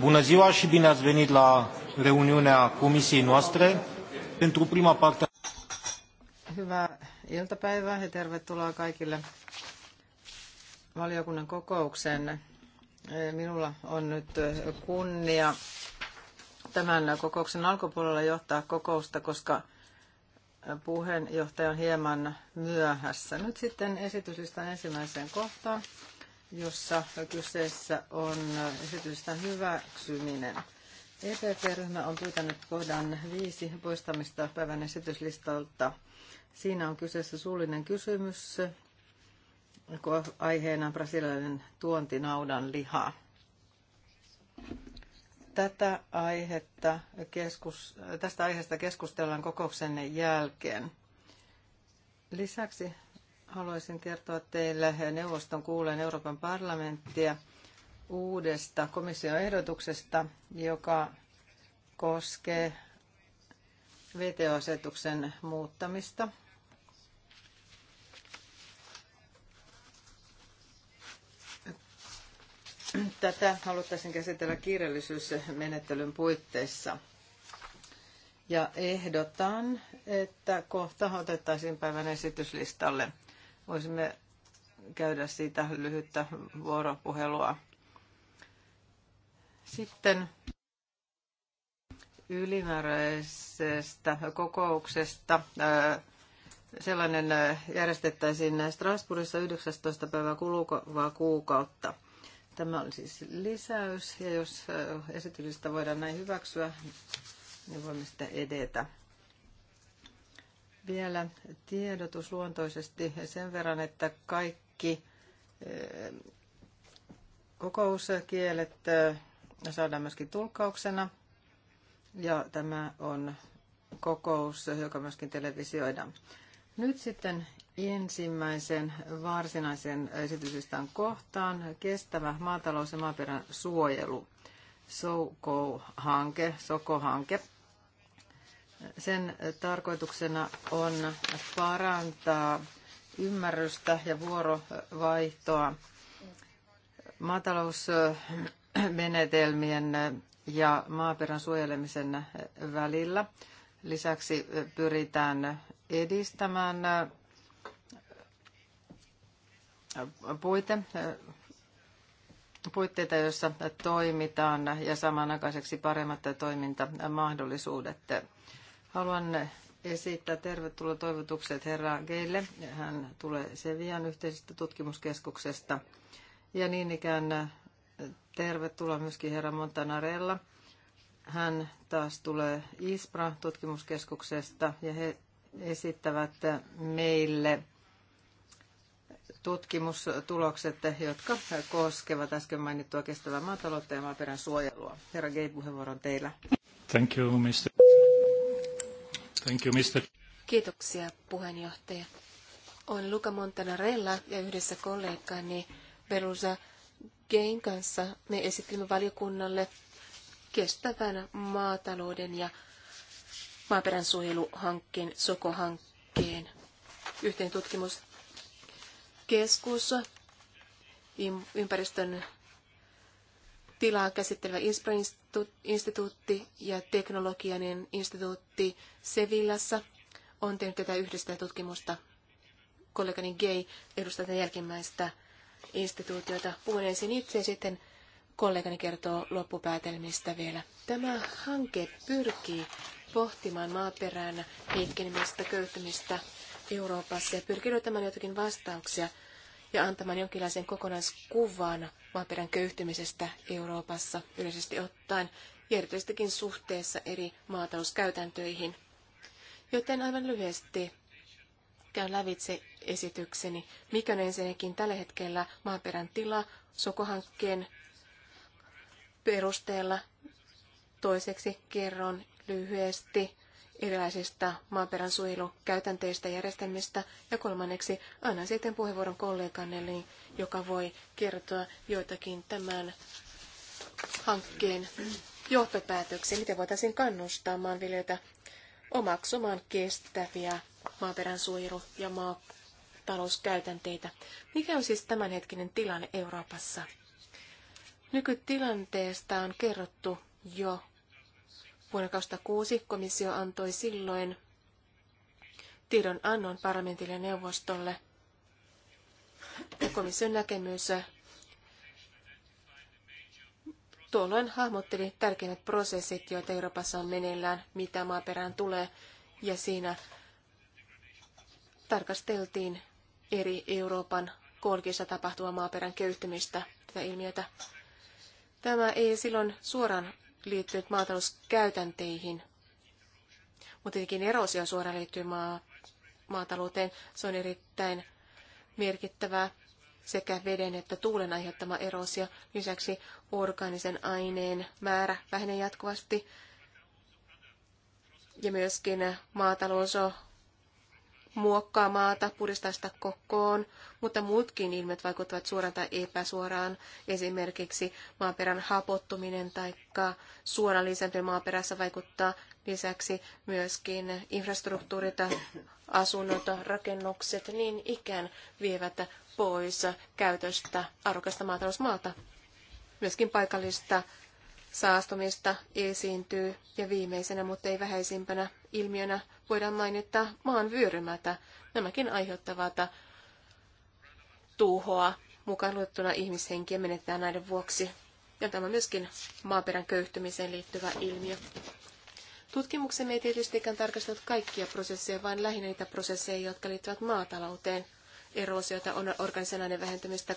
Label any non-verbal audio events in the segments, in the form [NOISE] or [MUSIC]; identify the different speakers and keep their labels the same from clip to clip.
Speaker 1: Bună ziua și bine ați venit la reuniunea comisiei noastre pentru prima parte.
Speaker 2: Hyvää iltapäivää ja tervetuloa kaikille valiokunnan kokoukseen. Minulla on nyt kunnia tämän kokouksen alkupuolella johtaa kokousta, koska puheenjohtaja on hieman myöhässä. Nyt sitten esityslistan ensimmäiseen kohtaan jossa kyseessä on esitysten hyväksyminen. EPP-ryhmä on pyytänyt kohdan viisi poistamista päivän esityslistalta. Siinä on kyseessä suullinen kysymys aiheena brasilialainen tuontinaudan liha. Tätä aihetta keskus, tästä aiheesta keskustellaan kokouksenne jälkeen. Lisäksi Haluaisin kertoa teille neuvoston kuuleen Euroopan parlamenttia uudesta komission ehdotuksesta, joka koskee VTO-asetuksen muuttamista. Tätä haluttaisiin käsitellä kiireellisyysmenettelyn puitteissa. Ja ehdotan, että kohta otettaisiin päivän esityslistalle. Voisimme käydä siitä lyhyttä vuoropuhelua. Sitten ylimääräisestä kokouksesta. Sellainen järjestettäisiin Strasbourgissa 19. päivää kuluvaa kuukautta. Tämä on siis lisäys, ja jos esitystä voidaan näin hyväksyä, niin voimme sitten edetä. Vielä tiedotusluontoisesti sen verran, että kaikki eh, kokouskielet eh, saadaan myöskin tulkauksena, Ja tämä on kokous, joka myöskin televisioidaan. Nyt sitten ensimmäisen varsinaisen esityslistan kohtaan kestävä maatalous ja maaperän suojelu. SOKO-hanke, SOKO-hanke. Sen tarkoituksena on parantaa ymmärrystä ja vuorovaihtoa maatalousmenetelmien ja maaperän suojelemisen välillä. Lisäksi pyritään edistämään puite, puitteita, joissa toimitaan ja samanaikaiseksi paremmat toimintamahdollisuudet. Haluan esittää tervetuloa toivotukset herra Geille. Hän tulee Sevian yhteisestä tutkimuskeskuksesta. Ja niin ikään äh, tervetuloa myöskin herra Montanarella. Hän taas tulee ISPRA-tutkimuskeskuksesta ja he esittävät meille tutkimustulokset, jotka koskevat äsken mainittua kestävää maataloutta ja maaperän suojelua. Herra Gay, puheenvuoro on teillä. Thank you, Mr. Thank you, Mr.
Speaker 3: Kiitoksia, puheenjohtaja. Olen Luca Montanarella ja yhdessä kollegani Berusa Gain kanssa me esittelimme valiokunnalle kestävän maatalouden ja maaperän suojeluhankkeen, SOKO-hankkeen yhteen tutkimuskeskus, ympäristön tilaa käsittelevä Inspra-instituutti ja teknologianen instituutti Sevillassa on tehnyt tätä yhdistä tutkimusta. Kollegani Gay edustaa tätä jälkimmäistä instituutiota. Puhun ensin itse ja sitten kollegani kertoo loppupäätelmistä vielä. Tämä hanke pyrkii pohtimaan maaperään heikkenemistä, köyhtymistä Euroopassa ja pyrkii löytämään jotakin vastauksia ja antamaan jonkinlaisen kokonaiskuvan – maaperän köyhtymisestä Euroopassa yleisesti ottaen ja erityisestikin suhteessa eri maatalouskäytäntöihin. Joten aivan lyhyesti käyn lävitse esitykseni, mikä on ensinnäkin tällä hetkellä maaperän tila sokohankkeen perusteella. Toiseksi kerron lyhyesti erilaisista maaperän suojelukäytänteistä ja järjestelmistä. Ja kolmanneksi annan sitten puheenvuoron eli joka voi kertoa joitakin tämän hankkeen johtopäätöksiä, miten voitaisiin kannustaa maanviljelijöitä omaksumaan kestäviä maaperän suojelu- ja maatalouskäytänteitä. Mikä on siis tämänhetkinen tilanne Euroopassa? Nykytilanteesta on kerrottu jo Vuonna 2006 komissio antoi silloin tiedon annon parlamentille ja neuvostolle. Ja komission näkemys tuolloin hahmotteli tärkeimmät prosessit, joita Euroopassa on meneillään, mitä maaperään tulee, ja siinä tarkasteltiin eri Euroopan kolkissa tapahtuvaa maaperän köyhtymistä, tätä ilmiötä. Tämä ei silloin suoraan liittyvät maatalouskäytänteihin. Mutta tietenkin erosio suoraan liittyy maa, maatalouteen. Se on erittäin merkittävää sekä veden että tuulen aiheuttama erosio. Lisäksi orgaanisen aineen määrä vähenee jatkuvasti. Ja myöskin maatalous muokkaa maata, puristaa sitä kokoon, mutta muutkin ilmiöt vaikuttavat suoraan tai epäsuoraan, esimerkiksi maaperän hapottuminen tai suoran lisääntyminen maaperässä vaikuttaa lisäksi myöskin infrastruktuurit, asunnot, rakennukset niin ikään vievät pois käytöstä arvokasta maatalousmaata. Myöskin paikallista saastumista esiintyy ja viimeisenä, mutta ei vähäisimpänä ilmiönä voidaan mainita maan vyörymätä. Nämäkin aiheuttavat tuhoa mukaan luettuna ihmishenkiä menetetään näiden vuoksi. Ja tämä on myöskin maaperän köyhtymiseen liittyvä ilmiö. Tutkimuksemme ei tietystikään tarkastellut kaikkia prosesseja, vaan lähinnä niitä prosesseja, jotka liittyvät maatalouteen. Erosiota, organisen vähentämistä,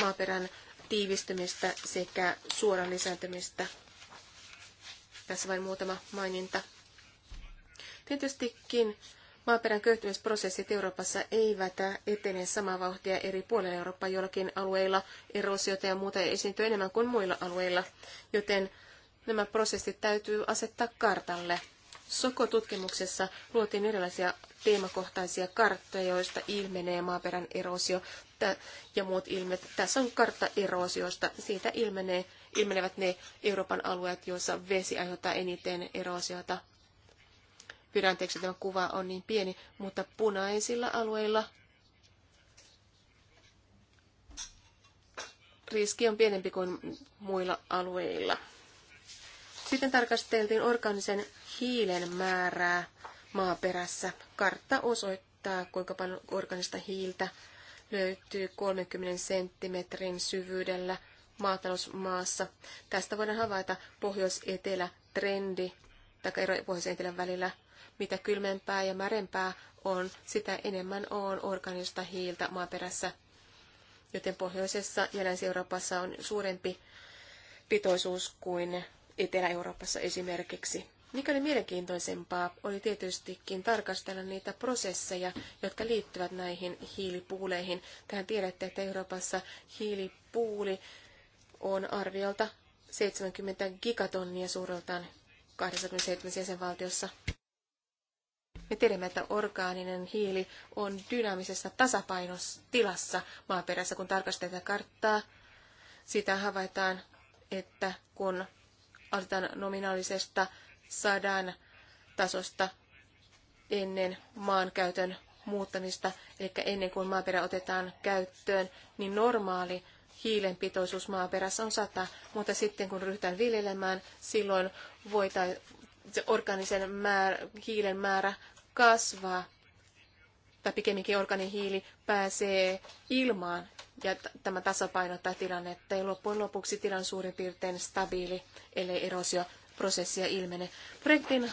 Speaker 3: maaperän tiivistymistä sekä suoran lisääntymistä. Tässä vain muutama maininta. Tietystikin maaperän köyhtymisprosessit Euroopassa eivät etene samaa vauhtia eri puolilla Eurooppaa. Joillakin alueilla erosiota ja muuta esiintyy enemmän kuin muilla alueilla, joten nämä prosessit täytyy asettaa kartalle. Sokotutkimuksessa luotiin erilaisia teemakohtaisia karttoja, joista ilmenee maaperän erosio ja muut ilmet. Tässä on kartta erosiosta. Siitä ilmenee, ilmenevät ne Euroopan alueet, joissa vesi aiheuttaa eniten erosiota Pyydän anteeksi, tämä kuva on niin pieni, mutta punaisilla alueilla riski on pienempi kuin muilla alueilla. Sitten tarkasteltiin orgaanisen hiilen määrää maaperässä. Kartta osoittaa, kuinka paljon organista hiiltä löytyy 30 senttimetrin syvyydellä maatalousmaassa. Tästä voidaan havaita pohjois-etelä-trendi, tai ero pohjois-etelän välillä – mitä kylmempää ja märempää on, sitä enemmän on organista hiiltä maaperässä. Joten pohjoisessa ja länsi-Euroopassa on suurempi pitoisuus kuin Etelä-Euroopassa esimerkiksi. Mikä oli mielenkiintoisempaa, oli tietystikin tarkastella niitä prosesseja, jotka liittyvät näihin hiilipuuleihin. Tähän tiedätte, että Euroopassa hiilipuuli on arviolta 70 gigatonnia suureltaan 27 jäsenvaltiossa. Me tiedämme, että orgaaninen hiili on dynaamisessa tasapainostilassa maaperässä, kun tarkastetaan karttaa. Sitä havaitaan, että kun aloitetaan nominaalisesta sadan tasosta ennen maankäytön muuttamista, eli ennen kuin maaperä otetaan käyttöön, niin normaali hiilenpitoisuus maaperässä on 100, mutta sitten kun ryhdytään viljelemään, silloin voitaisiin se organisen määrä, hiilen määrä kasvaa, tai pikemminkin organihiili pääsee ilmaan, ja tämä tasapainottaa tilannetta, ja loppujen lopuksi tilan suurin piirtein stabiili, ellei erosio prosessia ilmene. Projektin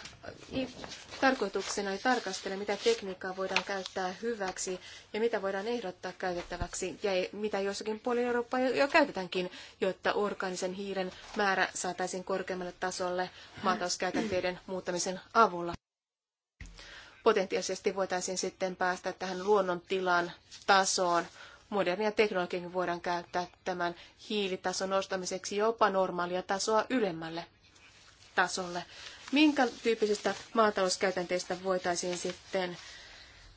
Speaker 3: tarkoituksena oli tarkastella, mitä tekniikkaa voidaan käyttää hyväksi ja mitä voidaan ehdottaa käytettäväksi ja e, mitä jossakin puolilla Eurooppaa jo käytetäänkin, jotta orgaanisen hiiren määrä saataisiin korkeammalle tasolle maatalouskäytänteiden muuttamisen avulla potentiaalisesti voitaisiin sitten päästä tähän luonnontilan tasoon. Modernia teknologiaa voidaan käyttää tämän hiilitason nostamiseksi jopa normaalia tasoa ylemmälle tasolle. Minkä tyyppisistä maatalouskäytänteistä voitaisiin sitten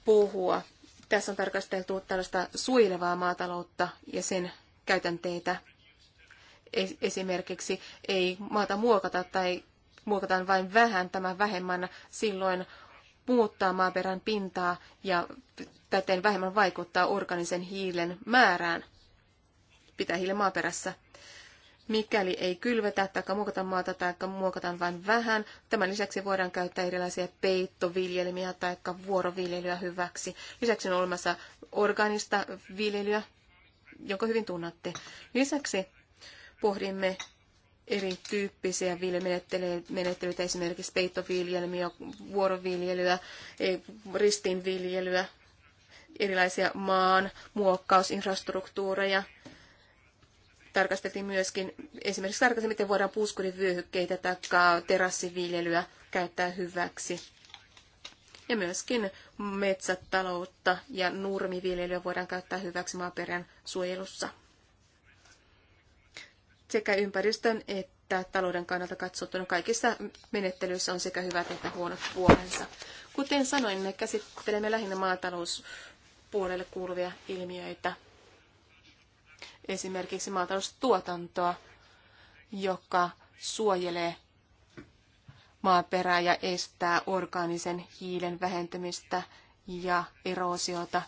Speaker 3: puhua? Tässä on tarkasteltu tällaista suilevaa maataloutta ja sen käytänteitä. Esimerkiksi ei maata muokata tai muokataan vain vähän tämän vähemmän, silloin muuttaa maaperän pintaa ja täten vähemmän vaikuttaa organisen hiilen määrään, pitää hiilen maaperässä. Mikäli ei kylvetä tai muokata maata tai muokataan vain vähän, tämän lisäksi voidaan käyttää erilaisia peittoviljelmiä tai vuoroviljelyä hyväksi. Lisäksi on olemassa organista viljelyä, jonka hyvin tunnette. Lisäksi pohdimme erityyppisiä viljelymenettelyitä, esimerkiksi peittoviljelmiä, vuoroviljelyä, e, ristinviljelyä, erilaisia maan muokkausinfrastruktuureja. Tarkasteltiin myöskin, esimerkiksi tarkasteltiin, miten voidaan puskurivyöhykkeitä tai terassiviljelyä käyttää hyväksi. Ja myöskin metsätaloutta ja nurmiviljelyä voidaan käyttää hyväksi maaperän suojelussa sekä ympäristön että talouden kannalta katsottuna kaikissa menettelyissä on sekä hyvät että huonot puolensa. Kuten sanoin, me käsittelemme lähinnä maatalouspuolelle kuuluvia ilmiöitä, esimerkiksi maataloustuotantoa, joka suojelee maaperää ja estää orgaanisen hiilen vähentämistä ja eroosiota.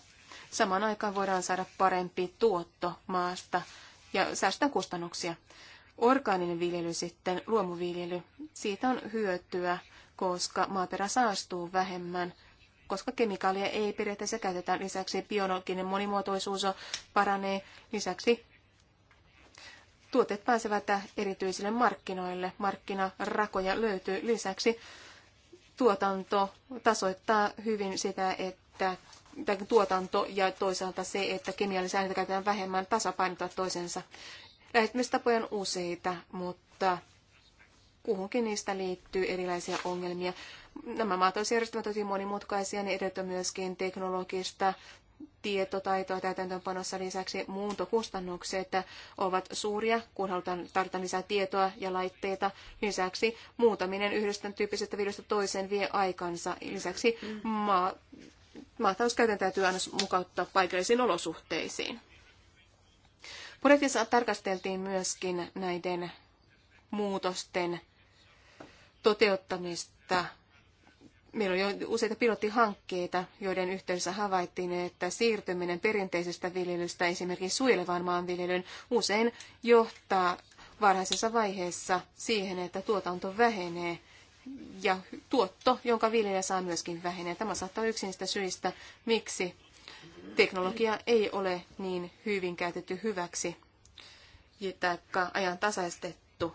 Speaker 3: Samaan aikaan voidaan saada parempi tuotto maasta ja säästetään kustannuksia. Orgaaninen viljely sitten, luomuviljely, siitä on hyötyä, koska maaperä saastuu vähemmän, koska kemikaalia ei periaatteessa käytetä. Lisäksi biologinen monimuotoisuus paranee, lisäksi tuotteet pääsevät erityisille markkinoille, markkinarakoja löytyy. Lisäksi tuotanto tasoittaa hyvin sitä, että tuotanto ja toisaalta se, että kemiallisia aineita käytetään vähemmän, tasapainottaa toisensa. Lähestymistapoja on useita, mutta kuhunkin niistä liittyy erilaisia ongelmia. Nämä maatalousjärjestelmät ovat hyvin monimutkaisia, ne edellyttävät myöskin teknologista tietotaitoa täytäntöönpanossa lisäksi muuntokustannukset ovat suuria, kun halutaan tarjota lisää tietoa ja laitteita. Lisäksi muutaminen yhdestä tyyppisestä viljelystä toiseen vie aikansa. Lisäksi maa, maatalouskäytön täytyy aina mukauttaa paikallisiin olosuhteisiin. Projektissa tarkasteltiin myöskin näiden muutosten toteuttamista. Meillä oli jo useita pilottihankkeita, joiden yhteydessä havaittiin, että siirtyminen perinteisestä viljelystä esimerkiksi suojelevaan maanviljelyyn usein johtaa varhaisessa vaiheessa siihen, että tuotanto vähenee ja tuotto, jonka viljelijä saa myöskin vähenee. Tämä saattaa olla yksi niistä syistä, miksi teknologia ei ole niin hyvin käytetty hyväksi tai ajan tasaistettu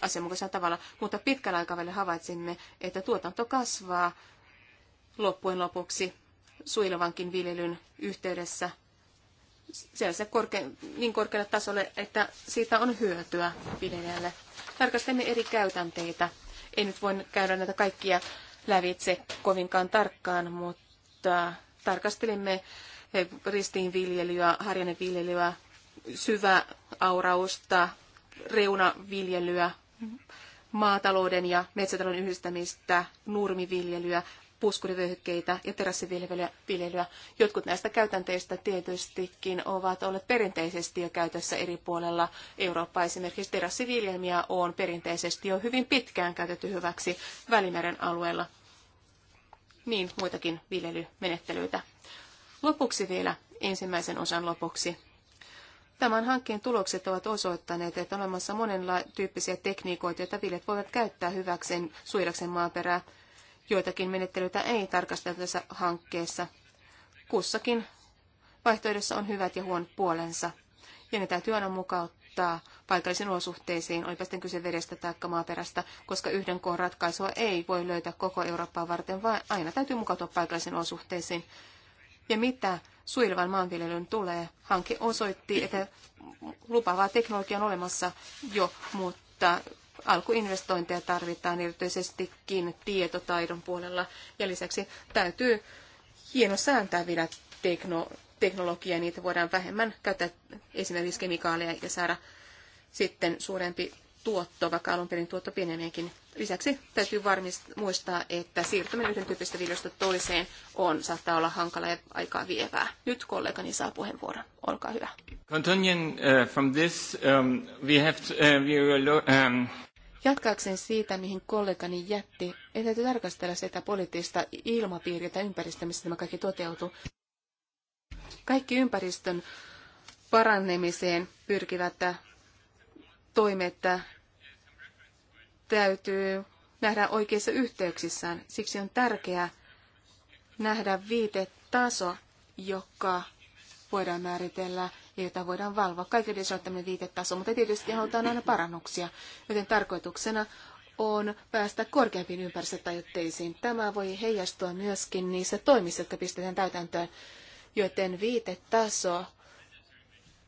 Speaker 3: asianmukaisella tavalla, mutta pitkällä aikavälillä havaitsimme, että tuotanto kasvaa loppujen lopuksi suilevankin viljelyn yhteydessä se korke- niin korkealle tasolle, että siitä on hyötyä viljelijälle. Tarkastamme eri käytänteitä en nyt voi käydä näitä kaikkia lävitse kovinkaan tarkkaan, mutta tarkastelimme eh, ristiinviljelyä, harjanneviljelyä, syvä aurausta, reunaviljelyä, maatalouden ja metsätalouden yhdistämistä, nurmiviljelyä, puskurivyöhykkeitä ja terassiviljelyä. Jotkut näistä käytänteistä tietystikin ovat olleet perinteisesti jo käytössä eri puolella Eurooppaa. Esimerkiksi terassiviljelmiä on perinteisesti jo hyvin pitkään käytetty hyväksi Välimeren alueella. Niin, muitakin viljelymenettelyitä. Lopuksi vielä, ensimmäisen osan lopuksi. Tämän hankkeen tulokset ovat osoittaneet, että on olemassa monenla- tyyppisiä tekniikoita, joita viljet voivat käyttää hyväkseen suojellakseen maaperää Joitakin menettelyitä ei tarkastella tässä hankkeessa. Kussakin vaihtoehdossa on hyvät ja huonot puolensa, ja ne täytyy aina mukauttaa paikallisiin olosuhteisiin, olipa sitten kyse vedestä tai maaperästä, koska yhden koon ratkaisua ei voi löytää koko Eurooppaa varten, vaan aina täytyy mukautua paikallisiin olosuhteisiin. Ja mitä suojelevan maanviljelyn tulee, hanke osoitti, että lupaavaa teknologiaa on olemassa jo, mutta alkuinvestointeja tarvitaan erityisestikin tietotaidon puolella. Ja lisäksi täytyy hieno sääntää vielä tekno, teknologiaa, niitä voidaan vähemmän käyttää esimerkiksi kemikaaleja ja saada sitten suurempi tuotto, vaikka alun perin tuotto pienemminkin. Lisäksi täytyy varmist- muistaa, että siirtyminen yhden tyyppistä videosta toiseen on, saattaa olla hankala ja aikaa vievää. Nyt kollegani saa puheenvuoron. Olkaa hyvä.
Speaker 2: Continuing uh, from this, um, we have to, uh, we will, um...
Speaker 3: Jatkaakseni siitä, mihin kollegani jätti, että täytyy tarkastella sitä poliittista ilmapiiriä tai ympäristöä, missä tämä kaikki toteutuu. Kaikki ympäristön parannemiseen pyrkivät toimet täytyy nähdä oikeissa yhteyksissään. Siksi on tärkeää nähdä viitetaso, joka voidaan määritellä – ja jota voidaan valvoa. Kaikille on tämmöinen viitetaso, mutta tietysti halutaan aina parannuksia, joten tarkoituksena on päästä korkeampiin ympäristötavoitteisiin. Tämä voi heijastua myöskin niissä toimissa, jotka pistetään täytäntöön, joten viitetaso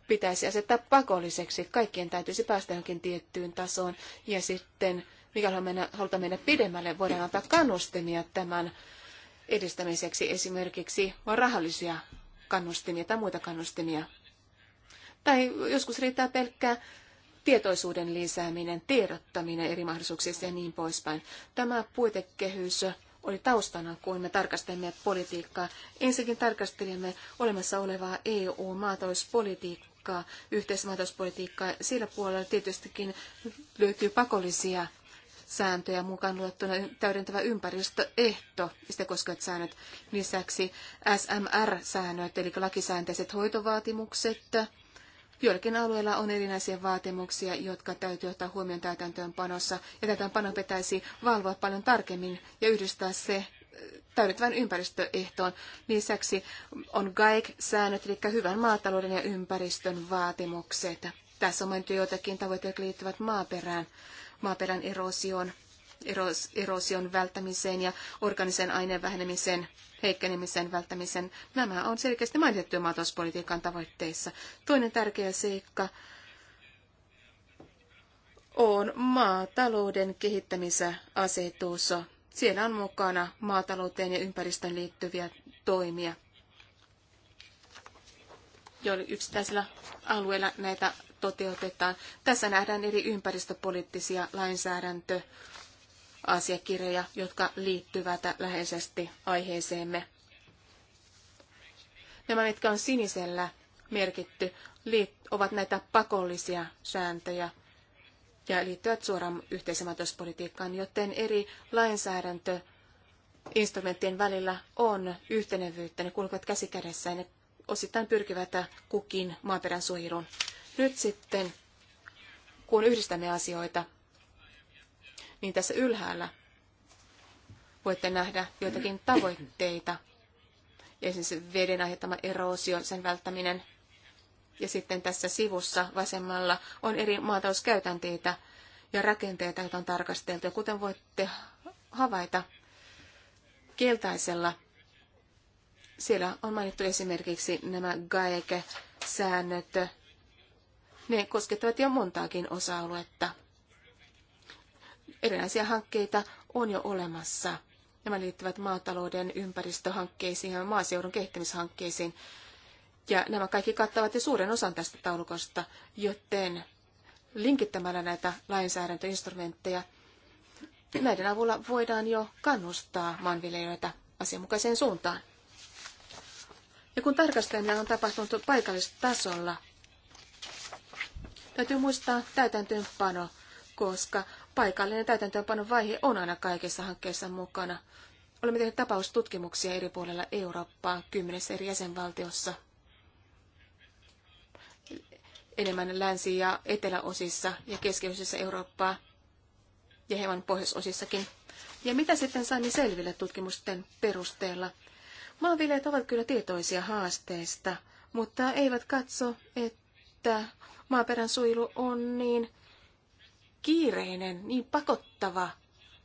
Speaker 3: pitäisi asettaa pakolliseksi. Kaikkien täytyisi päästä johonkin tiettyyn tasoon ja sitten mikä halutaan halutaan mennä pidemmälle, voidaan antaa kannustimia tämän edistämiseksi, esimerkiksi rahallisia kannustimia tai muita kannustimia. Tai joskus riittää pelkkää tietoisuuden lisääminen, tiedottaminen eri mahdollisuuksista ja niin poispäin. Tämä puitekehys oli taustana, kun me tarkastelimme politiikkaa. Ensinnäkin tarkastelimme olemassa olevaa EU-maatalouspolitiikkaa, yhteismaatalouspolitiikkaa. Sillä puolella tietystikin löytyy pakollisia sääntöjä mukaan luettuna täydentävä ympäristöehto, mistä koskevat säännöt. Lisäksi SMR-säännöt, eli lakisäänteiset hoitovaatimukset, Joillakin alueilla on erinäisiä vaatimuksia, jotka täytyy ottaa huomioon täytäntöönpanossa, ja täytäntöönpano pitäisi valvoa paljon tarkemmin ja yhdistää se äh, täydettävän ympäristöehtoon. Lisäksi on GAEC-säännöt, eli hyvän maatalouden ja ympäristön vaatimukset. Tässä on mainittu joitakin tavoitteet liittyvät maaperään, maaperän erosioon eros, erosion välttämiseen ja organisen aineen vähenemisen heikkenemisen välttämisen. Nämä on selkeästi mainittu maatalouspolitiikan tavoitteissa. Toinen tärkeä seikka on maatalouden kehittämisasetus. Siellä on mukana maatalouteen ja ympäristön liittyviä toimia. Joilla yksittäisillä alueilla näitä toteutetaan. Tässä nähdään eri ympäristöpoliittisia lainsäädäntö- asiakirjoja, jotka liittyvät läheisesti aiheeseemme. Nämä, mitkä on sinisellä merkitty, ovat näitä pakollisia sääntöjä ja liittyvät suoraan yhteisömatospolitiikkaan, joten eri lainsäädäntöinstrumenttien välillä on yhtenevyyttä, ne kulkevat käsi kädessä ja ne osittain pyrkivät kukin maaperän suojeluun. Nyt sitten, kun yhdistämme asioita, niin tässä ylhäällä voitte nähdä joitakin tavoitteita. Esimerkiksi veden aiheuttama eroosio, sen välttäminen. Ja sitten tässä sivussa vasemmalla on eri maatalouskäytänteitä ja rakenteita, joita on tarkasteltu. Ja kuten voitte havaita, keltaisella siellä on mainittu esimerkiksi nämä gaeke säännöt Ne koskettavat jo montaakin osa-aluetta. Erinäisiä hankkeita on jo olemassa. Nämä liittyvät maatalouden ympäristöhankkeisiin ja maaseudun kehittämishankkeisiin. Ja nämä kaikki kattavat jo suuren osan tästä taulukosta, joten linkittämällä näitä lainsäädäntöinstrumentteja, näiden avulla voidaan jo kannustaa maanviljelijöitä asianmukaiseen suuntaan. Ja kun tarkastelemme on tapahtunut paikallistasolla, täytyy muistaa täytäntöönpano, koska paikallinen täytäntöönpanon vaihe on aina kaikissa hankkeissa mukana. Olemme tehneet tapaustutkimuksia eri puolilla Eurooppaa kymmenessä eri jäsenvaltiossa. Enemmän länsi- ja eteläosissa ja keskiosissa Eurooppaa ja hieman pohjoisosissakin. Ja mitä sitten saimme selville tutkimusten perusteella? Maanviljelijät ovat kyllä tietoisia haasteista, mutta eivät katso, että maaperän suojelu on niin kiireinen, niin pakottava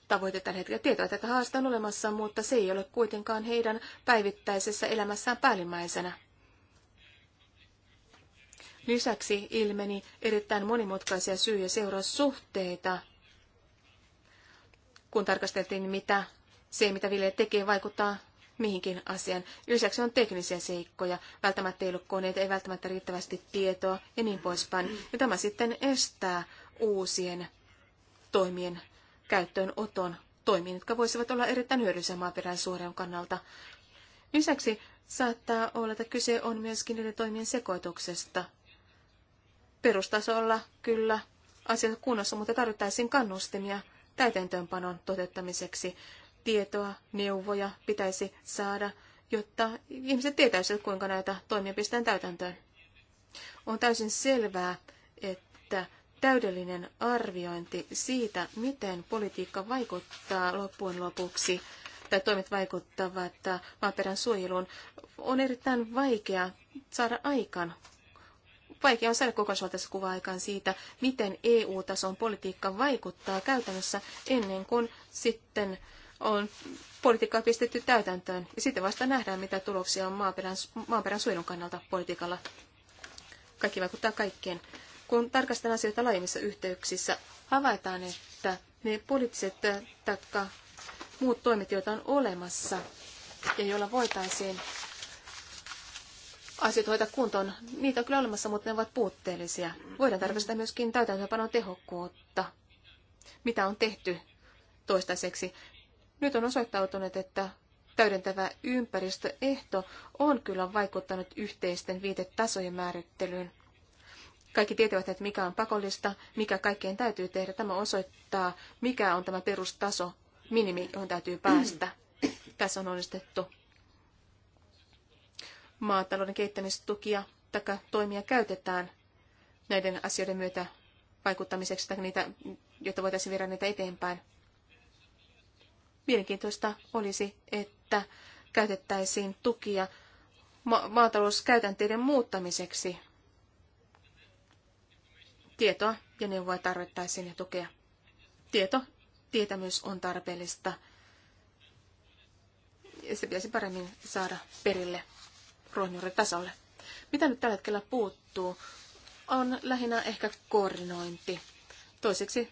Speaker 3: tavoite tällä hetkellä. Tietoa, että haasta on olemassa, mutta se ei ole kuitenkaan heidän päivittäisessä elämässään päällimmäisenä. Lisäksi ilmeni erittäin monimutkaisia syy- ja seuraussuhteita, kun tarkasteltiin, mitä se, mitä Ville tekee, vaikuttaa mihinkin asiaan. Lisäksi on teknisiä seikkoja, välttämättä ei ollut koneita, ei välttämättä riittävästi tietoa ja niin poispäin. Ja tämä sitten estää uusien toimien käyttöönoton toimiin, jotka voisivat olla erittäin hyödyllisiä maaperän suoran kannalta. Lisäksi saattaa olla, että kyse on myöskin niiden toimien sekoituksesta. Perustasolla kyllä asiat kunnossa, mutta tarvittaisiin kannustimia täytäntöönpanon toteuttamiseksi. Tietoa, neuvoja pitäisi saada, jotta ihmiset tietäisivät, kuinka näitä toimia pistetään täytäntöön. On täysin selvää, että täydellinen arviointi siitä, miten politiikka vaikuttaa loppujen lopuksi tai toimet vaikuttavat maaperän suojeluun, on erittäin vaikea saada aikaan. Vaikea on saada kokonaisvaltaista kuvaa aikaan siitä, miten EU-tason politiikka vaikuttaa käytännössä ennen kuin sitten on politiikkaa pistetty täytäntöön. Ja sitten vasta nähdään, mitä tuloksia on maaperän, maaperän suojelun kannalta politiikalla. Kaikki vaikuttaa kaikkeen kun tarkastellaan asioita laajemmissa yhteyksissä, havaitaan, että ne poliittiset eh, taikka muut toimet, joita on olemassa ja joilla voitaisiin asioita hoitaa kuntoon, niitä on kyllä olemassa, mutta ne ovat puutteellisia. Voidaan tarkastella myöskin täytäntöönpanon tehokkuutta, mitä on tehty toistaiseksi. Nyt on osoittautunut, että täydentävä ympäristöehto on kyllä vaikuttanut yhteisten viitetasojen määrittelyyn. Kaikki tietävät, että mikä on pakollista, mikä kaikkeen täytyy tehdä. Tämä osoittaa, mikä on tämä perustaso, minimi, johon täytyy päästä. Tässä on onnistettu maatalouden kehittämistukia tai toimia käytetään näiden asioiden myötä vaikuttamiseksi, tai niitä, jotta voitaisiin viedä niitä eteenpäin. Mielenkiintoista olisi, että käytettäisiin tukia ma- maatalouskäytänteiden muuttamiseksi Tietoa ja neuvoa tarvittaisiin ja tukea. Tieto, tietämys on tarpeellista. Ja se pitäisi paremmin saada perille ruohonjuuritasolle. Mitä nyt tällä hetkellä puuttuu, on lähinnä ehkä koordinointi. Toiseksi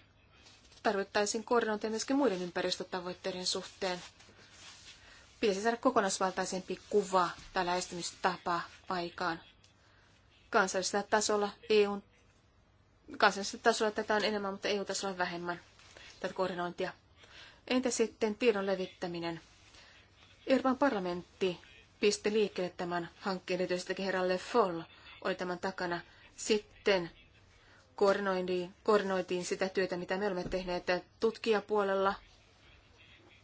Speaker 3: tarvittaisiin koordinointia myöskin muiden ympäristötavoitteiden suhteen. Pitäisi saada kokonaisvaltaisempi kuva tai lähestymistapa aikaan. Kansallisella tasolla, EUn kansallisella tasolla tätä on enemmän, mutta EU-tasolla vähemmän tätä koordinointia. Entä sitten tiedon levittäminen? Euroopan parlamentti pisti liikkeelle tämän hankkeen, erityisesti herra Le Foll oli tämän takana. Sitten koordinoitiin, koordinoitiin sitä työtä, mitä me olemme tehneet tutkijapuolella.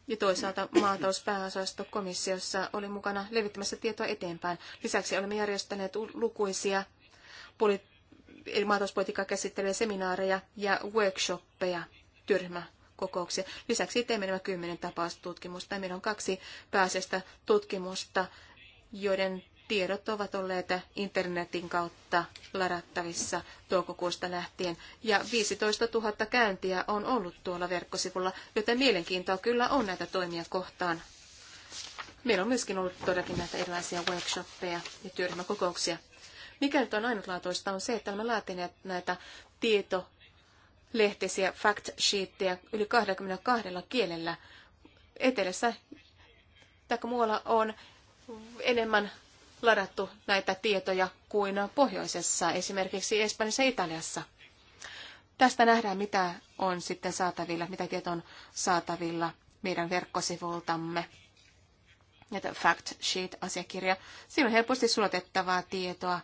Speaker 3: Ja toisaalta maatalouspääosasto komissiossa oli mukana levittämässä tietoa eteenpäin. Lisäksi olemme järjestäneet lukuisia poli- eli maatalouspolitiikkaa käsitteleviä seminaareja ja workshoppeja, työryhmäkokouksia. Lisäksi teemme nämä kymmenen tapaustutkimusta. Meillä on kaksi pääsestä tutkimusta, joiden tiedot ovat olleet internetin kautta ladattavissa toukokuusta lähtien. Ja 15 000 käyntiä on ollut tuolla verkkosivulla, joten mielenkiintoa kyllä on näitä toimia kohtaan. Meillä on myöskin ollut todellakin näitä erilaisia workshoppeja ja työryhmäkokouksia. Mikä nyt on ainutlaatuista on se, että olemme laatineet näitä tieto fact sheettejä yli 22 kielellä. Etelässä tai muualla on enemmän ladattu näitä tietoja kuin pohjoisessa, esimerkiksi Espanjassa ja Italiassa. Tästä nähdään, mitä on sitten saatavilla, mitä tieto on saatavilla meidän verkkosivultamme. näitä fact sheet-asiakirja. Siinä on helposti sulatettavaa tietoa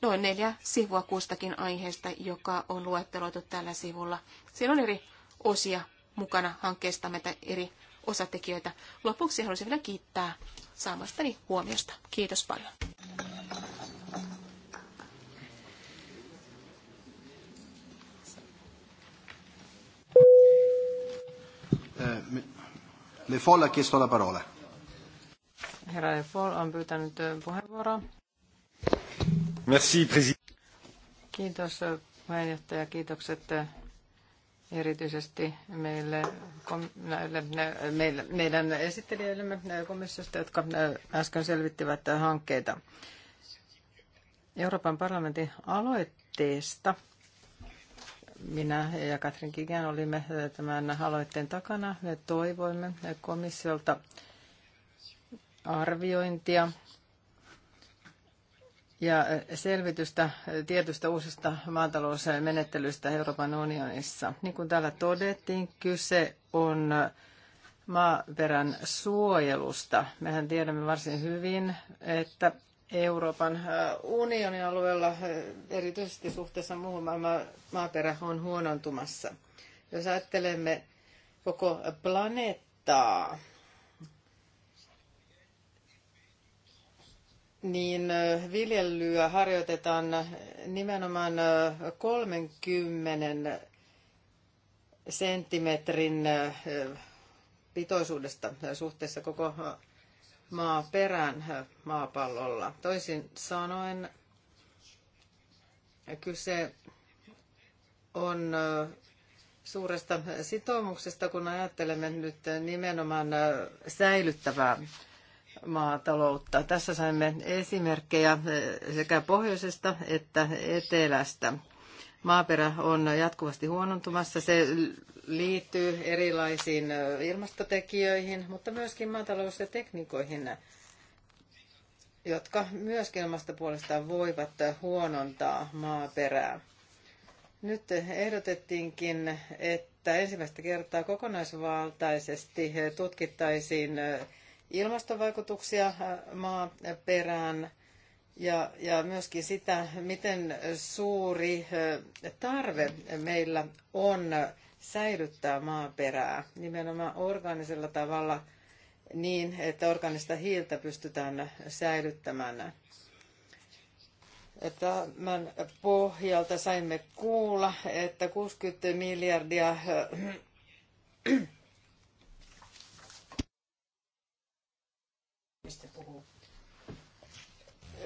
Speaker 3: noin neljä sivua kustakin aiheesta, joka on luetteloitu tällä sivulla. Siellä on eri osia mukana hankkeesta, meitä eri osatekijöitä. Lopuksi haluaisin vielä kiittää saamastani huomiosta. Kiitos paljon.
Speaker 1: Eh, Le Foll ha chiesto la parola.
Speaker 2: Herra Le Foll on pyytänyt eh, puheenvuoroa. Merci, president. Kiitos puheenjohtaja, kiitokset eh, erityisesti meille, näille, meille, meidän esittelijöillemme komissiosta, jotka äsken selvittivät eh, hankkeita. Euroopan parlamentin aloitteesta minä ja Katrin Kigen olimme eh, tämän aloitteen takana. Me toivoimme komissiolta arviointia ja selvitystä tietystä uusista maatalousmenettelyistä Euroopan unionissa. Niin kuin täällä todettiin, kyse on maaperän suojelusta. Mehän tiedämme varsin hyvin, että Euroopan unionin alueella, erityisesti suhteessa muuhun maailmaan, maaperä on huonontumassa. Jos ajattelemme koko planeettaa, niin viljelyä harjoitetaan nimenomaan 30 senttimetrin pitoisuudesta suhteessa koko maaperään maapallolla. Toisin sanoen kyse on suuresta sitoumuksesta, kun ajattelemme nyt nimenomaan säilyttävää maataloutta. Tässä saimme esimerkkejä eh, sekä pohjoisesta että etelästä. Maaperä on jatkuvasti huonontumassa. Se liittyy erilaisiin eh, ilmastotekijöihin, mutta myöskin maatalous- ja tekniikoihin, jotka myöskin ilmasta puolestaan voivat huonontaa maaperää. Nyt ehdotettiinkin, että ensimmäistä kertaa kokonaisvaltaisesti tutkittaisiin eh, ilmastovaikutuksia maaperään ja, ja myöskin sitä, miten suuri tarve meillä on säilyttää maaperää nimenomaan organisella tavalla niin, että organista hiiltä pystytään säilyttämään. Tämän pohjalta saimme kuulla, että 60 miljardia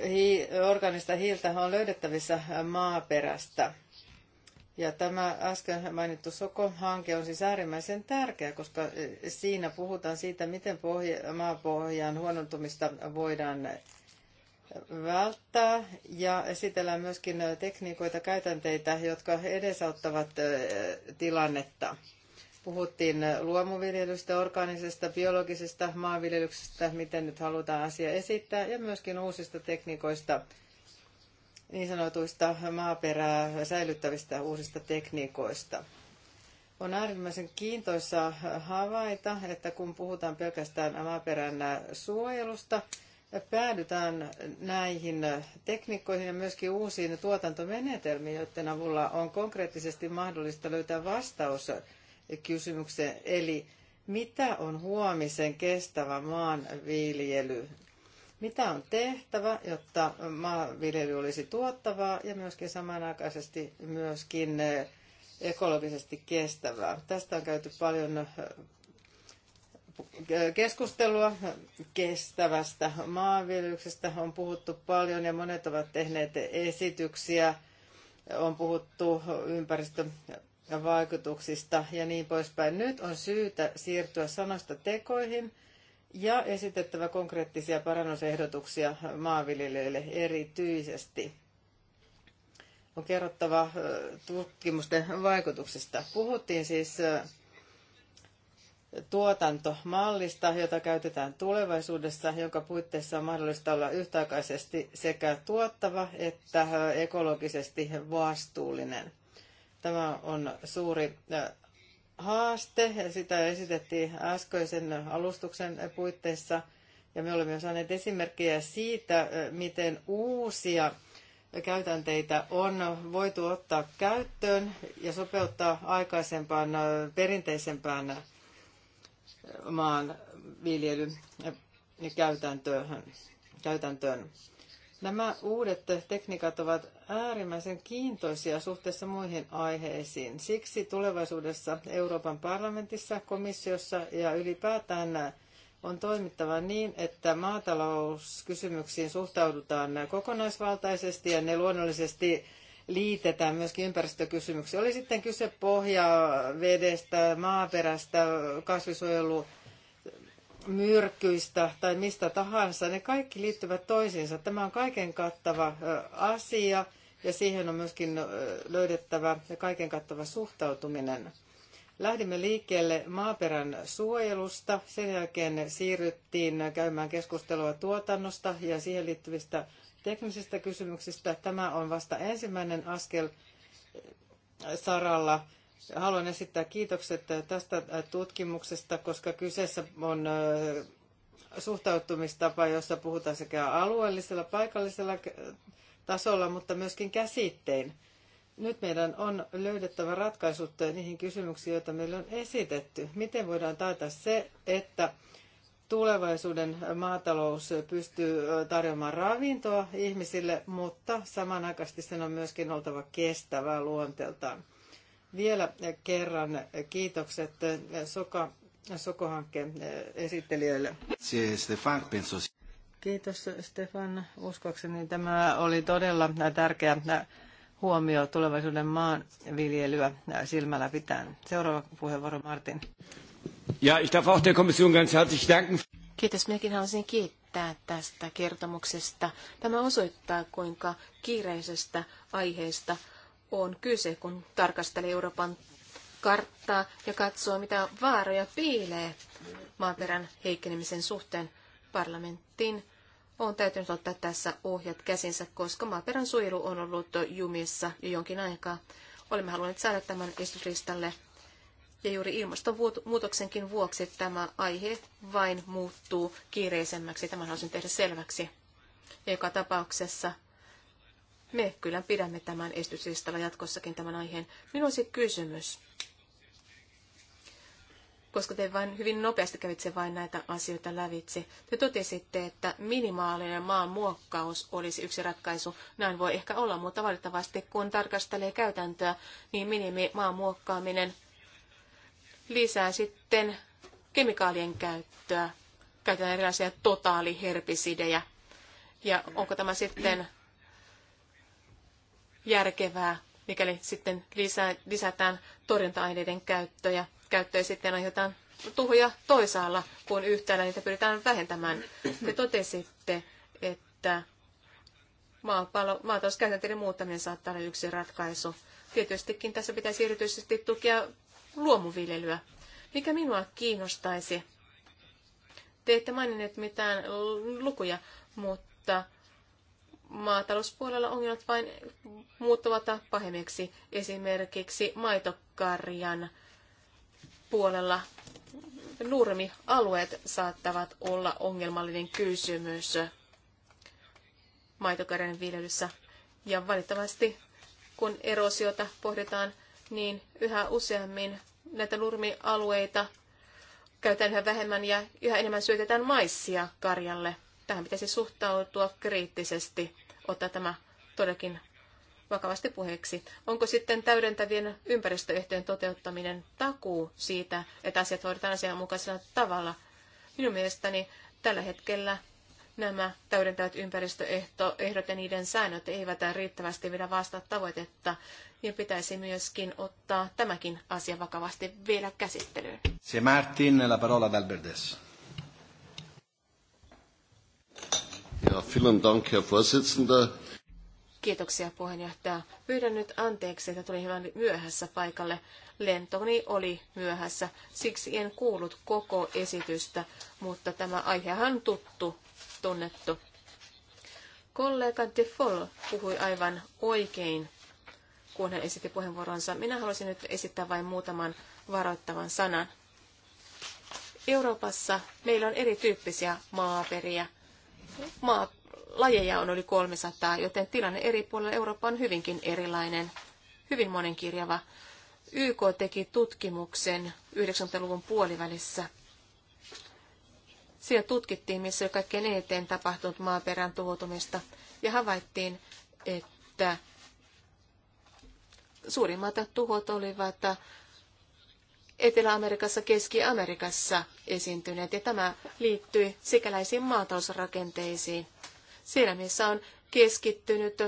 Speaker 2: hi, organista hiiltä on löydettävissä maaperästä. Ja tämä äsken mainittu Soko-hanke on siis äärimmäisen tärkeä, koska e, siinä puhutaan siitä, miten pohja, maapohjan huonontumista voidaan välttää ja esitellään myöskin e, tekniikoita, käytänteitä, jotka edesauttavat e, tilannetta. Puhuttiin luomuviljelystä, orgaanisesta, biologisesta maanviljelyksestä, miten nyt halutaan asia esittää, ja myöskin uusista tekniikoista, niin sanotuista maaperää säilyttävistä uusista tekniikoista. On äärimmäisen kiintoisaa havaita, että kun puhutaan pelkästään maaperän suojelusta, päädytään näihin tekniikoihin ja myöskin uusiin tuotantomenetelmiin, joiden avulla on konkreettisesti mahdollista löytää vastaus kysymykseen. Eli mitä on huomisen kestävä maanviljely? Mitä on tehtävä, jotta maanviljely olisi tuottavaa ja myöskin samanaikaisesti myöskin eh, ekologisesti kestävää? Tästä on käyty paljon eh, keskustelua kestävästä maanviljelyksestä. On puhuttu paljon ja monet ovat tehneet esityksiä. On puhuttu ympäristön ja vaikutuksista ja niin poispäin. Nyt on syytä siirtyä sanoista tekoihin ja esitettävä konkreettisia parannusehdotuksia maanviljelijöille erityisesti. On kerrottava tutkimusten vaikutuksista. Puhuttiin siis tuotantomallista, jota käytetään tulevaisuudessa, jonka puitteissa on mahdollista olla yhtäaikaisesti sekä tuottava että ekologisesti vastuullinen – Tämä on suuri äh, haaste. Sitä esitettiin äskeisen alustuksen puitteissa. Ja me olemme saaneet esimerkkejä siitä, äh, miten uusia käytänteitä on voitu ottaa käyttöön ja sopeuttaa aikaisempaan äh, perinteisempään maanviljelykäytäntöön. käytäntöön. Nämä uudet tekniikat ovat äärimmäisen kiintoisia suhteessa muihin aiheisiin. Siksi tulevaisuudessa Euroopan parlamentissa, komissiossa ja ylipäätään on toimittava niin, että maatalouskysymyksiin suhtaudutaan kokonaisvaltaisesti ja ne luonnollisesti liitetään myöskin ympäristökysymyksiin. Oli sitten kyse pohjavedestä, maaperästä, kasvisuojelu, myrkyistä tai mistä tahansa, ne kaikki liittyvät toisiinsa. Tämä on kaiken kattava asia ja siihen on myöskin löydettävä ja kaiken kattava suhtautuminen. Lähdimme liikkeelle maaperän suojelusta, sen jälkeen siirryttiin käymään keskustelua tuotannosta ja siihen liittyvistä teknisistä kysymyksistä. Tämä on vasta ensimmäinen askel saralla Haluan esittää kiitokset tästä tutkimuksesta, koska kyseessä on suhtautumistapa, jossa puhutaan sekä alueellisella, paikallisella tasolla, mutta myöskin käsittein. Nyt meidän on löydettävä ratkaisut niihin kysymyksiin, joita meillä on esitetty. Miten voidaan taata se, että tulevaisuuden maatalous pystyy tarjoamaan ravintoa ihmisille, mutta samanaikaisesti sen on myöskin oltava kestävää luonteeltaan. Vielä kerran kiitokset Soka, Soko-hankkeen esittelijöille. Kiitos Stefan. Uskokseni tämä oli todella tärkeä huomio tulevaisuuden maanviljelyä silmällä pitäen. Seuraava puheenvuoro Martin.
Speaker 1: Ja, ich darf auch der
Speaker 2: Kommission ganz herzlich danken.
Speaker 3: Kiitos, minäkin haluaisin kiittää tästä kertomuksesta. Tämä osoittaa, kuinka kiireisestä aiheesta on kyse, kun tarkastelee Euroopan karttaa ja katsoo, mitä vaaroja piilee maaperän heikkenemisen suhteen. Parlamenttiin on täytynyt ottaa tässä ohjat käsinsä, koska maaperän suojelu on ollut jumissa jo jonkin aikaa. Olemme halunneet saada tämän istuslistalle ja juuri ilmastonmuutoksenkin vuoksi tämä aihe vain muuttuu kiireisemmäksi. Tämän haluaisin tehdä selväksi. Joka tapauksessa me kyllä pidämme tämän estyslistalla jatkossakin tämän aiheen. Minulla olisi kysymys, koska te vain hyvin nopeasti kävitse vain näitä asioita lävitse. Te totesitte, että minimaalinen maan muokkaus olisi yksi ratkaisu. Näin voi ehkä olla, mutta valitettavasti kun tarkastelee käytäntöä, niin minimi maan muokkaaminen lisää sitten kemikaalien käyttöä. Käytetään erilaisia totaaliherpisidejä. Ja onko tämä sitten järkevää, mikäli sitten lisää, lisätään torjunta-aineiden käyttöä, käyttöä sitten aiheutetaan tuhoja toisaalla, kun yhtäällä niitä pyritään vähentämään. Te totesitte, että maapallo, muuttaminen saattaa olla yksi ratkaisu. Tietystikin tässä pitäisi erityisesti tukea luomuviljelyä. Mikä minua kiinnostaisi? Te ette maininneet mitään lukuja, mutta maatalouspuolella ongelmat vain muuttuvat pahemmiksi. Esimerkiksi maitokarjan puolella nurmialueet saattavat olla ongelmallinen kysymys maitokarjan viljelyssä. Ja valitettavasti, kun erosiota pohditaan, niin yhä useammin näitä nurmialueita käytetään yhä vähemmän ja yhä enemmän syötetään maissia karjalle – Tähän pitäisi suhtautua kriittisesti, ottaa tämä todellakin vakavasti puheeksi. Onko sitten täydentävien ympäristöehtojen toteuttaminen takuu siitä, että asiat hoidetaan asianmukaisella tavalla? Minun mielestäni tällä hetkellä nämä täydentävät ympäristöehdot ja niiden säännöt eivät riittävästi vielä vastaa tavoitetta, ja pitäisi myöskin ottaa tämäkin asia vakavasti vielä käsittelyyn.
Speaker 1: Se Martin, la parola
Speaker 2: d'Alberdes.
Speaker 3: Kiitoksia puheenjohtaja. Pyydän nyt anteeksi, että tulin hieman myöhässä paikalle. Lentoni oli myöhässä, siksi en kuullut koko esitystä, mutta tämä aihehan on tuttu, tunnettu. Kollega De Foll puhui aivan oikein, kun hän esitti puheenvuoronsa. Minä haluaisin nyt esittää vain muutaman varoittavan sanan. Euroopassa meillä on erityyppisiä maaperiä maa, lajeja on yli 300, joten tilanne eri puolilla Eurooppaa on hyvinkin erilainen, hyvin monenkirjava. YK teki tutkimuksen 90-luvun puolivälissä. Siellä tutkittiin, missä kaikkein eteen tapahtunut maaperän tuhoutumista, ja havaittiin, että suurimmat tuhot olivat Etelä-Amerikassa, Keski-Amerikassa esiintyneet, ja tämä liittyy sikäläisiin maatalousrakenteisiin. Siellä, missä on keskittynyt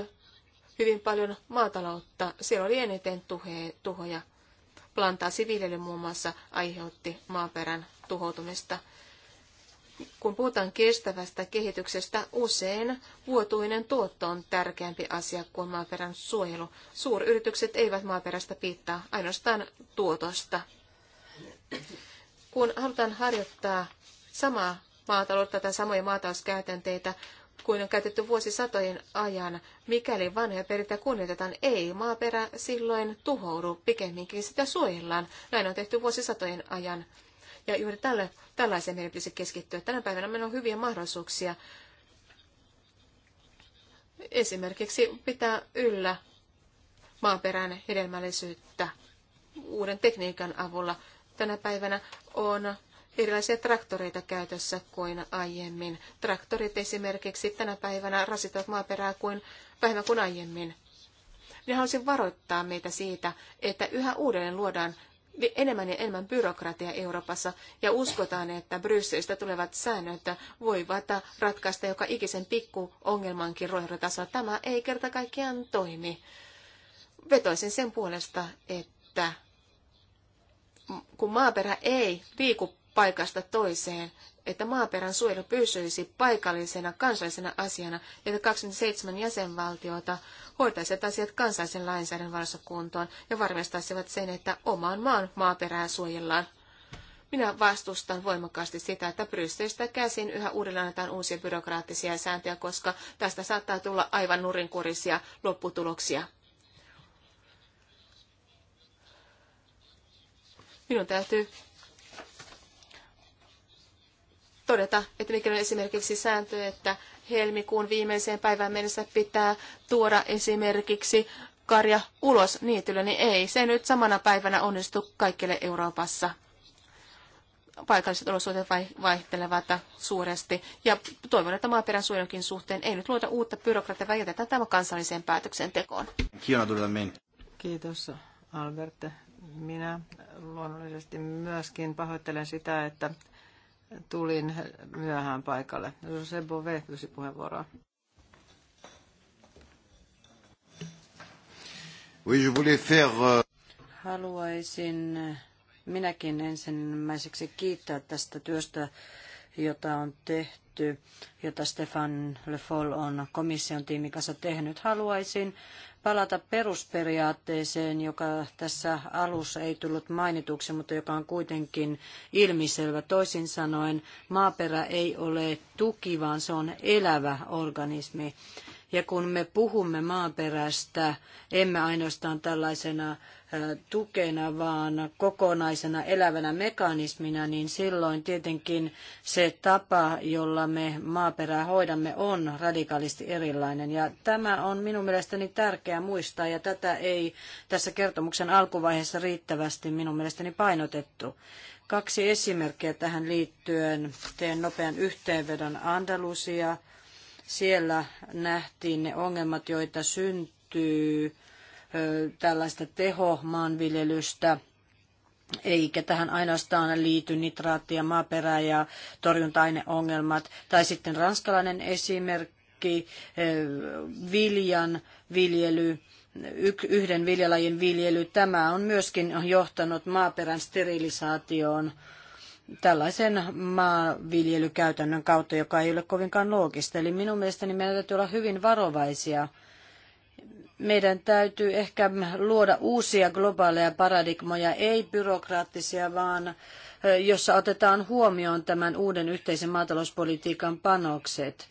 Speaker 3: hyvin paljon maataloutta, siellä oli eniten tuhoja. Plantaasiviljely muun muassa aiheutti maaperän tuhoutumista. Kun puhutaan kestävästä kehityksestä, usein vuotuinen tuotto on tärkeämpi asia kuin maaperän suojelu. Suuryritykset eivät maaperästä piittaa ainoastaan tuotosta. Kun halutaan harjoittaa samaa maataloutta tai samoja maatalouskäytänteitä kuin on käytetty vuosisatojen ajan, mikäli vanhoja perinteitä kunnioitetaan, ei maaperä silloin tuhoudu, pikemminkin sitä suojellaan. Näin on tehty vuosisatojen ajan. Ja juuri tälle, tällaiseen meidän pitäisi keskittyä. Tänä päivänä meillä on hyviä mahdollisuuksia esimerkiksi pitää yllä maaperän hedelmällisyyttä uuden tekniikan avulla. Tänä päivänä on erilaisia traktoreita käytössä kuin aiemmin. Traktorit esimerkiksi tänä päivänä rasittavat maaperää kuin, vähemmän kuin aiemmin. Minä haluaisin varoittaa meitä siitä, että yhä uudelleen luodaan enemmän ja enemmän byrokratia Euroopassa ja uskotaan, että Brysselistä tulevat säännöt voivat ratkaista joka ikisen pikku ongelmankin ruohonjuuritasolla. Tämä ei kerta kaikkiaan toimi. Vetoisin sen puolesta, että kun maaperä ei liiku paikasta toiseen, että maaperän suojelu pysyisi paikallisena kansallisena asiana, että 27 jäsenvaltiota hoitaisivat asiat kansallisen lainsäädännön varassa kuntoon ja varmistaisivat sen, että omaan maan maaperää suojellaan. Minä vastustan voimakkaasti sitä, että Brysselistä käsin yhä uudelleen annetaan uusia byrokraattisia sääntöjä, koska tästä saattaa tulla aivan nurinkurisia lopputuloksia. Minun täytyy todeta, että mikä on esimerkiksi sääntö, että helmikuun viimeiseen päivään mennessä pitää tuoda esimerkiksi karja ulos niityllä, niin ei se nyt samana päivänä onnistu kaikille Euroopassa. Paikalliset olosuhteet vaihtelevat suuresti ja toivon, että maaperän suojelunkin suhteen ei nyt luota uutta byrokratiaa, vaan jätetään tämä kansalliseen päätöksentekoon.
Speaker 2: Kiitos Albert. Minä luonnollisesti myöskin pahoittelen sitä, että tulin myöhään paikalle. Se on pyysi puheenvuoroa. Euh,
Speaker 1: Haluaisin minäkin ensimmäiseksi kiittää tästä työstä, jota on tehty, jota Stefan Le Foll on komission tiimikassa tehnyt. Haluaisin palata perusperiaatteeseen, joka tässä alussa ei tullut mainituksi, mutta joka on kuitenkin ilmiselvä. Toisin sanoen maaperä ei ole tuki, vaan se on elävä organismi. Ja kun me puhumme maaperästä, emme ainoastaan tällaisena tukena, vaan kokonaisena elävänä mekanismina, niin silloin tietenkin se tapa, jolla me maaperää hoidamme, on radikaalisti erilainen. Ja tämä on minun mielestäni tärkeää muistaa, ja tätä ei tässä kertomuksen alkuvaiheessa riittävästi minun mielestäni painotettu. Kaksi esimerkkiä tähän liittyen. Teen nopean yhteenvedon Andalusia. Siellä nähtiin ne ongelmat, joita syntyy tällaista tehomaanviljelystä, eikä tähän ainoastaan liity nitraatti ja maaperä ja torjunta-aineongelmat. Tai sitten ranskalainen esimerkki, viljan viljely, yhden viljalajin viljely, tämä on myöskin johtanut maaperän sterilisaatioon tällaisen maanviljelykäytännön kautta, joka ei ole kovinkaan loogista. Eli minun mielestäni meidän täytyy olla hyvin varovaisia meidän täytyy ehkä luoda uusia globaaleja paradigmoja, ei byrokraattisia, vaan jossa otetaan huomioon tämän uuden yhteisen maatalouspolitiikan panokset.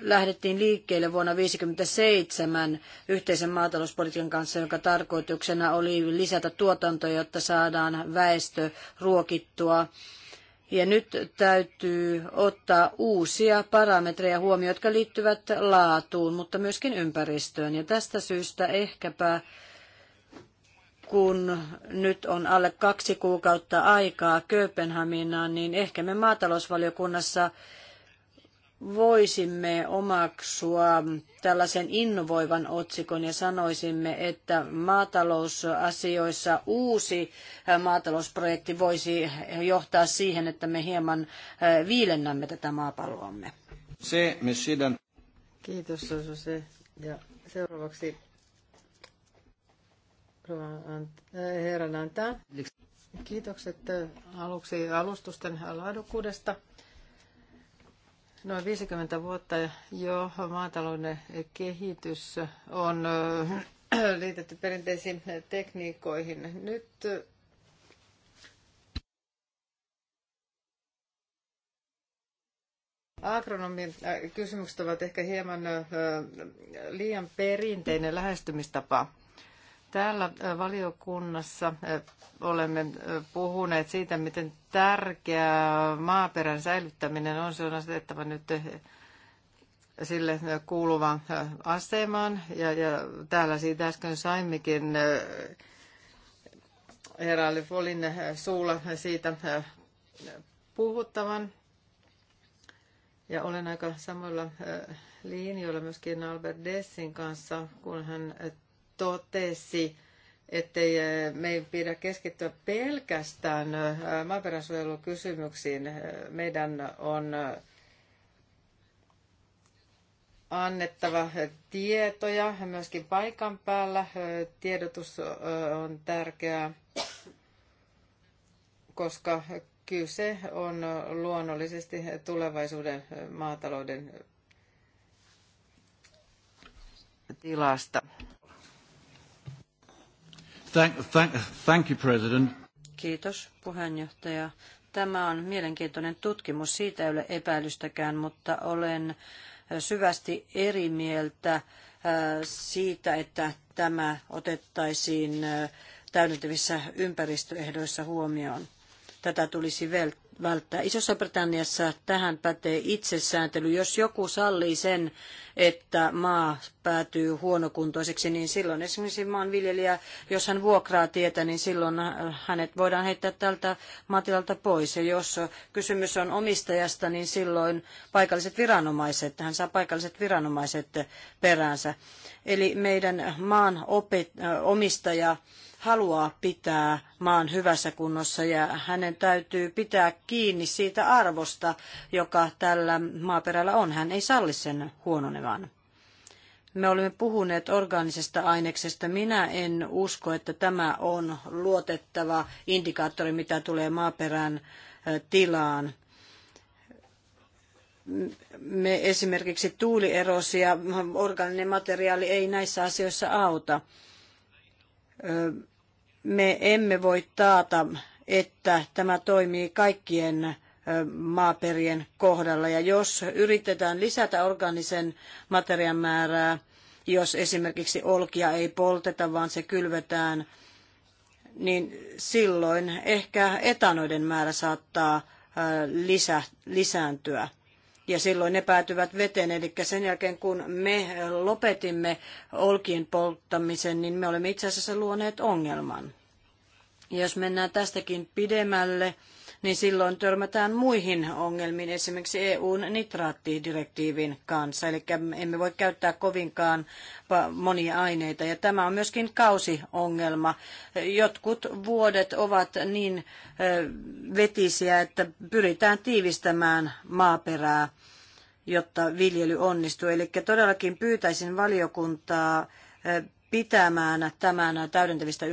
Speaker 1: Lähdettiin liikkeelle vuonna 1957 yhteisen maatalouspolitiikan kanssa, jonka tarkoituksena oli lisätä tuotantoa, jotta saadaan väestö ruokittua ja nyt täytyy ottaa uusia parametreja huomioon, jotka liittyvät laatuun, mutta myöskin ympäristöön. Ja tästä syystä ehkäpä kun nyt on alle kaksi kuukautta aikaa Kööpenhaminaan, niin ehkä me maatalousvaliokunnassa voisimme omaksua tällaisen innovoivan otsikon ja sanoisimme, että maatalousasioissa uusi maatalousprojekti voisi johtaa siihen, että me hieman viilennämme tätä maapalloamme. Se, messidän. Kiitos,
Speaker 2: Jose. Ja seuraavaksi äh, herran antaa. Kiitokset äh, aluksi alustusten laadukkuudesta noin 50 vuotta jo maatalouden kehitys on äh, liitetty perinteisiin tekniikoihin. Nyt äh, agronomin äh, kysymykset ovat ehkä hieman liian perinteinen lähestymistapa Täällä valiokunnassa olemme puhuneet siitä, miten tärkeää maaperän säilyttäminen on. Se on asetettava nyt sille kuuluvan asemaan. Ja, ja täällä siitä äsken saimmekin herra Lefolin suulla siitä puhuttavan. Ja olen aika samoilla linjoilla myöskin Albert Dessin kanssa, kun hän totesi, että eh, me ei pidä keskittyä pelkästään eh, maaperäsuojelukysymyksiin. Meidän on eh, annettava tietoja myöskin paikan päällä. Tiedotus on tärkeää, koska kyse on luonnollisesti tulevaisuuden maatalouden tilasta. Thank, thank, thank you, President.
Speaker 1: Kiitos, puheenjohtaja. Tämä on mielenkiintoinen tutkimus, siitä ei ole epäilystäkään, mutta olen syvästi eri mieltä äh, siitä, että tämä otettaisiin äh, täydentävissä ympäristöehdoissa huomioon. Tätä tulisi välttää välttää. Isossa Britanniassa tähän pätee itsesääntely. Jos joku sallii sen, että maa päätyy huonokuntoiseksi, niin silloin esimerkiksi maanviljelijä, jos hän vuokraa tietä, niin silloin hänet voidaan heittää tältä maatilalta pois. Ja jos kysymys on omistajasta, niin silloin paikalliset viranomaiset, hän saa paikalliset viranomaiset peräänsä. Eli meidän maan opet- omistaja haluaa pitää maan hyvässä kunnossa ja hänen täytyy pitää kiinni siitä arvosta, joka tällä maaperällä on. Hän ei salli sen huononevan. Me olemme puhuneet orgaanisesta aineksesta. Minä en usko, että tämä on luotettava indikaattori, mitä tulee maaperän tilaan me esimerkiksi tuulierosia, orgaaninen materiaali ei näissä asioissa auta me emme voi taata, että tämä toimii kaikkien maaperien kohdalla. Ja jos yritetään lisätä organisen materian määrää, jos esimerkiksi olkia ei polteta, vaan se kylvetään, niin silloin ehkä etanoiden määrä saattaa lisä, lisääntyä ja silloin ne päätyvät veteen. Eli sen jälkeen kun me lopetimme olkien polttamisen, niin me olemme itse asiassa luoneet ongelman. Ja jos mennään tästäkin pidemmälle, niin silloin törmätään muihin ongelmiin, esimerkiksi EUn nitraattidirektiivin kanssa. Eli emme voi käyttää kovinkaan monia aineita. Ja tämä on myöskin kausiongelma. Jotkut vuodet ovat niin vetisiä, että pyritään tiivistämään maaperää jotta viljely onnistuu. Eli todellakin pyytäisin valiokuntaa pitämään tämän täydentävistä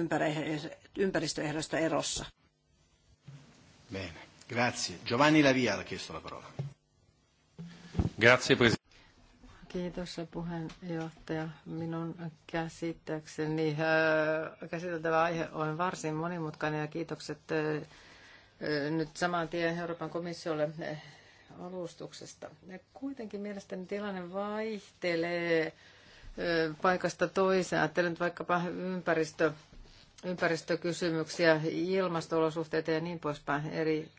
Speaker 1: ympäristöehdoista erossa. Bene, grazie. Giovanni Lavia ha chiesto la parola.
Speaker 2: Grazie,
Speaker 3: presidente.
Speaker 1: Kiitos
Speaker 2: puheenjohtaja. Minun käsittääkseni äh, käsiteltävä aihe on varsin monimutkainen ja kiitokset äh, äh, nyt saman tien Euroopan komissiolle alustuksesta. Kuitenkin mielestäni tilanne vaihtelee paikasta toiseen. Ajattelen nyt vaikkapa ympäristö ympäristökysymyksiä, ilmastolosuhteita ja niin poispäin eri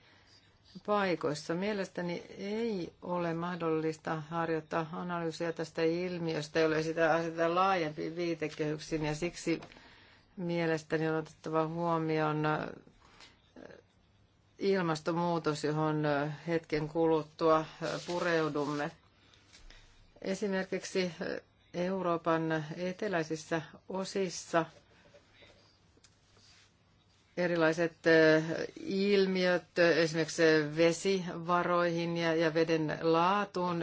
Speaker 2: paikoissa. Mielestäni ei ole mahdollista harjoittaa analyysiä tästä ilmiöstä, jolle sitä asetetaan laajempiin viitekehyksiin ja siksi mielestäni on otettava huomioon äh, ilmastonmuutos, johon äh, hetken kuluttua äh, pureudumme. Esimerkiksi Euroopan eteläisissä osissa – erilaiset ilmiöt esimerkiksi vesivaroihin ja veden laatuun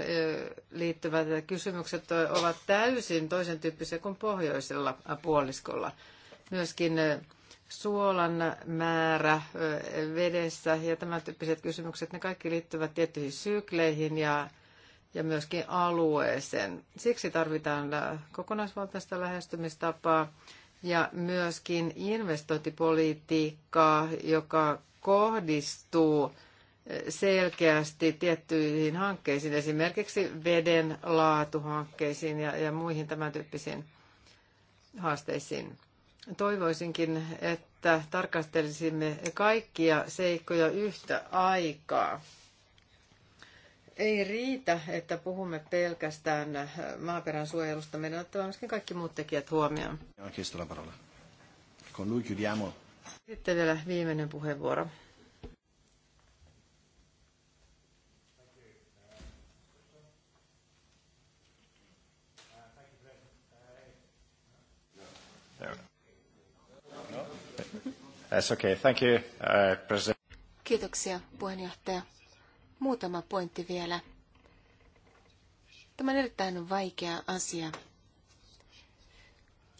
Speaker 2: liittyvät kysymykset ovat täysin toisen tyyppisiä kuin pohjoisella puoliskolla. Myöskin suolan määrä vedessä ja tämän tyyppiset kysymykset, ne kaikki liittyvät tiettyihin sykleihin ja, ja myöskin alueeseen. Siksi tarvitaan kokonaisvaltaista lähestymistapaa ja myöskin investointipolitiikkaa, joka kohdistuu eh, selkeästi tiettyihin hankkeisiin, esimerkiksi veden laatuhankkeisiin ja, ja muihin tämän tyyppisiin haasteisiin. Toivoisinkin, että tarkastelisimme kaikkia seikkoja yhtä aikaa ei riitä, että puhumme pelkästään maaperän suojelusta. Meidän on ottava myöskin kaikki muut tekijät huomioon. Sitten vielä viimeinen puheenvuoro. That's okay. Thank you, uh, President.
Speaker 3: Kiitoksia, puheenjohtaja. Muutama pointti vielä. Tämä on erittäin vaikea asia.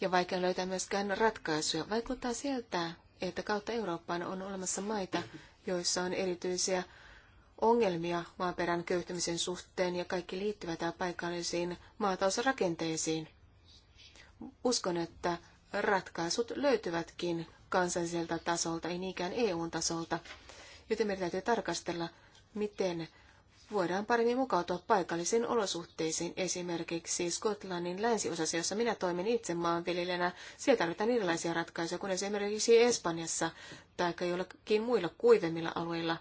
Speaker 3: Ja vaikea löytää myöskään ratkaisuja. Vaikuttaa siltä, että kautta Eurooppaan on olemassa maita, joissa on erityisiä ongelmia maaperän köyhtymisen suhteen ja kaikki liittyvät paikallisiin maatausrakenteisiin. Uskon, että ratkaisut löytyvätkin kansalliselta tasolta, ei niinkään EU-tasolta, joten meidän täytyy tarkastella miten voidaan paremmin mukautua paikallisiin olosuhteisiin. Esimerkiksi Skotlannin länsiosassa, jossa minä toimin itse maanviljelijänä, siellä tarvitaan erilaisia ratkaisuja kuin esimerkiksi Espanjassa tai jollakin muilla kuivemmilla alueilla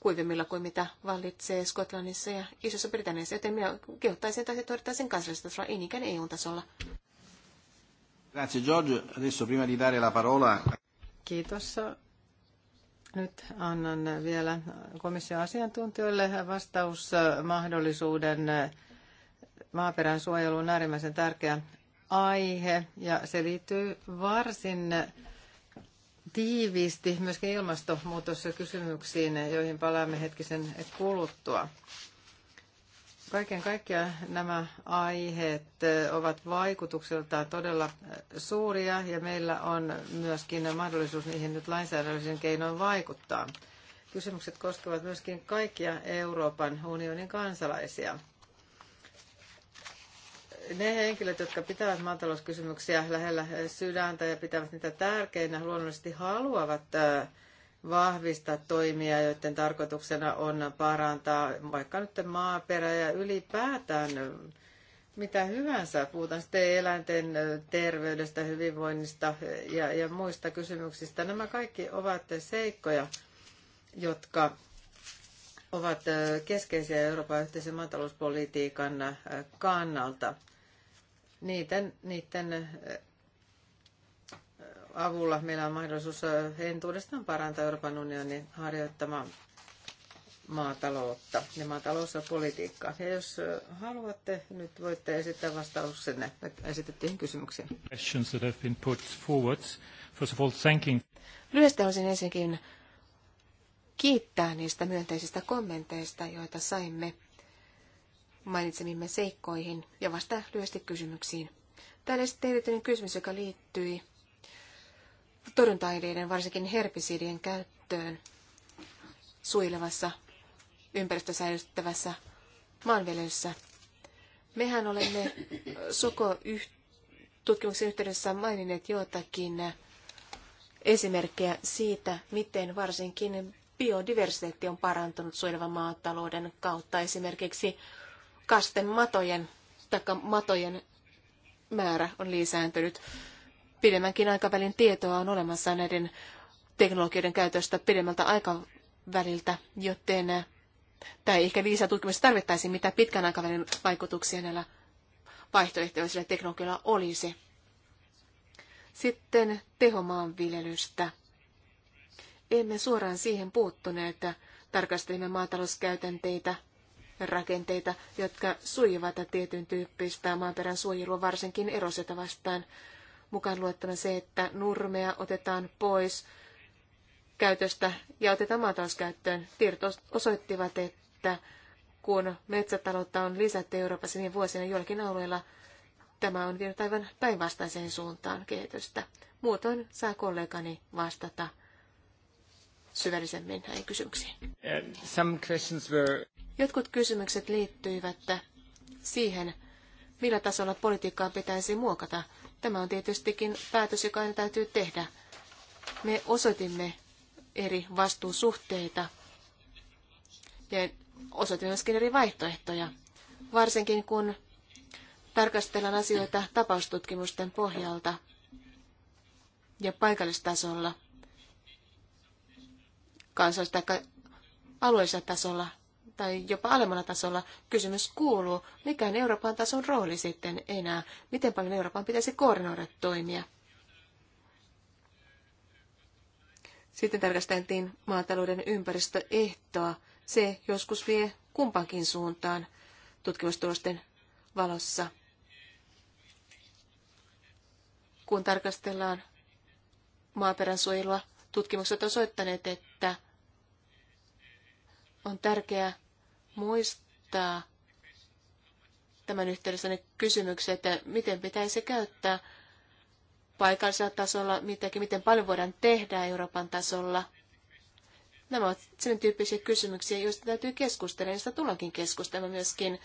Speaker 3: kuivemmilla kuin mitä vallitsee Skotlannissa ja Isossa Britanniassa, joten minä kehottaisin tai sen kansallisesta tasolla, ei niinkään EU-tasolla.
Speaker 2: Grazie George. Adesso prima di dare la parola... Kiitos. Nyt annan vielä komission asiantuntijoille vastausmahdollisuuden. Maaperän suojeluun on äärimmäisen tärkeä aihe ja se liittyy varsin tiiviisti myöskin ilmastonmuutoskysymyksiin, joihin palaamme hetkisen kuluttua. Kaiken kaikkiaan nämä aiheet ovat vaikutukseltaan todella suuria ja meillä on myöskin mahdollisuus niihin nyt lainsäädännöllisen keinoin vaikuttaa. Kysymykset koskevat myöskin kaikkia Euroopan unionin kansalaisia. Ne henkilöt, jotka pitävät maatalouskysymyksiä lähellä sydäntä ja pitävät niitä tärkeinä, luonnollisesti haluavat vahvista toimia, joiden tarkoituksena on parantaa vaikka nyt maaperää ja ylipäätään mitä hyvänsä. Puhutaan sitten eläinten terveydestä, hyvinvoinnista ja, ja muista kysymyksistä. Nämä kaikki ovat seikkoja, jotka ovat keskeisiä Euroopan yhteisen maatalouspolitiikan kannalta. Niiden, niiden avulla meillä on mahdollisuus entuudestaan parantaa Euroopan unionin harjoittamaa maataloutta ja maatalouspolitiikkaa. Ja jos haluatte, nyt voitte esittää vastauksenne esitettyihin kysymyksiin. Questions that have been put forward. First of all, thanking.
Speaker 3: Lyhyesti haluaisin ensinnäkin kiittää niistä myönteisistä kommenteista, joita saimme mainitsemimme seikkoihin ja vastaa lyhyesti kysymyksiin. Täällä sitten erityinen kysymys, joka liittyi torjunta-aineiden, varsinkin herbisidien käyttöön suojelevassa ympäristösäilyttävässä maanviljelyssä. Mehän olemme soko tutkimuksen yhteydessä maininneet joitakin esimerkkejä siitä, miten varsinkin biodiversiteetti on parantunut suojelevan maatalouden kautta. Esimerkiksi kasten matojen, taikka matojen määrä on lisääntynyt pidemmänkin aikavälin tietoa on olemassa näiden teknologioiden käytöstä pidemmältä aikaväliltä, joten eh, tai ehkä lisää tutkimusta tarvittaisiin, mitä pitkän aikavälin vaikutuksia näillä vaihtoehtoisilla teknologioilla olisi. Sitten tehomaanviljelystä. Emme suoraan siihen puuttuneet, tarkastelimme maatalouskäytänteitä, rakenteita, jotka sujuvat tietyn tyyppistä maaperän suojelua varsinkin eroseta vastaan mukaan luettuna se, että nurmea otetaan pois käytöstä ja otetaan maatalouskäyttöön. Tiedot osoittivat, että kun metsätaloutta on lisätty Euroopassa, niin vuosina joillakin alueilla tämä on vienyt aivan päinvastaiseen suuntaan kehitystä. Muutoin saa kollegani vastata syvällisemmin näihin kysymyksiin.
Speaker 2: Uh, some were...
Speaker 3: Jotkut kysymykset liittyivät siihen, millä tasolla politiikkaa pitäisi muokata Tämä on tietystikin päätös, joka aina täytyy tehdä. Me osoitimme eri vastuusuhteita ja osoitimme myöskin eri vaihtoehtoja, varsinkin kun tarkastellaan asioita tapaustutkimusten pohjalta ja paikallistasolla, kansallis- tai alueellisella tasolla tai jopa alemmalla tasolla. Kysymys kuuluu, mikä on Euroopan tason rooli sitten enää? Miten paljon Euroopan pitäisi koordinoida toimia? Sitten tarkasteltiin maatalouden ympäristöehtoa. Se joskus vie kumpankin suuntaan tutkimustulosten valossa. Kun tarkastellaan maaperän suojelua, tutkimukset osoittaneet, että on tärkeää muistaa tämän yhteydessä ne kysymykset, että miten pitäisi käyttää paikallisella tasolla mitäkin, miten paljon voidaan tehdä Euroopan tasolla. Nämä ovat sen tyyppisiä kysymyksiä, joista täytyy keskustella, niistä tullaankin keskustelemaan myöskin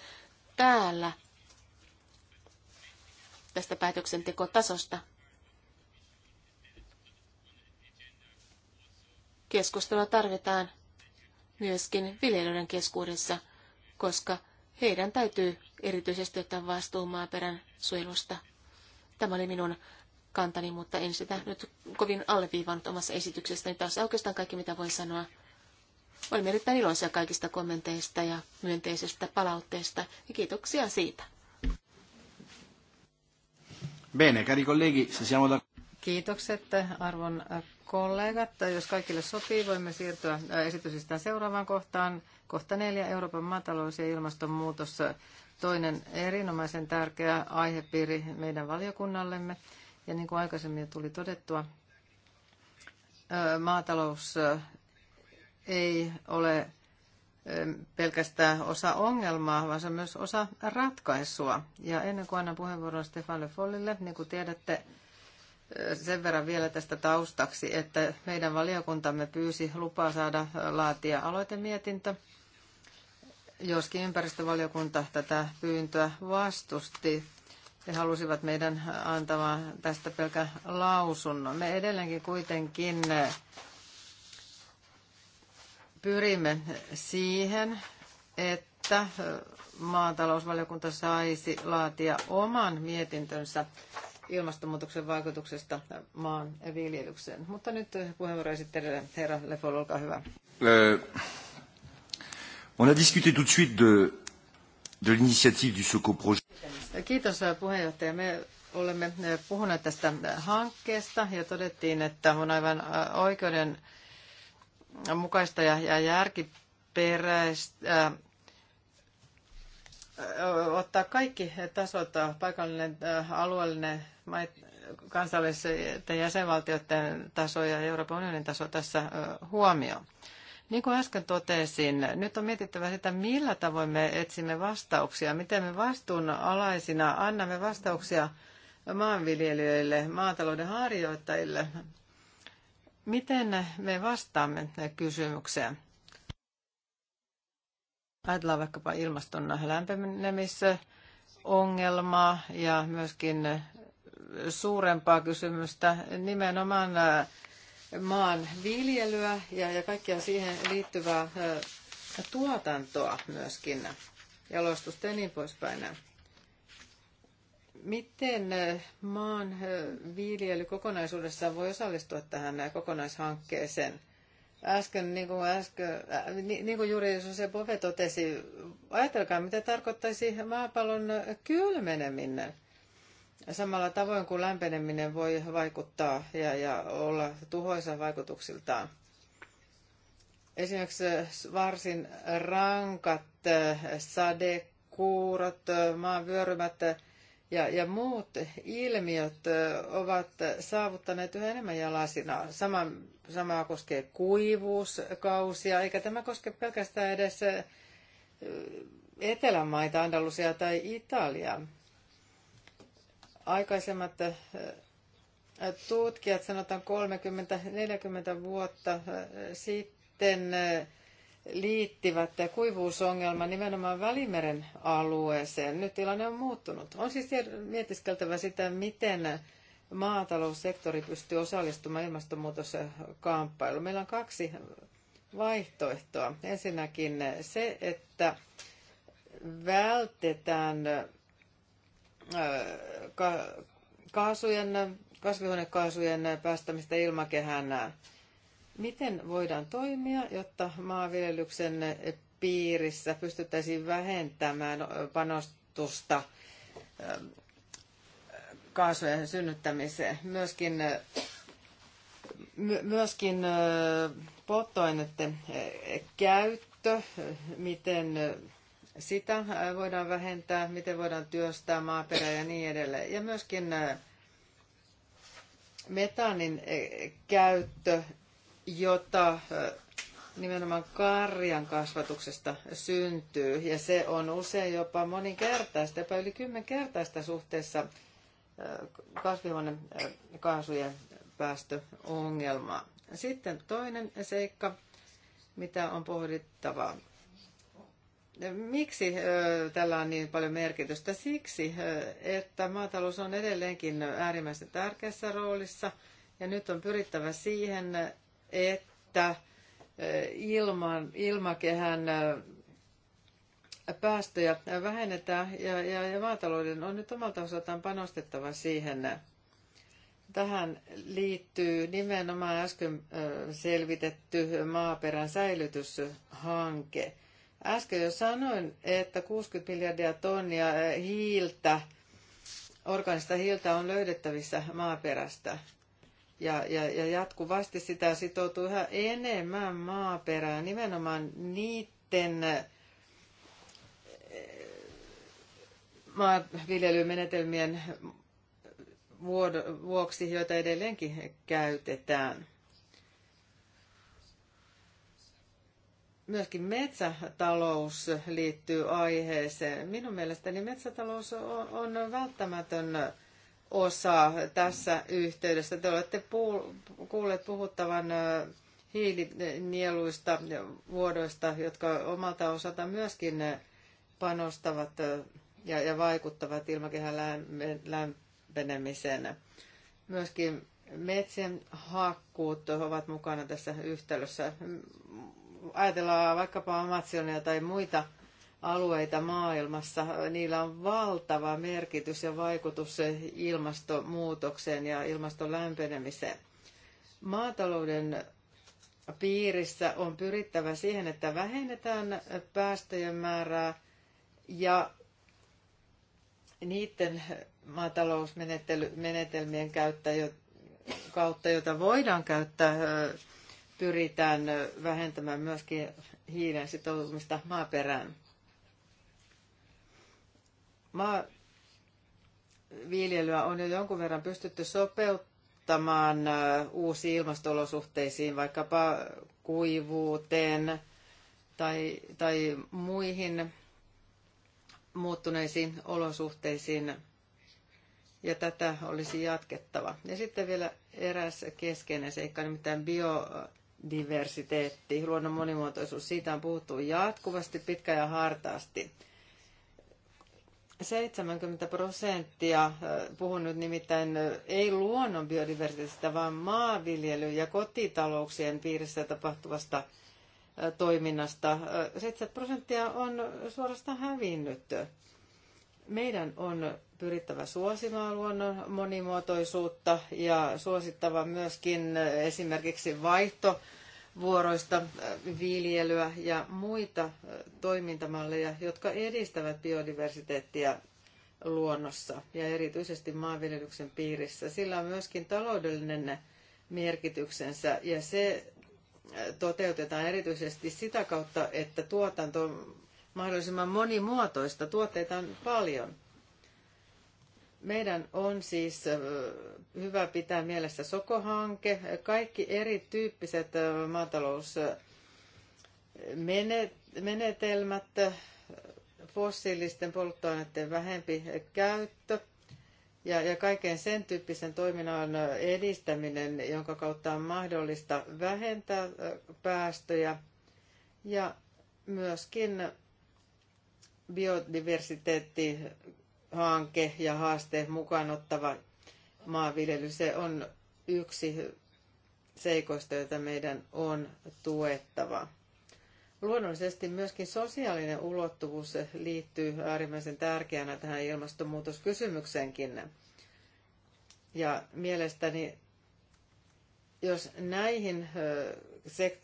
Speaker 3: täällä tästä päätöksentekotasosta. Keskustelua tarvitaan myöskin viljelijöiden keskuudessa, koska heidän täytyy erityisesti ottaa vastuu maaperän suojelusta. Tämä oli minun kantani, mutta en sitä nyt kovin alleviivannut omassa esityksestäni. Taas oikeastaan kaikki, mitä voi sanoa. Olemme erittäin iloisia kaikista kommenteista ja myönteisestä palautteesta ja kiitoksia siitä.
Speaker 1: Bene, cari colleghi, se siamo da...
Speaker 3: Kiitokset
Speaker 2: arvon kollegat, jos kaikille sopii, voimme siirtyä äh, esitysistään seuraavaan kohtaan. Kohta neljä, Euroopan maatalous ja ilmastonmuutos. Toinen erinomaisen tärkeä aihepiiri meidän valiokunnallemme. Ja niin kuin aikaisemmin jo tuli todettua, äh, maatalous äh, ei ole ähm, pelkästään osa ongelmaa, vaan se on myös osa ratkaisua. Ja ennen kuin annan puheenvuoron Stefan Follille, niin kuin tiedätte, sen verran vielä tästä taustaksi, että meidän valiokuntamme pyysi lupaa saada laatia aloitemietintö, joskin ympäristövaliokunta tätä pyyntöä vastusti. He halusivat meidän antamaan tästä pelkä lausunnon. Me edelleenkin kuitenkin eh, pyrimme siihen, että eh, maatalousvaliokunta saisi laatia oman mietintönsä ilmastonmuutoksen vaikutuksesta maan viljelykseen. Mutta nyt puheenvuoro esittelee herra Lefol, olkaa hyvä.
Speaker 1: Euh, on a discuté tout de suite de, de l'initiative du SOCO-projet.
Speaker 2: Kiitos puheenjohtaja. Me olemme puhuneet tästä hankkeesta ja todettiin, että on aivan oikeuden mukaista ja, ja järkiperäistä ottaa kaikki tasot, äh, paikallinen, äh, alueellinen, kansallisten jäsenvaltioiden taso ja Euroopan unionin taso tässä huomioon. Niin kuin äsken totesin, nyt on mietittävä sitä, millä tavoin me etsimme vastauksia, miten me vastuunalaisina annamme vastauksia maanviljelijöille, maatalouden harjoittajille. Miten me vastaamme kysymykseen? Ajatellaan vaikkapa ilmaston lämpenemisongelmaa ja myöskin suurempaa kysymystä, nimenomaan äh, maan viljelyä ja, ja kaikkia siihen liittyvää äh, tuotantoa myöskin, jalostusta ja niin poispäin. Miten äh, maan viljely kokonaisuudessaan voi osallistua tähän kokonaishankkeeseen – äsken, niin kuin, äsken, niin, niin kuin juuri se Bove totesi, ajatelkaa mitä tarkoittaisi maapallon kylmeneminen. Samalla tavoin kuin lämpeneminen voi vaikuttaa ja, ja olla tuhoisa vaikutuksiltaan. Esimerkiksi varsin rankat äh, sadekuurot, maan vyörymät, ja, ja muut ilmiöt ovat saavuttaneet yhä enemmän jalasinaa. Sama, samaa koskee kuivuuskausia, eikä tämä koske pelkästään edes Etelämaita, Andalusia tai Italiaa. Aikaisemmat tutkijat, sanotaan 30-40 vuotta sitten, liittivät kuivuusongelman nimenomaan Välimeren alueeseen. Nyt tilanne on muuttunut. On siis mietiskeltävä sitä, miten maataloussektori pystyy osallistumaan ilmastonmuutoksen kamppailuun. Meillä on kaksi vaihtoehtoa. Ensinnäkin se, että vältetään äh, kaasujen, kasvihuonekaasujen päästämistä ilmakehään Miten voidaan toimia, jotta maanviljelyksen piirissä pystyttäisiin vähentämään panostusta ähm, kaasujen synnyttämiseen? Myöskin, äh, myöskin äh, polttoaineiden äh, käyttö, miten sitä voidaan vähentää, miten voidaan työstää maaperää ja niin edelleen. Ja myöskin metaanin käyttö jota nimenomaan karjan kasvatuksesta syntyy. Ja se on usein jopa moninkertaista, jopa yli kymmenkertaista suhteessa kasvihuonekaasujen päästöongelmaan. Sitten toinen seikka, mitä on pohdittavaa. Miksi tällä on niin paljon merkitystä? Siksi, että maatalous on edelleenkin äärimmäisen tärkeässä roolissa ja nyt on pyrittävä siihen, että ilman, ilmakehän päästöjä vähennetään ja, ja, ja maatalouden on nyt omalta osaltaan panostettava siihen. Tähän liittyy nimenomaan äsken selvitetty maaperän säilytyshanke. Äsken jo sanoin, että 60 miljardia tonnia hiiltä, organista hiiltä on löydettävissä maaperästä ja, ja, ja jatkuvasti sitä sitoutuu yhä enemmän maaperään, nimenomaan niiden eh, maanviljelymenetelmien vuoksi, joita edelleenkin käytetään. Myöskin metsätalous liittyy aiheeseen. Minun mielestäni metsätalous on, on välttämätön osa tässä yhteydessä. Te olette kuulleet puhuttavan hiilinieluista vuodoista, jotka omalta osalta myöskin panostavat ja, ja vaikuttavat ilmakehän lämpenemiseen. Myöskin metsien hakkuut ovat mukana tässä yhtälössä. Ajatellaan vaikkapa Amazonia tai muita alueita maailmassa. Niillä on valtava merkitys ja vaikutus ilmastonmuutokseen ja ilmaston lämpenemiseen. Maatalouden piirissä on pyrittävä siihen, että vähennetään päästöjen määrää ja niiden maatalousmenetelmien kautta, joita voidaan käyttää, pyritään vähentämään myöskin hiilen sitoutumista maaperään maanviljelyä on jo jonkun verran pystytty sopeuttamaan uusiin ilmastolosuhteisiin, vaikkapa kuivuuteen tai, tai muihin muuttuneisiin olosuhteisiin ja tätä olisi jatkettava. Ja sitten vielä eräs keskeinen seikka, nimittäin biodiversiteetti, luonnon monimuotoisuus. Siitä on puhuttu jatkuvasti, pitkä ja hartaasti. 70 prosenttia, äh, puhun nyt nimittäin äh, ei luonnon biodiversiteetistä, vaan maanviljely- ja kotitalouksien piirissä tapahtuvasta äh, toiminnasta, 70 prosenttia on suorastaan hävinnyt. Meidän on pyrittävä suosimaan luonnon monimuotoisuutta ja suosittava myöskin esimerkiksi vaihto vuoroista äh, viljelyä ja muita äh, toimintamalleja, jotka edistävät biodiversiteettiä luonnossa ja erityisesti maanviljelyksen piirissä. Sillä on myöskin taloudellinen merkityksensä ja se äh, toteutetaan erityisesti sitä kautta, että tuotanto on mahdollisimman monimuotoista. Tuotteita on paljon. Meidän on siis hyvä pitää mielessä sokohanke, kaikki erityyppiset maatalousmenetelmät, fossiilisten polttoaineiden vähempi käyttö ja, ja kaiken sen tyyppisen toiminnan edistäminen, jonka kautta on mahdollista vähentää päästöjä ja myöskin biodiversiteetti hanke ja haaste mukaan ottava maanviljely, se on yksi seikoista, joita meidän on tuettava. Luonnollisesti myöskin sosiaalinen ulottuvuus liittyy äärimmäisen tärkeänä tähän ilmastonmuutoskysymykseenkin. Ja mielestäni, jos näihin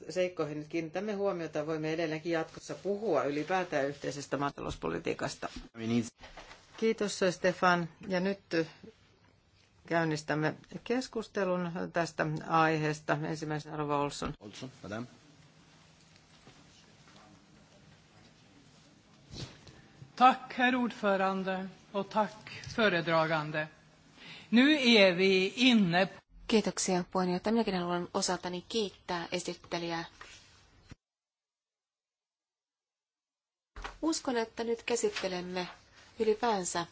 Speaker 2: seikkoihin nyt kiinnitämme huomiota, voimme edelleenkin jatkossa puhua ylipäätään yhteisestä maatalouspolitiikasta. Kiitos Stefan. Ja nyt käynnistämme keskustelun tästä aiheesta. Ensimmäisenä Arva Olson. Olson, madame. Tack, herr ordförande, och tack,
Speaker 3: föredragande. Nu är vi inne på... Kiitoksia, puheenjohtaja. Minäkin haluan osaltani kiittää esittelijää. Uskon, että nyt käsittelemme ylipäänsä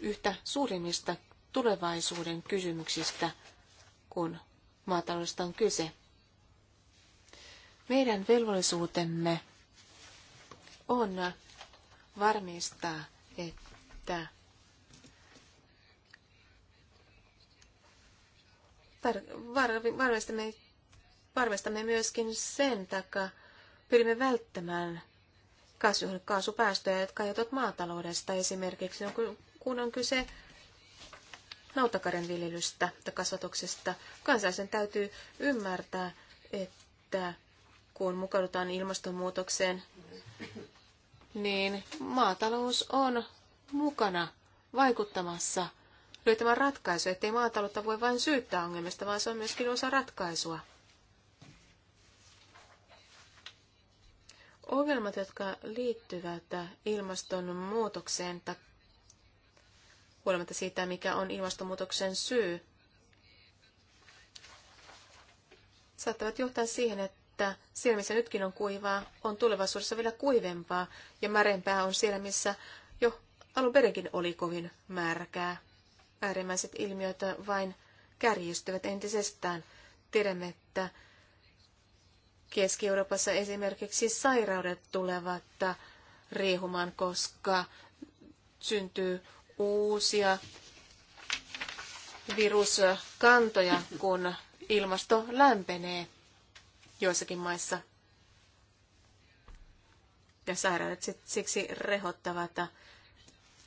Speaker 3: yhtä suurimmista tulevaisuuden kysymyksistä, kun maataloudesta on kyse. Meidän velvollisuutemme on varmistaa, että varmistamme, varmistamme myöskin sen takaa, pyrimme välttämään kasvihuonekaasupäästöjä, jotka aiheutuvat maataloudesta esimerkiksi, kun on kyse nautakarjan viljelystä tai kasvatuksesta. Kansalaisen täytyy ymmärtää, että kun mukaudutaan ilmastonmuutokseen, niin maatalous on mukana vaikuttamassa löytämään ratkaisuja, ettei maataloutta voi vain syyttää ongelmista, vaan se on myöskin osa ratkaisua. Ongelmat, jotka liittyvät ilmastonmuutokseen, huolimatta siitä, mikä on ilmastonmuutoksen syy, saattavat johtaa siihen, että siellä, missä nytkin on kuivaa, on tulevaisuudessa vielä kuivempaa, ja märempää on siellä, missä jo alun perinkin oli kovin märkää. Äärimmäiset ilmiöt vain kärjistyvät entisestään. Tiedämme, että Keski-Euroopassa esimerkiksi sairaudet tulevat riehumaan, koska syntyy uusia viruskantoja, kun ilmasto lämpenee joissakin maissa. Ja sairaudet siksi rehottavat.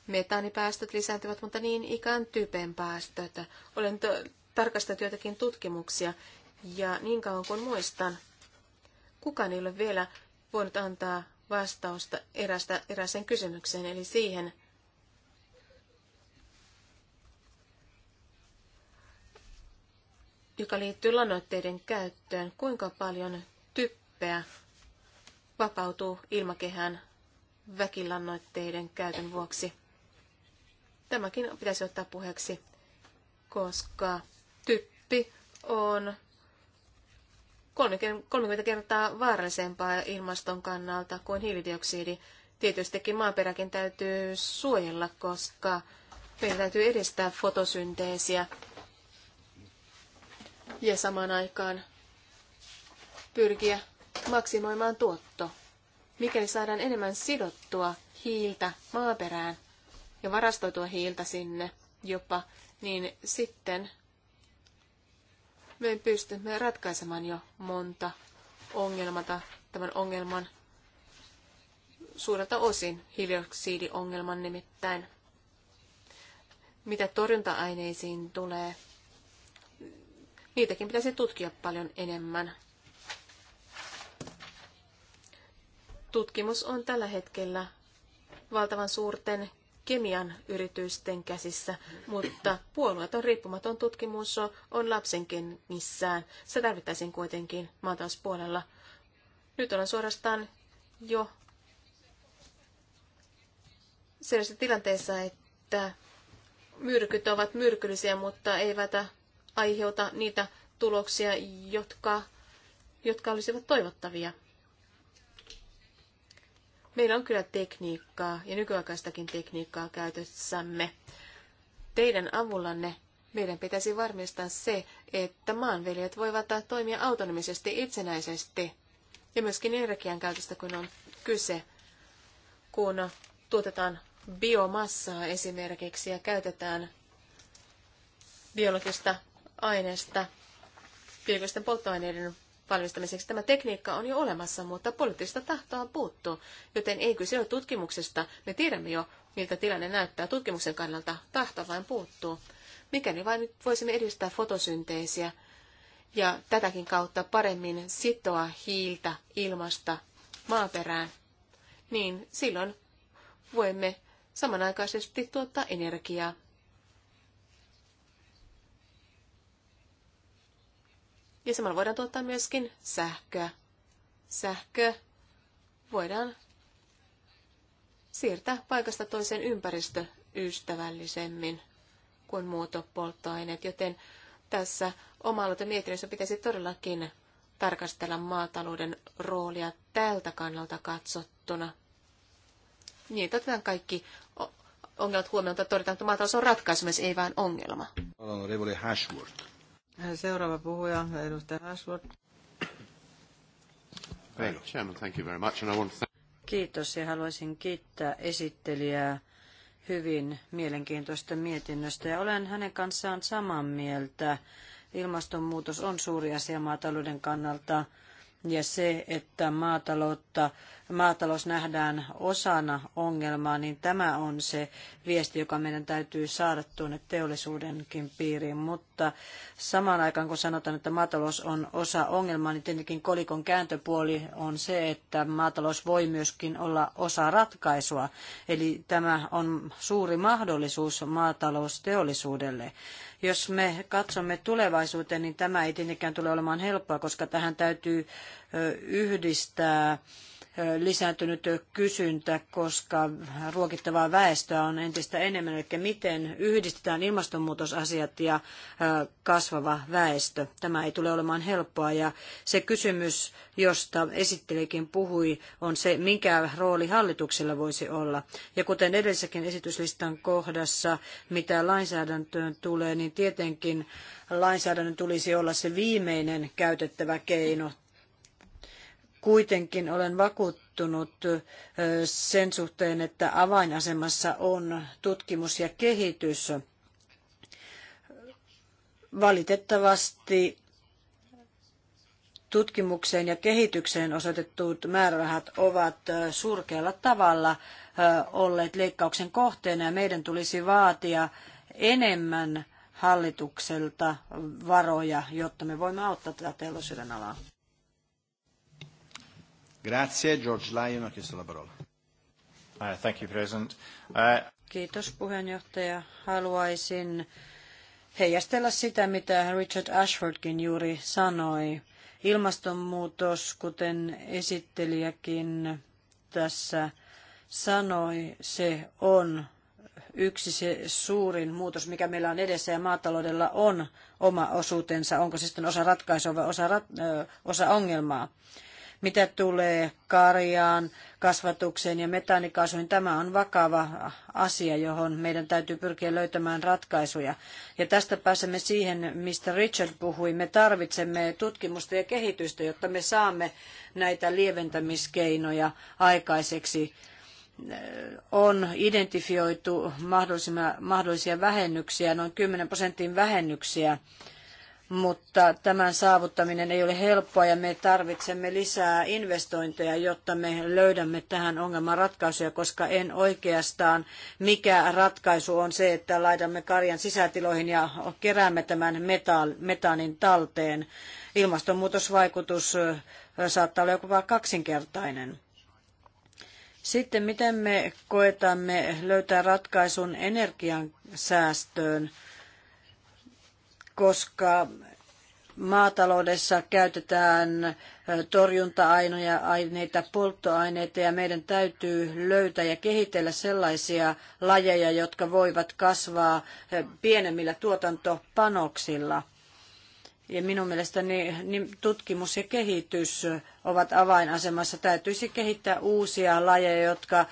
Speaker 3: Metaanipäästöt lisääntyvät, mutta niin ikään typen päästöt. Olen tarkastanut joitakin tutkimuksia, ja niin kauan kuin muistan, Kukaan ei ole vielä voinut antaa vastausta erästä, eräseen kysymykseen, eli siihen, joka liittyy lannoitteiden käyttöön, kuinka paljon typpeä vapautuu ilmakehään väkilannoitteiden käytön vuoksi. Tämäkin pitäisi ottaa puheeksi, koska typpi on 30 kertaa vaarallisempaa ilmaston kannalta kuin hiilidioksidi. Tietystikin maaperäkin täytyy suojella, koska meidän täytyy edistää fotosynteesiä ja samaan aikaan pyrkiä maksimoimaan tuotto. Mikäli saadaan enemmän sidottua hiiltä maaperään ja varastoitua hiiltä sinne jopa, niin sitten me pystymme ratkaisemaan jo monta ongelmata tämän ongelman suurelta osin hiilioksidiongelman nimittäin. Mitä torjunta-aineisiin tulee, niitäkin pitäisi tutkia paljon enemmän. Tutkimus on tällä hetkellä valtavan suurten kemian yritysten käsissä, mutta puolueeton riippumaton tutkimus on lapsenkin missään. Se tarvittaisiin kuitenkin maatalouspuolella. Nyt ollaan suorastaan jo sellaisessa tilanteessa, että myrkyt ovat myrkyllisiä, mutta eivät aiheuta niitä tuloksia, jotka, jotka olisivat toivottavia. Meillä on kyllä tekniikkaa ja nykyaikaistakin tekniikkaa käytössämme. Teidän avullanne meidän pitäisi varmistaa se, että maanviljelijät voivat toimia autonomisesti itsenäisesti ja myöskin energian käytöstä, kun on kyse, kun tuotetaan biomassaa esimerkiksi ja käytetään biologista aineesta biologisten polttoaineiden valmistamiseksi. Tämä tekniikka on jo olemassa, mutta poliittista tahtoa puuttuu, joten ei kyse ole tutkimuksesta. Me tiedämme jo, miltä tilanne näyttää tutkimuksen kannalta. Tahto vain puuttuu. Mikäli vain voisimme edistää fotosynteesiä ja tätäkin kautta paremmin sitoa hiiltä ilmasta maaperään, niin silloin voimme samanaikaisesti tuottaa energiaa Ja samalla voidaan tuottaa myöskin sähköä. Sähkö voidaan siirtää paikasta toiseen ympäristöystävällisemmin kuin muut polttoaineet, joten tässä oma mietinnössä pitäisi todellakin tarkastella maatalouden roolia tältä kannalta katsottuna. Niin, otetaan kaikki ongelmat huomioon, että todetaan, että maatalous on ratkaisu, ei vain ongelma.
Speaker 1: Hashworth.
Speaker 3: Seuraava puhuja,
Speaker 1: edustaja Ashford. Kiitos ja haluaisin kiittää esittelijää hyvin mielenkiintoista mietinnöstä ja olen hänen kanssaan samaa mieltä. Ilmastonmuutos on suuri asia maatalouden kannalta ja se, että maataloutta maatalous nähdään osana ongelmaa, niin tämä on se viesti, joka meidän täytyy saada tuonne teollisuudenkin piiriin. Mutta samaan aikaan, kun sanotaan, että maatalous on osa ongelmaa, niin tietenkin kolikon kääntöpuoli on se, että maatalous voi myöskin olla osa ratkaisua. Eli tämä on suuri mahdollisuus maatalousteollisuudelle jos me katsomme tulevaisuuteen, niin tämä ei tietenkään tule olemaan helppoa, koska tähän täytyy yhdistää lisääntynyt kysyntä, koska ruokittavaa väestöä on entistä enemmän. Eli miten yhdistetään ilmastonmuutosasiat ja kasvava väestö. Tämä ei tule olemaan helppoa. Ja se kysymys, josta esittelikin puhui, on se, minkä rooli hallituksella voisi olla. Ja kuten edellisessäkin esityslistan kohdassa, mitä lainsäädäntöön tulee, niin tietenkin lainsäädännön tulisi olla se viimeinen käytettävä keino kuitenkin olen vakuuttunut sen suhteen, että avainasemassa on tutkimus ja kehitys. Valitettavasti tutkimukseen ja kehitykseen osoitetut määrärahat ovat surkealla tavalla olleet leikkauksen kohteena ja meidän tulisi vaatia enemmän hallitukselta varoja, jotta me voimme auttaa tätä teollisuuden alaa. Grazie. George Lyon chiesto la parola. Uh, thank you, President. Uh, Kiitos puheenjohtaja. Haluaisin heijastella sitä, mitä Richard Ashfordkin juuri sanoi. Ilmastonmuutos, kuten esittelijäkin tässä sanoi, se on yksi se suurin muutos, mikä meillä on edessä, ja maataloudella on oma osuutensa. Onko se sitten osa ratkaisua vai osa, rat, ö, osa ongelmaa? Mitä tulee karjaan, kasvatukseen ja metaanikaasuihin, tämä on vakava asia, johon meidän täytyy pyrkiä löytämään ratkaisuja. Ja tästä pääsemme siihen, mistä Richard puhui. Me tarvitsemme tutkimusta ja kehitystä, jotta me saamme näitä lieventämiskeinoja aikaiseksi on identifioitu mahdollisia vähennyksiä, noin 10 prosentin vähennyksiä mutta tämän saavuttaminen ei ole helppoa ja me tarvitsemme lisää investointeja, jotta me löydämme tähän ongelman ratkaisuja, koska en oikeastaan mikä ratkaisu on se, että laitamme karjan sisätiloihin ja keräämme tämän metaanin talteen. Ilmastonmuutosvaikutus saattaa olla jopa kaksinkertainen. Sitten miten me koetamme löytää ratkaisun energian säästöön? koska maataloudessa käytetään torjunta-aineita, polttoaineita ja meidän täytyy löytää ja kehitellä sellaisia lajeja, jotka voivat kasvaa pienemmillä tuotantopanoksilla – ja minun mielestäni niin tutkimus ja kehitys ovat avainasemassa. Täytyisi kehittää uusia lajeja, jotka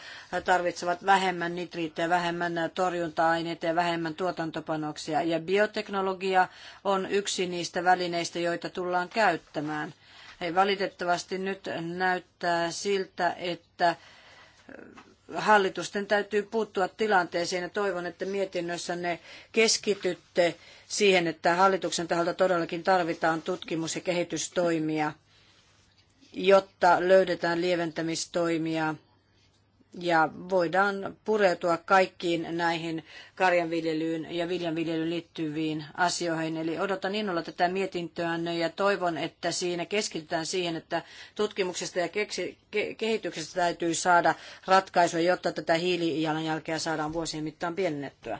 Speaker 1: tarvitsevat vähemmän nitriittejä, vähemmän torjunta-aineita ja vähemmän tuotantopanoksia. Ja bioteknologia on yksi niistä välineistä, joita tullaan käyttämään. Ei valitettavasti nyt näyttää siltä, että hallitusten täytyy puuttua tilanteeseen ja toivon, että mietinnössänne keskitytte siihen, että hallituksen taholta todellakin tarvitaan tutkimus- ja kehitystoimia, jotta löydetään lieventämistoimia ja voidaan pureutua kaikkiin näihin karjanviljelyyn ja viljanviljelyyn liittyviin asioihin. Eli odotan innolla tätä mietintöä, ja toivon, että siinä keskitytään siihen, että tutkimuksesta ja kehityksestä täytyy saada ratkaisuja, jotta tätä hiilijalanjälkeä saadaan vuosien mittaan pienennettyä.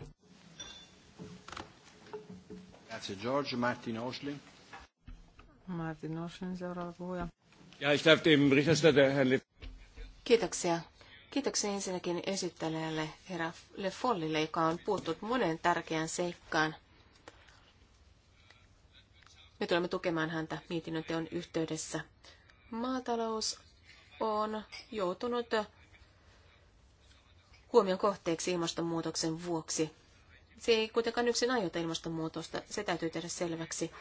Speaker 1: George. Martin Osling.
Speaker 3: Martin seuraava puhuja.
Speaker 1: Ja, ich darf dem
Speaker 3: Kiitoksia Kiitoksia ensinnäkin esittelijälle herra Le Follille, joka on puuttunut monen tärkeän seikkaan. Me tulemme tukemaan häntä mietinnön teon yhteydessä. Maatalous on joutunut huomion kohteeksi ilmastonmuutoksen vuoksi. Se ei kuitenkaan yksin aiheuta ilmastonmuutosta, se täytyy tehdä selväksi.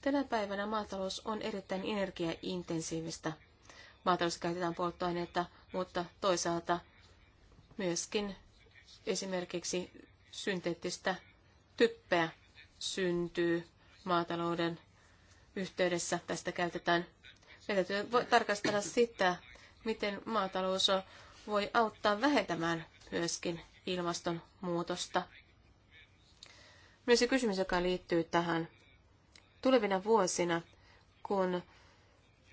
Speaker 3: Tänä päivänä maatalous on erittäin energiaintensiivistä. Maatalous käytetään polttoaineita mutta toisaalta myöskin esimerkiksi synteettistä typpeä syntyy maatalouden yhteydessä. Tästä käytetään. Meidän täytyy tarkastella sitä, miten maatalous voi auttaa vähentämään myöskin ilmastonmuutosta. Myös se kysymys, joka liittyy tähän tulevina vuosina, kun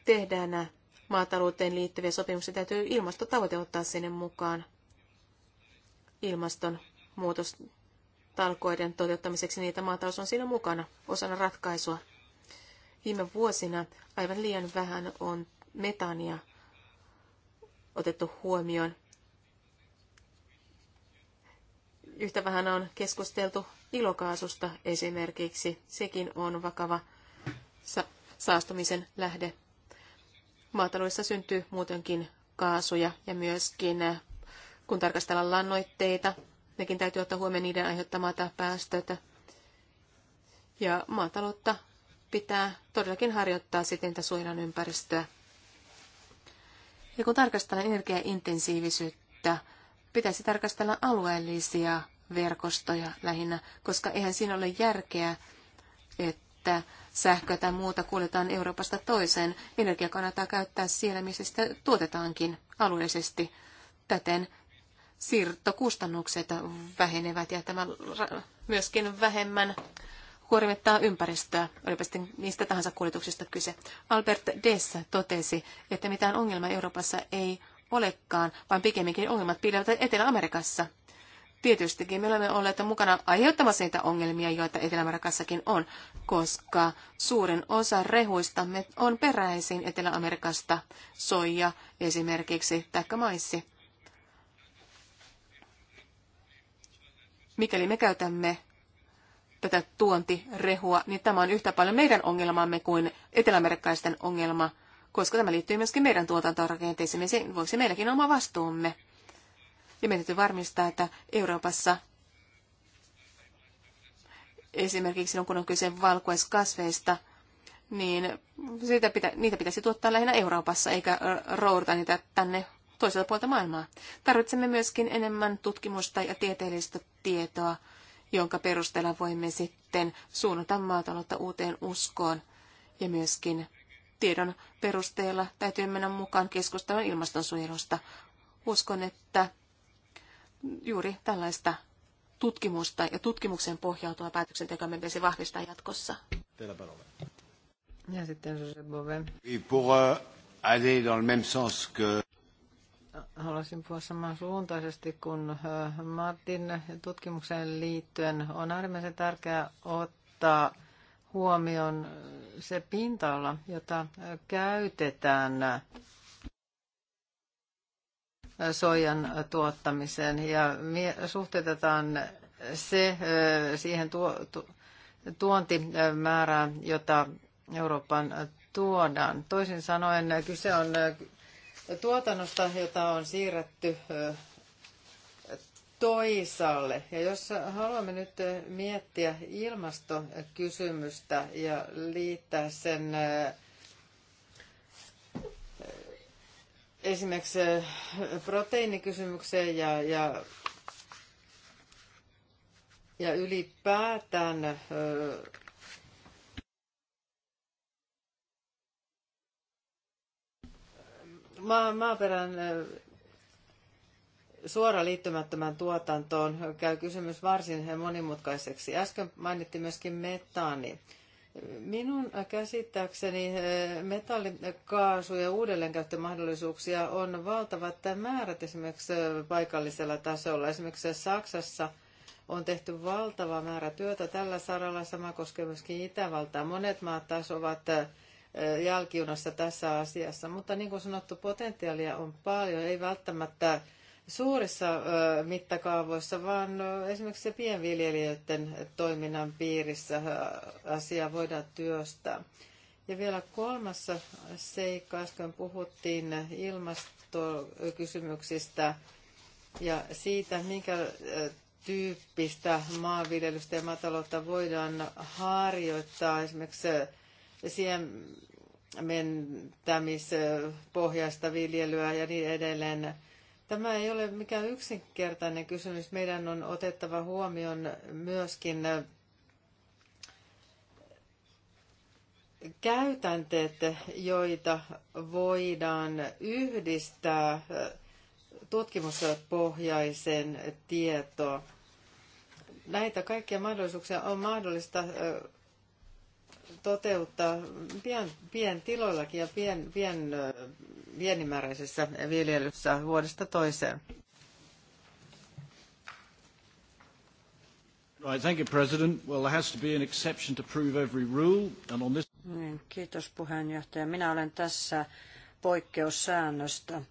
Speaker 3: tehdään maatalouteen liittyviä sopimuksia täytyy ilmastotavoite ottaa sinne mukaan ilmastonmuutostalkoiden toteuttamiseksi. Niitä maatalous on siinä mukana osana ratkaisua. Viime vuosina aivan liian vähän on metania otettu huomioon. Yhtä vähän on keskusteltu ilokaasusta esimerkiksi. Sekin on vakava sa- saastumisen lähde. Maataloudessa syntyy muutenkin kaasuja ja myöskin eh, kun tarkastellaan lannoitteita, nekin täytyy ottaa huomioon niiden aiheuttamata päästötä. Ja maataloutta pitää todellakin harjoittaa siten, että suojellaan ympäristöä. Ja kun tarkastellaan energiaintensiivisyyttä, pitäisi tarkastella alueellisia verkostoja lähinnä, koska eihän siinä ole järkeä, että sähköä tai muuta kuljetaan Euroopasta toiseen. Energia kannattaa käyttää siellä, missä sitä tuotetaankin alueellisesti. Täten siirtokustannukset vähenevät ja tämä myöskin vähemmän kuormittaa ympäristöä, olipa sitten mistä tahansa kuljetuksista kyse. Albert Dess totesi, että mitään ongelmaa Euroopassa ei olekaan, vaan pikemminkin ongelmat piilevät Etelä-Amerikassa. Tietystikin me olemme olleet mukana aiheuttamassa niitä ongelmia, joita Etelä-Amerikassakin on, koska suurin osa rehuistamme on peräisin Etelä-Amerikasta, soija esimerkiksi, taikka maissi. Mikäli me käytämme tätä tuontirehua, niin tämä on yhtä paljon meidän ongelmamme kuin etelämerkkaisten ongelma, koska tämä liittyy myöskin meidän tuotantorakenteisiin, niin voisi meilläkin oma vastuumme. Ja meidän täytyy varmistaa, että Euroopassa esimerkiksi silloin, kun on kyse valkuaiskasveista, niin sitä pitä, niitä pitäisi tuottaa lähinnä Euroopassa, eikä rouduta niitä tänne toiselta puolta maailmaa. Tarvitsemme myöskin enemmän tutkimusta ja tieteellistä tietoa, jonka perusteella voimme sitten suunnata maataloutta uuteen uskoon. Ja myöskin tiedon perusteella täytyy mennä mukaan keskustelun ilmastonsuojelusta. Uskon, että juuri tällaista tutkimusta ja tutkimuksen pohjautua päätöksentekoa me pitäisi vahvistaa jatkossa.
Speaker 2: Ja sitten José Bové.
Speaker 1: Pour euh, aller dans le même sens que...
Speaker 2: Haluaisin puhua samansuuntaisesti kuin äh, Martin tutkimukseen liittyen. On äärimmäisen tärkeää ottaa huomioon äh, se pinta-ala, jota äh, käytetään soijan tuottamiseen ja suhteutetaan se siihen tuontimäärään, jota Euroopan tuodaan. Toisin sanoen kyse on tuotannosta, jota on siirretty toisaalle. Ja jos haluamme nyt miettiä ilmastokysymystä ja liittää sen esimerkiksi eh, proteiinikysymykseen ja, ja, ja ylipäätään eh, ma, maaperän eh, suora liittymättömän tuotantoon käy kysymys varsin monimutkaiseksi. Äsken mainittiin myöskin metaani. Minun käsittääkseni eh, metallikaasu- ja uudelleenkäyttömahdollisuuksia on valtavat määrät esimerkiksi eh, paikallisella tasolla. Esimerkiksi Saksassa on tehty valtava määrä työtä tällä saralla. Sama koskee myöskin Itävaltaa. Monet maat taas ovat eh, jälkiunassa tässä asiassa, mutta niin kuin sanottu, potentiaalia on paljon. Ei välttämättä suurissa mittakaavoissa, vaan esimerkiksi pienviljelijöiden toiminnan piirissä asia voidaan työstää. Ja vielä kolmas seikka, äsken puhuttiin ilmastokysymyksistä ja siitä, minkä tyyppistä maanviljelystä ja maataloutta voidaan harjoittaa esimerkiksi siementämispohjaista viljelyä ja niin edelleen. Tämä ei ole mikään yksinkertainen kysymys. Meidän on otettava huomioon myöskin äh, käytänteet, joita voidaan yhdistää äh, tutkimuspohjaiseen tietoon. Näitä kaikkia mahdollisuuksia on mahdollista äh, toteuttaa pien, pien tiloillakin ja pien, pien, pienimääräisessä viljelyssä vuodesta toiseen. Right, thank you, President. Well, there has to be an exception to prove every rule, and on this...
Speaker 1: Niin, kiitos puheenjohtaja. Minä olen tässä poikkeussäännöstä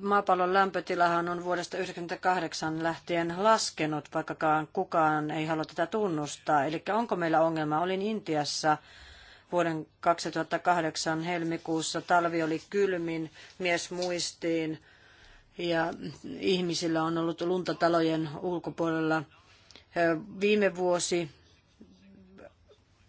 Speaker 1: maapallon lämpötilahan on vuodesta 1998 lähtien laskenut, vaikkakaan kukaan ei halua tätä tunnustaa. Eli onko meillä ongelma? Olin Intiassa vuoden 2008 helmikuussa. Talvi oli kylmin, mies muistiin ja ihmisillä on ollut luntatalojen ulkopuolella. Viime vuosi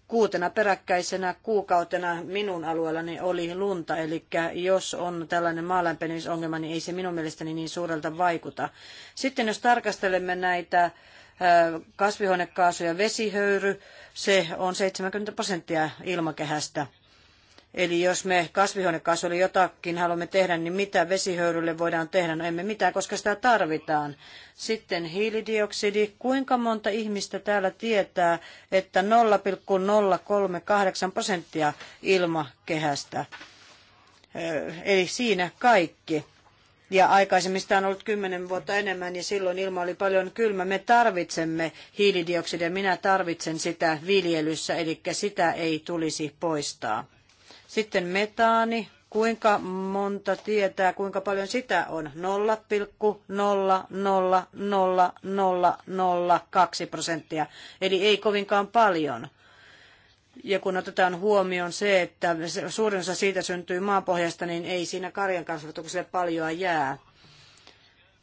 Speaker 1: kuutena peräkkäisenä kuukautena minun alueellani oli lunta, eli jos on tällainen maalämpenemisongelma, niin ei se minun mielestäni niin suurelta vaikuta. Sitten jos tarkastelemme näitä kasvihuonekaasuja vesihöyry, se on 70 prosenttia ilmakehästä. Eli jos me kasvihuonekaasulle jotakin haluamme tehdä, niin mitä vesihöyrylle voidaan tehdä? No emme mitään, koska sitä tarvitaan. Sitten hiilidioksidi. Kuinka monta ihmistä täällä tietää, että 0,038 prosenttia ilmakehästä? Eli siinä kaikki. Ja aikaisemmin sitä on ollut kymmenen vuotta enemmän ja silloin ilma oli paljon kylmä. Me tarvitsemme hiilidioksidia, minä tarvitsen sitä viljelyssä, eli sitä ei tulisi poistaa. Sitten metaani, kuinka monta tietää, kuinka paljon sitä on? 0,00002 prosenttia, eli ei kovinkaan paljon. Ja kun otetaan huomioon se, että suurin osa siitä syntyy maapohjasta, niin ei siinä karjan kasvatukselle paljoa jää.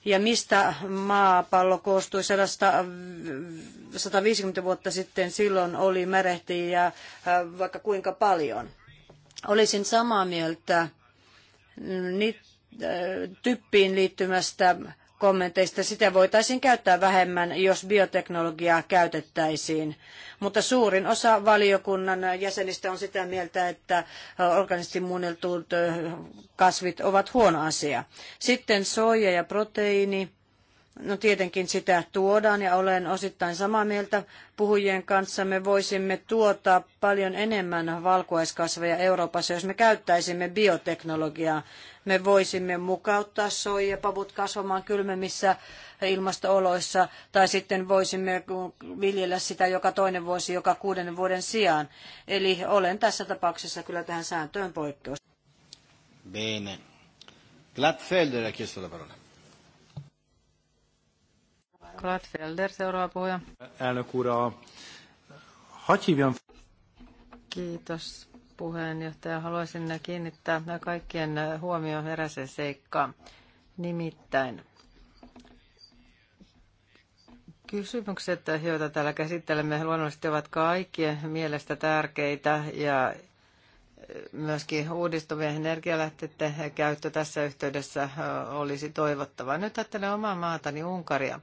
Speaker 1: Ja mistä maapallo koostui 100, 150 vuotta sitten, silloin oli ja äh, vaikka kuinka paljon – Olisin samaa mieltä äh, typpiin liittymästä kommenteista. Sitä voitaisiin käyttää vähemmän, jos bioteknologiaa käytettäisiin. Mutta suurin osa valiokunnan jäsenistä on sitä mieltä, että organisesti muunneltuut äh, kasvit ovat huono asia. Sitten soija ja proteiini. No tietenkin sitä tuodaan ja olen osittain samaa mieltä puhujien kanssa. Me voisimme tuottaa paljon enemmän valkuaiskasveja Euroopassa, jos me käyttäisimme bioteknologiaa. Me voisimme mukauttaa soijapavut kasvamaan kylmemmissä ilmastooloissa tai sitten voisimme viljellä sitä joka toinen vuosi joka kuuden vuoden sijaan. Eli olen tässä tapauksessa kyllä tähän sääntöön poikkeus.
Speaker 2: Bene. Gladfelder ha chiesto la parola
Speaker 1: sosiaalidemokraat Felder, seuraava puhuja.
Speaker 2: Elnök Kiitos puheenjohtaja. Haluaisin kiinnittää kaikkien huomioon eräseen seikkaan. Nimittäin kysymykset, joita täällä käsittelemme, luonnollisesti ovat kaikkien mielestä tärkeitä ja myöskin uudistuvien energialähteiden käyttö tässä yhteydessä olisi toivottava. Nyt ajattelen omaa maatani Unkaria.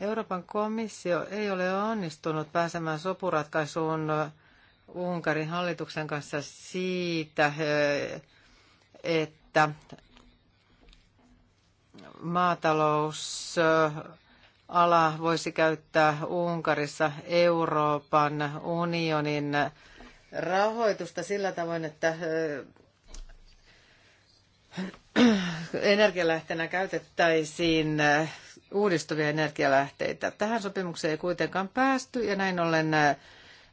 Speaker 2: Euroopan komissio ei ole onnistunut pääsemään sopuratkaisuun Unkarin hallituksen kanssa siitä, eh, että maatalousala voisi käyttää Unkarissa Euroopan unionin rahoitusta sillä tavoin, että eh, [CLEARS THROAT] energialähteenä käytettäisiin eh, uudistuvia energialähteitä. Tähän sopimukseen ei kuitenkaan päästy ja näin ollen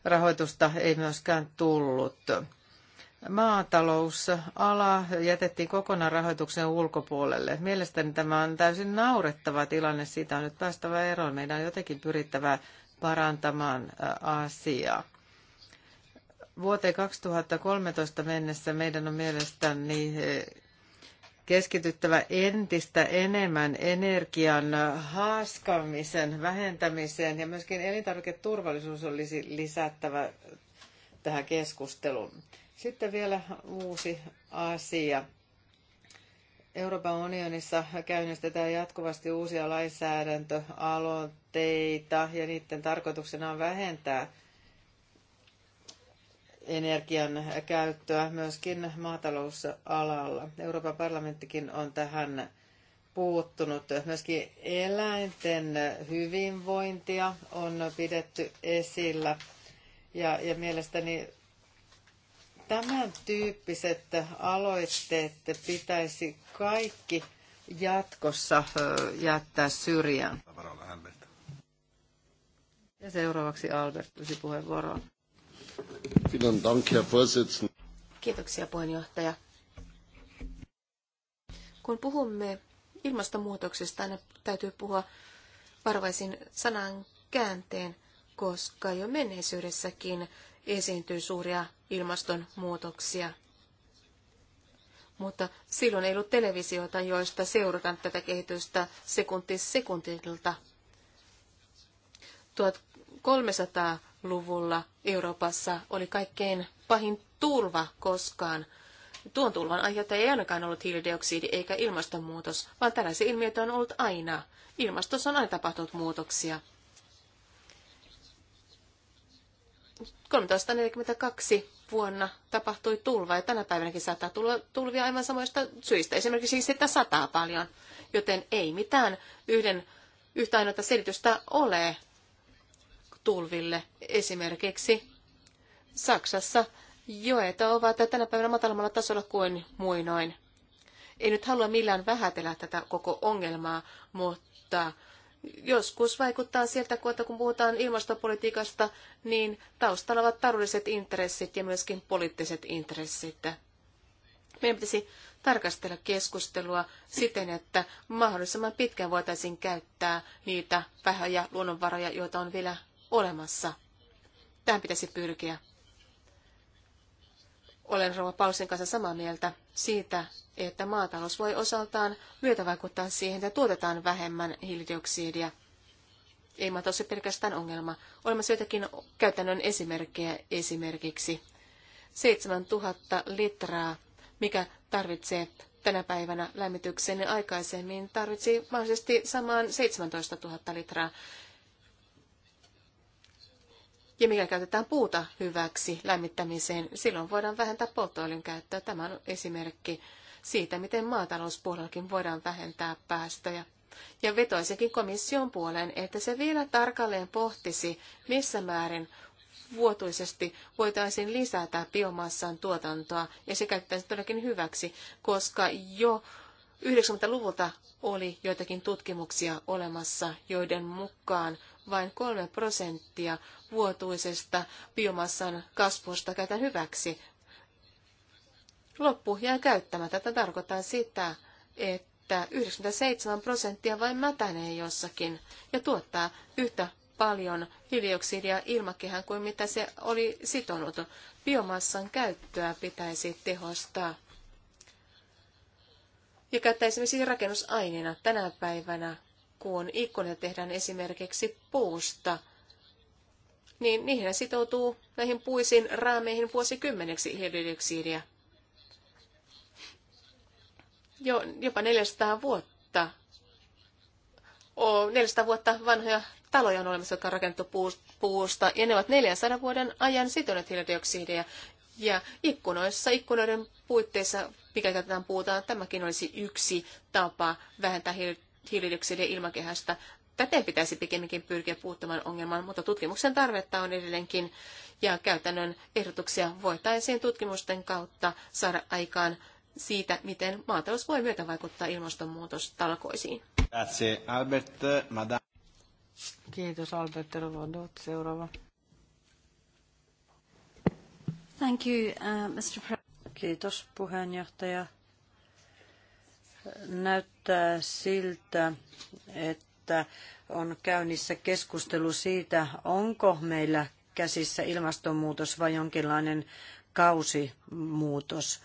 Speaker 2: rahoitusta ei myöskään tullut. Maatalousala jätettiin kokonaan rahoituksen ulkopuolelle. Mielestäni tämä on täysin naurettava tilanne. Siitä on nyt päästävä eroon. Meidän on jotenkin pyrittävä parantamaan asiaa. Vuoteen 2013 mennessä meidän on mielestäni keskityttävä entistä enemmän energian haaskaamisen vähentämiseen ja myöskin elintarviketurvallisuus olisi lisättävä tähän keskusteluun. Sitten vielä uusi asia. Euroopan unionissa käynnistetään jatkuvasti uusia lainsäädäntöaloitteita ja niiden tarkoituksena on vähentää energian käyttöä myöskin maatalousalalla. Euroopan parlamenttikin on tähän puuttunut. Myöskin eläinten hyvinvointia on pidetty esillä. Ja, ja mielestäni tämän tyyppiset aloitteet pitäisi kaikki jatkossa jättää syrjään.
Speaker 3: Ja seuraavaksi Albert pyysi puheenvuoroon. Kiitoksia puheenjohtaja. Kun puhumme ilmastonmuutoksesta, aina täytyy puhua varovaisin sanan käänteen, koska jo menneisyydessäkin esiintyy suuria ilmastonmuutoksia. Mutta silloin ei ollut televisiota, joista seurataan tätä kehitystä sekunti sekuntilta. 1300 luvulla Euroopassa oli kaikkein pahin tulva koskaan. Tuon tulvan aiheuttaja ei ainakaan ollut hiilidioksidi eikä ilmastonmuutos, vaan tällaisia ilmiöitä on ollut aina. Ilmastossa on aina tapahtunut muutoksia. 1342 vuonna tapahtui tulva ja tänä päivänäkin saattaa tulla tulvia aivan samoista syistä. Esimerkiksi se, siis että sataa paljon, joten ei mitään yhden, yhtä ainoata selitystä ole tulville. Esimerkiksi Saksassa joeta ovat tänä päivänä matalammalla tasolla kuin muinoin. Ei nyt halua millään vähätellä tätä koko ongelmaa, mutta joskus vaikuttaa sieltä, kun, kun puhutaan ilmastopolitiikasta, niin taustalla ovat taloudelliset intressit ja myöskin poliittiset intressit. Meidän pitäisi tarkastella keskustelua siten, että mahdollisimman pitkään voitaisiin käyttää niitä vähäjä luonnonvaroja, joita on vielä olemassa. Tähän pitäisi pyrkiä. Olen Rova Paulsen kanssa samaa mieltä siitä, että maatalous voi osaltaan myötävaikuttaa siihen, että tuotetaan vähemmän hiilidioksidia. Ei maata ole pelkästään ongelma. Olemassa joitakin käytännön esimerkkejä esimerkiksi. 7000 litraa, mikä tarvitsee tänä päivänä lämmitykseen, niin aikaisemmin tarvitsi mahdollisesti samaan 17 000 litraa. Ja mikä käytetään puuta hyväksi lämmittämiseen, silloin voidaan vähentää polttoöljyn käyttöä. Tämä on esimerkki siitä, miten maatalouspuolellakin voidaan vähentää päästöjä. Ja vetoisinkin komission puoleen, että se vielä tarkalleen pohtisi, missä määrin vuotuisesti voitaisiin lisätä biomassan tuotantoa ja se käyttäisi todellakin hyväksi, koska jo 90-luvulta oli joitakin tutkimuksia olemassa, joiden mukaan vain 3 prosenttia vuotuisesta biomassan kasvusta käytän hyväksi. Loppu jää käyttämättä. Tätä tarkoittaa sitä, että 97 prosenttia vain mätänee jossakin ja tuottaa yhtä paljon hiilidioksidia ilmakehään kuin mitä se oli sitonut. Biomassan käyttöä pitäisi tehostaa. Ja käyttää esimerkiksi rakennusaineena tänä päivänä kun ikkunat tehdään esimerkiksi puusta, niin niihin sitoutuu näihin puisiin raameihin vuosikymmeneksi hiilidioksidia. Jo, jopa 400 vuotta. O, 400 vuotta vanhoja taloja on olemassa, jotka on rakennettu puusta, ja ne ovat 400 vuoden ajan sitoneet hiilidioksidia. Ja ikkunoissa, ikkunoiden puitteissa mikä puuta, tämäkin olisi yksi tapa vähentää hiilidioksidia hiilidioksidia ilmakehästä. Täten pitäisi pikemminkin pyrkiä puuttumaan ongelmaan, mutta tutkimuksen tarvetta on edelleenkin ja käytännön ehdotuksia voitaisiin tutkimusten kautta saada aikaan siitä, miten maatalous voi myötä vaikuttaa ilmastonmuutostalkoisiin.
Speaker 1: Grazie Albert, madame.
Speaker 2: Kiitos Albert
Speaker 3: Rovondot.
Speaker 1: Seuraava. Thank you, uh, Mr. Pre- Kiitos puheenjohtaja näyttää siltä, että on käynnissä keskustelu siitä, onko meillä käsissä ilmastonmuutos vai jonkinlainen kausimuutos.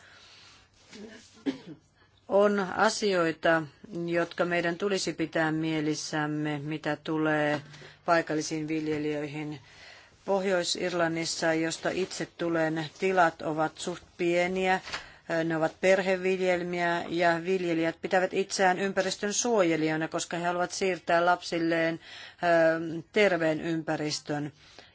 Speaker 1: On asioita, jotka meidän tulisi pitää mielissämme, mitä tulee paikallisiin viljelijöihin. Pohjois-Irlannissa, josta itse tulen, tilat ovat suht pieniä ne ovat perheviljelmiä ja viljelijät pitävät itseään ympäristön suojelijoina, koska he haluavat siirtää lapsilleen terveen ympäristön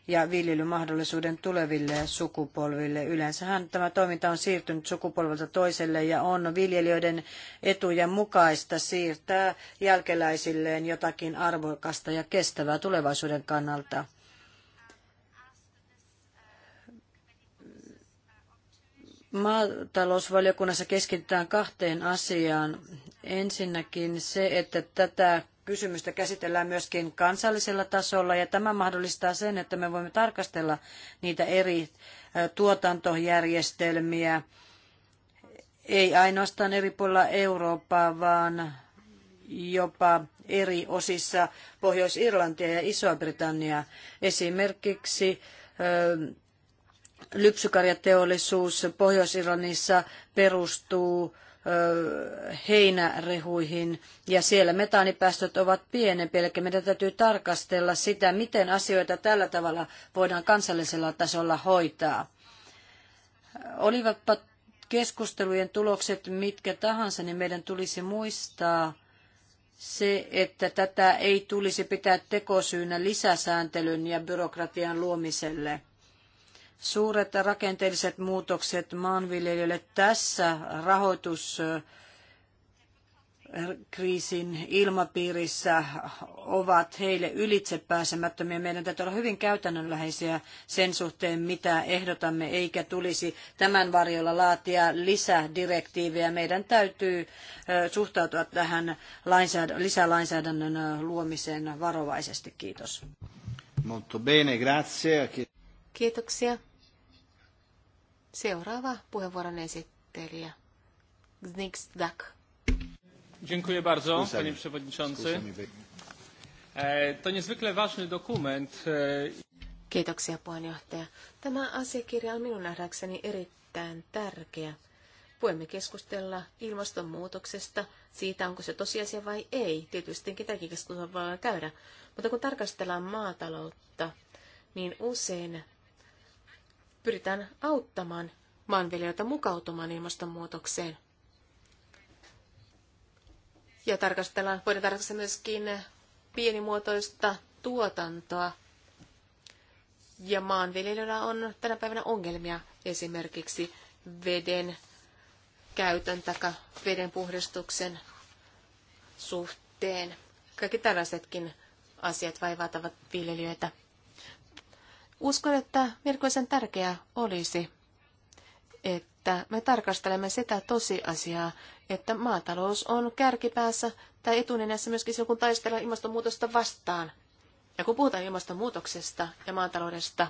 Speaker 1: ja viljelymahdollisuuden tuleville sukupolville. Yleensähän tämä toiminta on siirtynyt sukupolvelta toiselle ja on viljelijöiden etujen mukaista siirtää jälkeläisilleen jotakin arvokasta ja kestävää tulevaisuuden kannalta. Maatalousvaliokunnassa keskitytään kahteen asiaan. Ensinnäkin se, että tätä kysymystä käsitellään myöskin kansallisella tasolla ja tämä mahdollistaa sen, että me voimme tarkastella niitä eri tuotantojärjestelmiä, ei ainoastaan eri puolilla Eurooppaa, vaan jopa eri osissa Pohjois-Irlantia ja Isoa-Britanniaa. Esimerkiksi lypsykarjateollisuus Pohjois-Irlannissa perustuu heinärehuihin ja siellä metaanipäästöt ovat pienempiä, eli meidän täytyy tarkastella sitä, miten asioita tällä tavalla voidaan kansallisella tasolla hoitaa. Olivatpa keskustelujen tulokset mitkä tahansa, niin meidän tulisi muistaa se, että tätä ei tulisi pitää tekosyynä lisäsääntelyn ja byrokratian luomiselle – Suuret rakenteelliset muutokset maanviljelijöille tässä rahoitus äh, kriisin ilmapiirissä ovat heille ylitsepääsemättömiä. Meidän täytyy olla hyvin käytännönläheisiä sen suhteen, mitä ehdotamme, eikä tulisi tämän varjolla laatia lisädirektiivejä. Meidän täytyy äh, suhtautua tähän lainsäädä, lisälainsäädännön äh, luomiseen varovaisesti. Kiitos. Molto bene, grazie. Kiitoksia. Seuraava
Speaker 3: puheenvuoron esittelijä. Zniks Dak.
Speaker 2: Dziękuję bardzo, panie przewodniczący. E, to niezwykle ważny dokument.
Speaker 3: E, Kiitoksia puheenjohtaja. Tämä asiakirja on minun nähdäkseni erittäin tärkeä. Voimme keskustella ilmastonmuutoksesta, siitä onko se tosiasia vai ei. Tietystikin tämäkin keskustelua voi käydä. Mutta kun tarkastellaan maataloutta, niin usein pyritään auttamaan maanviljelijöitä mukautumaan ilmastonmuutokseen. Ja tarkastellaan, voidaan tarkastella myöskin pienimuotoista tuotantoa. Ja maanviljelijöillä on tänä päivänä ongelmia esimerkiksi veden käytön tai veden puhdistuksen suhteen. Kaikki tällaisetkin asiat vaivaavat viljelijöitä. Uskon, että melkoisen tärkeää olisi, että me tarkastelemme sitä tosiasiaa, että maatalous on kärkipäässä tai etunenässä myöskin silloin, kun taistellaan ilmastonmuutosta vastaan. Ja kun puhutaan ilmastonmuutoksesta ja maataloudesta,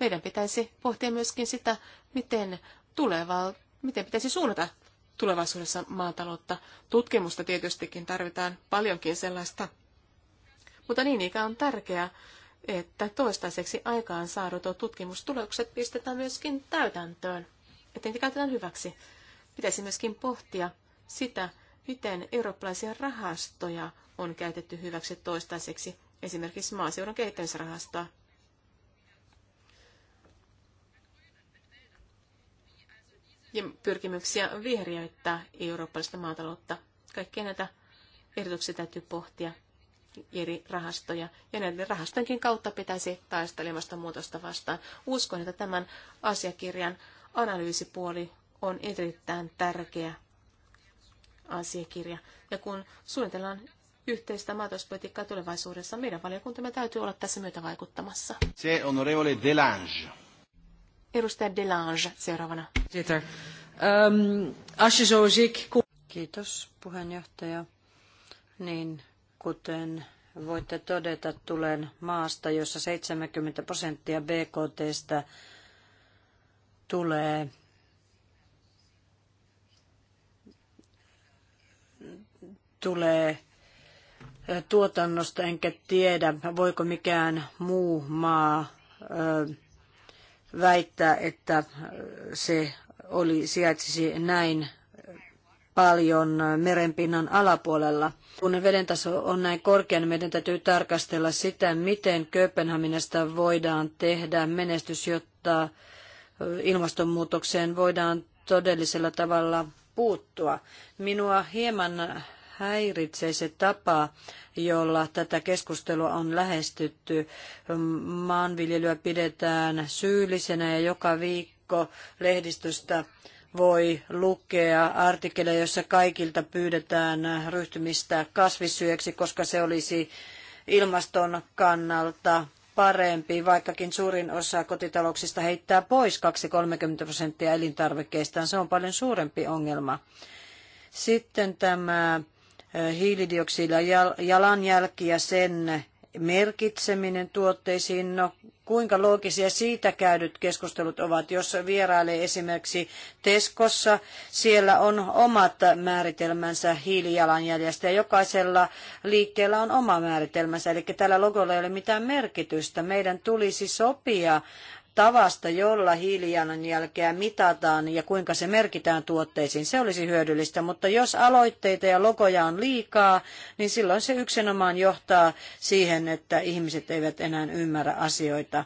Speaker 3: meidän pitäisi pohtia myöskin sitä, miten, tuleva, miten pitäisi suunnata tulevaisuudessa maataloutta. Tutkimusta tietystikin tarvitaan paljonkin sellaista. Mutta niin ikään on tärkeää, että toistaiseksi aikaan saadut tutkimustulokset pistetään myöskin täytäntöön, että niitä käytetään hyväksi. Pitäisi myöskin pohtia sitä, miten eurooppalaisia rahastoja on käytetty hyväksi toistaiseksi, esimerkiksi maaseudun kehittämisrahastoa. Ja pyrkimyksiä vihreyttää eurooppalaista maataloutta. Kaikkia näitä ehdotuksia täytyy pohtia eri rahastoja, ja näiden rahastojenkin kautta pitäisi taistella ilmastonmuutosta vastaan. Uskon, että tämän asiakirjan analyysipuoli on erittäin tärkeä asiakirja. Ja kun suunnitellaan yhteistä maatalouspolitiikkaa tulevaisuudessa, meidän valiokuntamme täytyy olla tässä myötä vaikuttamassa.
Speaker 1: Se on Reole Delange. Edustaja Delange seuraavana. Kiitos. Ähm, Kiitos puheenjohtaja. Niin Kuten voitte todeta, tulen maasta, jossa 70 prosenttia BKTstä tulee tulee tuotannosta, enkä tiedä, voiko mikään muu maa väittää, että se oli, sijaitsisi näin paljon merenpinnan alapuolella. Kun veden taso on näin korkea, niin meidän täytyy tarkastella sitä, miten Kööpenhaminasta voidaan tehdä menestys, jotta ilmastonmuutokseen voidaan todellisella tavalla puuttua. Minua hieman häiritsee se tapa, jolla tätä keskustelua on lähestytty. Maanviljelyä pidetään syyllisenä ja joka viikko lehdistöstä voi lukea artikkeleja, jossa kaikilta pyydetään ryhtymistä kasvissyöksi, koska se olisi ilmaston kannalta parempi, vaikkakin suurin osa kotitalouksista heittää pois 2-30 prosenttia elintarvikkeistaan. Se on paljon suurempi ongelma. Sitten tämä hiilidioksidin jalanjälki ja sen merkitseminen tuotteisiin, no kuinka loogisia siitä käydyt keskustelut ovat, jos vierailee esimerkiksi Teskossa, siellä on omat määritelmänsä hiilijalanjäljestä ja jokaisella liikkeellä on oma määritelmänsä, eli tällä logolla ei ole mitään merkitystä. Meidän tulisi sopia tavasta, jolla hiilijalanjälkeä mitataan ja kuinka se merkitään tuotteisiin. Se olisi hyödyllistä, mutta jos aloitteita ja logoja on liikaa, niin silloin se yksinomaan johtaa siihen, että ihmiset eivät enää ymmärrä asioita.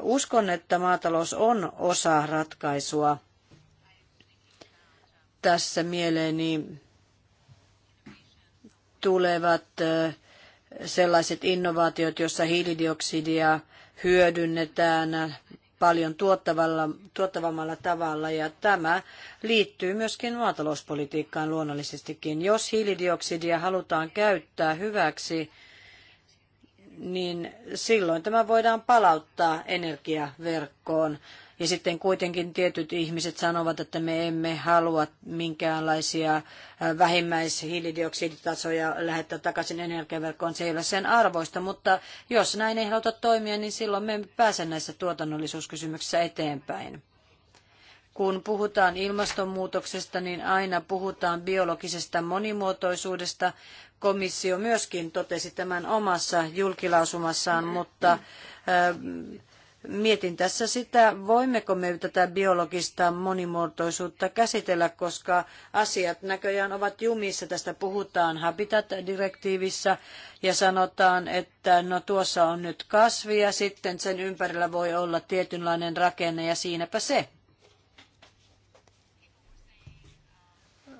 Speaker 1: Uskon, että maatalous on osa ratkaisua. Tässä mieleeni tulevat sellaiset innovaatiot, joissa hiilidioksidia hyödynnetään paljon tuottavalla, tuottavammalla tavalla ja tämä liittyy myöskin maatalouspolitiikkaan luonnollisestikin. Jos hiilidioksidia halutaan käyttää hyväksi, niin silloin tämä voidaan palauttaa energiaverkkoon. Ja sitten kuitenkin tietyt ihmiset sanovat, että me emme halua minkäänlaisia äh, vähimmäishiilidioksiditasoja lähettää takaisin energiaverkkoon. Se ei ole sen arvoista, mutta jos näin ei haluta toimia, niin silloin me emme pääse näissä tuotannollisuuskysymyksissä eteenpäin kun puhutaan ilmastonmuutoksesta, niin aina puhutaan biologisesta monimuotoisuudesta. Komissio myöskin totesi tämän omassa julkilausumassaan, mutta äh, Mietin tässä sitä, voimmeko me tätä biologista monimuotoisuutta käsitellä, koska asiat näköjään ovat jumissa. Tästä puhutaan Habitat-direktiivissä ja sanotaan, että no tuossa on nyt kasvi ja sitten sen ympärillä voi olla tietynlainen rakenne ja siinäpä se.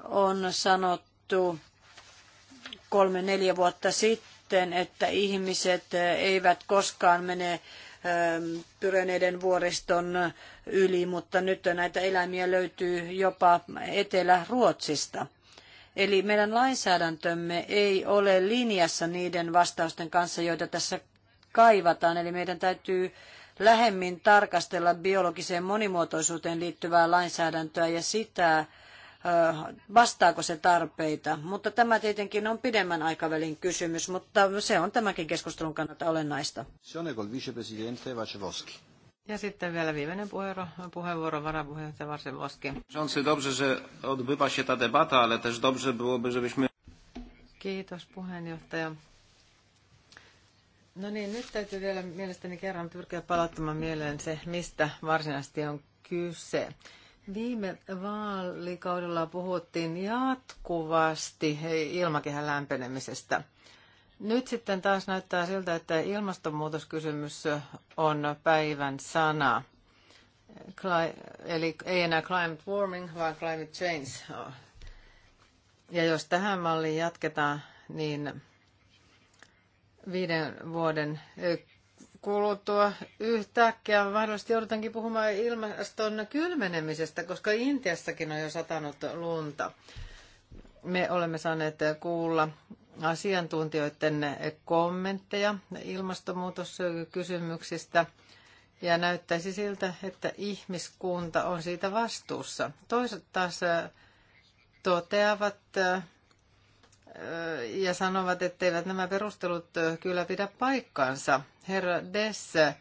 Speaker 1: On sanottu kolme neljä vuotta sitten, että ihmiset eivät koskaan mene Ähm, Pyreneiden vuoriston yli, mutta nyt näitä eläimiä löytyy jopa Etelä-Ruotsista. Eli meidän lainsäädäntömme ei ole linjassa niiden vastausten kanssa, joita tässä kaivataan. Eli meidän täytyy lähemmin tarkastella biologiseen monimuotoisuuteen liittyvää lainsäädäntöä ja sitä, vastaako se tarpeita. Mutta tämä tietenkin on pidemmän aikavälin kysymys, mutta se on tämänkin keskustelun kannalta olennaista.
Speaker 2: Ja sitten vielä viimeinen puheenvuoro, puheenvuoro varapuheenjohtaja Varsevoski. Kiitos puheenjohtaja. No niin, nyt täytyy vielä mielestäni kerran pyrkiä palauttamaan mieleen se, mistä varsinaisesti on kyse. Viime vaalikaudella puhuttiin jatkuvasti ilmakehän lämpenemisestä. Nyt sitten taas näyttää siltä, että ilmastonmuutoskysymys on päivän sana. Eli ei enää climate warming, vaan climate change. Ja jos tähän malliin jatketaan, niin viiden vuoden kuluttua yhtäkkiä mahdollisesti joudutankin puhumaan ilmaston kylmenemisestä, koska Intiassakin on jo satanut lunta. Me olemme saaneet kuulla asiantuntijoiden kommentteja ilmastonmuutoskysymyksistä ja näyttäisi siltä, että ihmiskunta on siitä vastuussa. Toiset taas äh, toteavat äh, ja sanovat, etteivät nämä perustelut äh, kyllä pidä paikkaansa. Herra Desse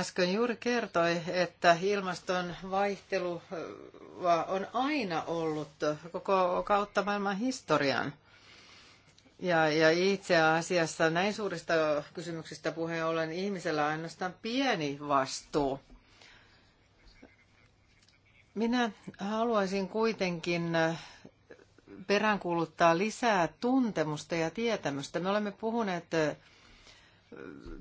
Speaker 2: äsken juuri kertoi, että ilmaston vaihtelu äh, on aina ollut koko kautta maailman historian. Ja, ja itse asiassa näin suurista kysymyksistä puheen ollen ihmisellä ainoastaan pieni vastuu. Minä haluaisin kuitenkin äh, peräänkuuluttaa lisää tuntemusta ja tietämystä. Me olemme puhuneet äh,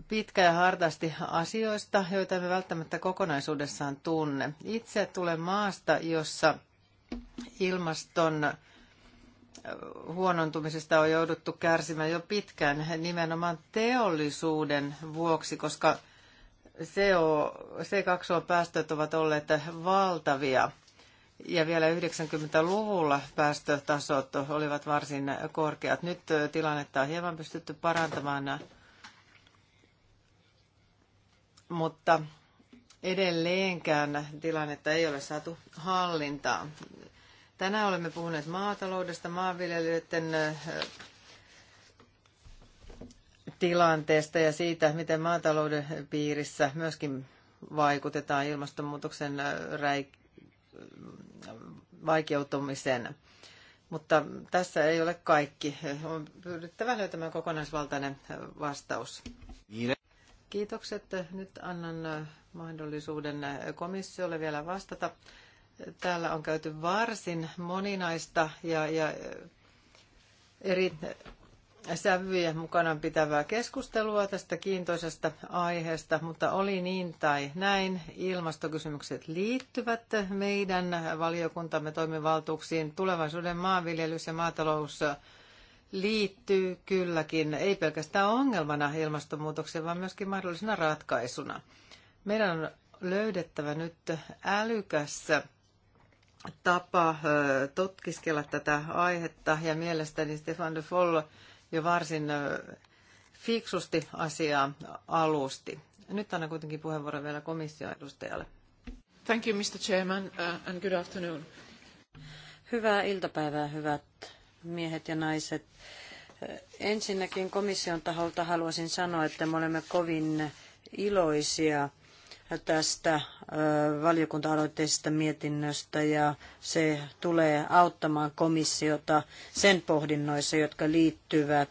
Speaker 2: pitkä ja hartaasti asioista, joita me välttämättä kokonaisuudessaan tunne. Itse tulen maasta, jossa ilmaston huonontumisesta on jouduttu kärsimään jo pitkään nimenomaan teollisuuden vuoksi, koska CO, C2-päästöt ovat olleet valtavia. Ja vielä 90-luvulla päästötasot olivat varsin korkeat. Nyt tilannetta on hieman pystytty parantamaan mutta edelleenkään tilannetta ei ole saatu hallintaan. Tänään olemme puhuneet maataloudesta, maanviljelijöiden tilanteesta ja siitä, miten maatalouden piirissä myöskin vaikutetaan ilmastonmuutoksen räik- vaikeutumiseen. Mutta tässä ei ole kaikki. On pyydettävä löytämään kokonaisvaltainen vastaus. Niin. Kiitokset. Nyt annan mahdollisuuden komissiolle vielä vastata. Täällä on käyty varsin moninaista ja, ja eri sävyjä mukanaan pitävää keskustelua tästä kiintoisesta aiheesta, mutta oli niin tai näin. Ilmastokysymykset liittyvät meidän valiokuntamme toimivaltuuksiin. Tulevaisuuden maanviljelys ja maatalous liittyy kylläkin ei pelkästään ongelmana ilmastonmuutokseen, vaan myöskin mahdollisena ratkaisuna. Meidän on löydettävä nyt älykäs tapa tutkiskella tätä aihetta ja mielestäni Stefan de Foll jo varsin fiksusti asiaa alusti. Nyt annan kuitenkin puheenvuoron vielä komission edustajalle. Thank you, Mr. Chairman, uh, and good
Speaker 1: afternoon. Hyvää iltapäivää, hyvät miehet ja naiset. Ensinnäkin komission taholta haluaisin sanoa, että me olemme kovin iloisia tästä valiokunta-aloitteisesta mietinnöstä ja se tulee auttamaan komissiota sen pohdinnoissa, jotka liittyvät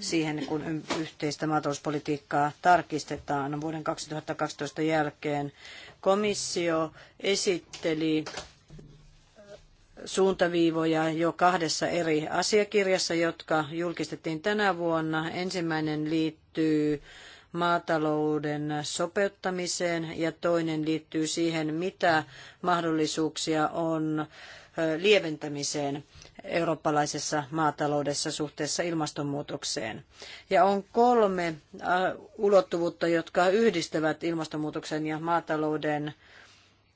Speaker 1: siihen, kun yhteistä maatalouspolitiikkaa tarkistetaan vuoden 2012 jälkeen. Komissio esitteli suuntaviivoja jo kahdessa eri asiakirjassa, jotka julkistettiin tänä vuonna. Ensimmäinen liittyy maatalouden sopeuttamiseen ja toinen liittyy siihen, mitä mahdollisuuksia on lieventämiseen eurooppalaisessa maataloudessa suhteessa ilmastonmuutokseen. Ja on kolme ulottuvuutta, jotka yhdistävät ilmastonmuutoksen ja maatalouden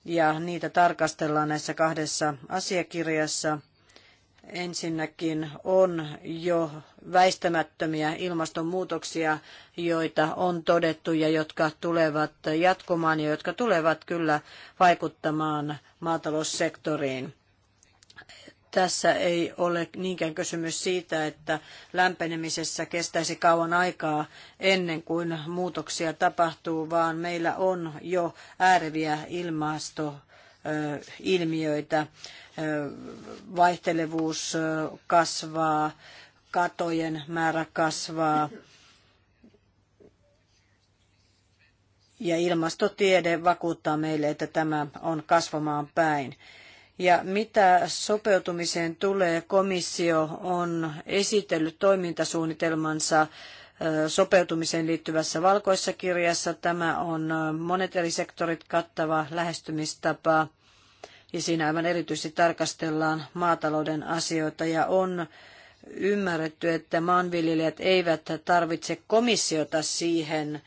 Speaker 1: ja niitä tarkastellaan näissä kahdessa asiakirjassa. Ensinnäkin on jo väistämättömiä ilmastonmuutoksia, joita on todettu ja jotka tulevat jatkumaan ja jotka tulevat kyllä vaikuttamaan maataloussektoriin tässä ei ole niinkään kysymys siitä, että lämpenemisessä kestäisi kauan aikaa ennen kuin muutoksia tapahtuu, vaan meillä on jo ääreviä ilmasto ilmiöitä. Vaihtelevuus kasvaa, katojen määrä kasvaa ja ilmastotiede vakuuttaa meille, että tämä on kasvamaan päin. Ja mitä sopeutumiseen tulee, komissio on esitellyt toimintasuunnitelmansa sopeutumiseen liittyvässä valkoisessa kirjassa. Tämä on monet eri sektorit kattava lähestymistapa ja siinä aivan erityisesti tarkastellaan maatalouden asioita ja on ymmärretty, että maanviljelijät eivät tarvitse komissiota siihen –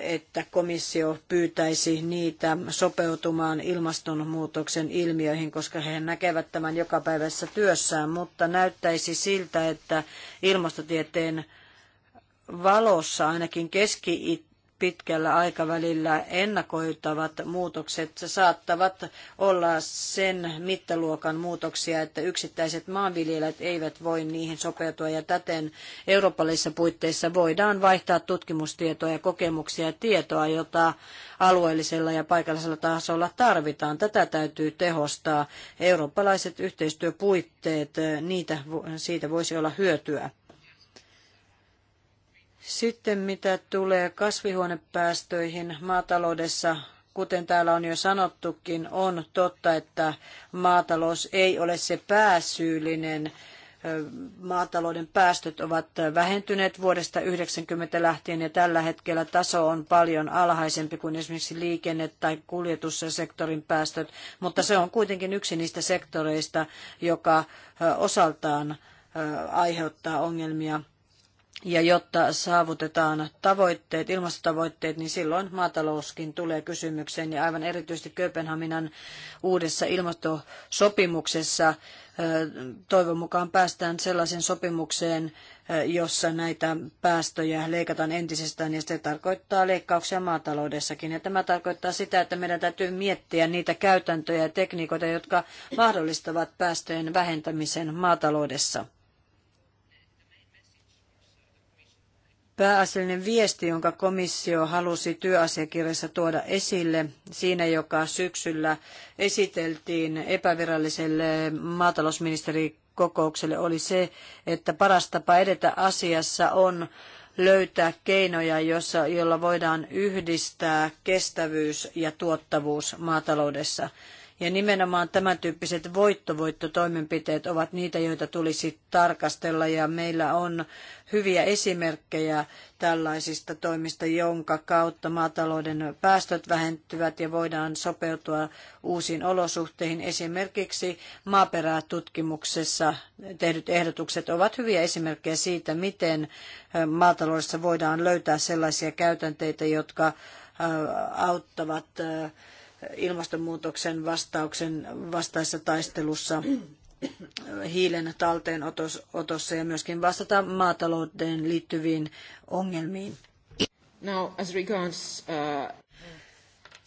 Speaker 1: että komissio pyytäisi niitä sopeutumaan ilmastonmuutoksen ilmiöihin, koska he näkevät tämän jokapäiväisessä työssään, mutta näyttäisi siltä, että ilmastotieteen valossa ainakin keski pitkällä aikavälillä ennakoitavat muutokset saattavat olla sen mittaluokan muutoksia, että yksittäiset maanviljelijät eivät voi niihin sopeutua ja täten eurooppalaisissa puitteissa voidaan vaihtaa tutkimustietoa ja kokemuksia ja tietoa, jota alueellisella ja paikallisella tasolla tarvitaan. Tätä täytyy tehostaa. Eurooppalaiset yhteistyöpuitteet, niitä, siitä voisi olla hyötyä. Sitten mitä tulee kasvihuonepäästöihin maataloudessa, kuten täällä on jo sanottukin, on totta, että maatalous ei ole se pääsyyllinen. Maatalouden päästöt ovat vähentyneet vuodesta 90 lähtien ja tällä hetkellä taso on paljon alhaisempi kuin esimerkiksi liikenne- tai kuljetussektorin päästöt, mutta se on kuitenkin yksi niistä sektoreista, joka osaltaan aiheuttaa ongelmia ja jotta saavutetaan tavoitteet, ilmastotavoitteet, niin silloin maatalouskin tulee kysymykseen. Ja aivan erityisesti Kööpenhaminan uudessa ilmastosopimuksessa toivon mukaan päästään sellaisen sopimukseen, jossa näitä päästöjä leikataan entisestään, ja se tarkoittaa leikkauksia maataloudessakin. Ja tämä tarkoittaa sitä, että meidän täytyy miettiä niitä käytäntöjä ja tekniikoita, jotka mahdollistavat päästöjen vähentämisen maataloudessa. pääasiallinen viesti, jonka komissio halusi työasiakirjassa tuoda esille, siinä joka syksyllä esiteltiin epäviralliselle maatalousministerikokoukselle, oli se, että paras tapa edetä asiassa on löytää keinoja, jossa, joilla voidaan yhdistää kestävyys ja tuottavuus maataloudessa. Ja nimenomaan tämän tyyppiset voittovoittotoimenpiteet ovat niitä, joita tulisi tarkastella. Ja meillä on hyviä esimerkkejä tällaisista toimista, jonka kautta maatalouden päästöt vähentyvät ja voidaan sopeutua uusiin olosuhteihin. Esimerkiksi maaperätutkimuksessa tehdyt ehdotukset ovat hyviä esimerkkejä siitä, miten maataloudessa voidaan löytää sellaisia käytänteitä, jotka auttavat ilmastonmuutoksen vastauksen vastaisessa taistelussa hiilen talteenotossa ja myöskin vastata maatalouteen liittyviin ongelmiin. Now, as regards, uh...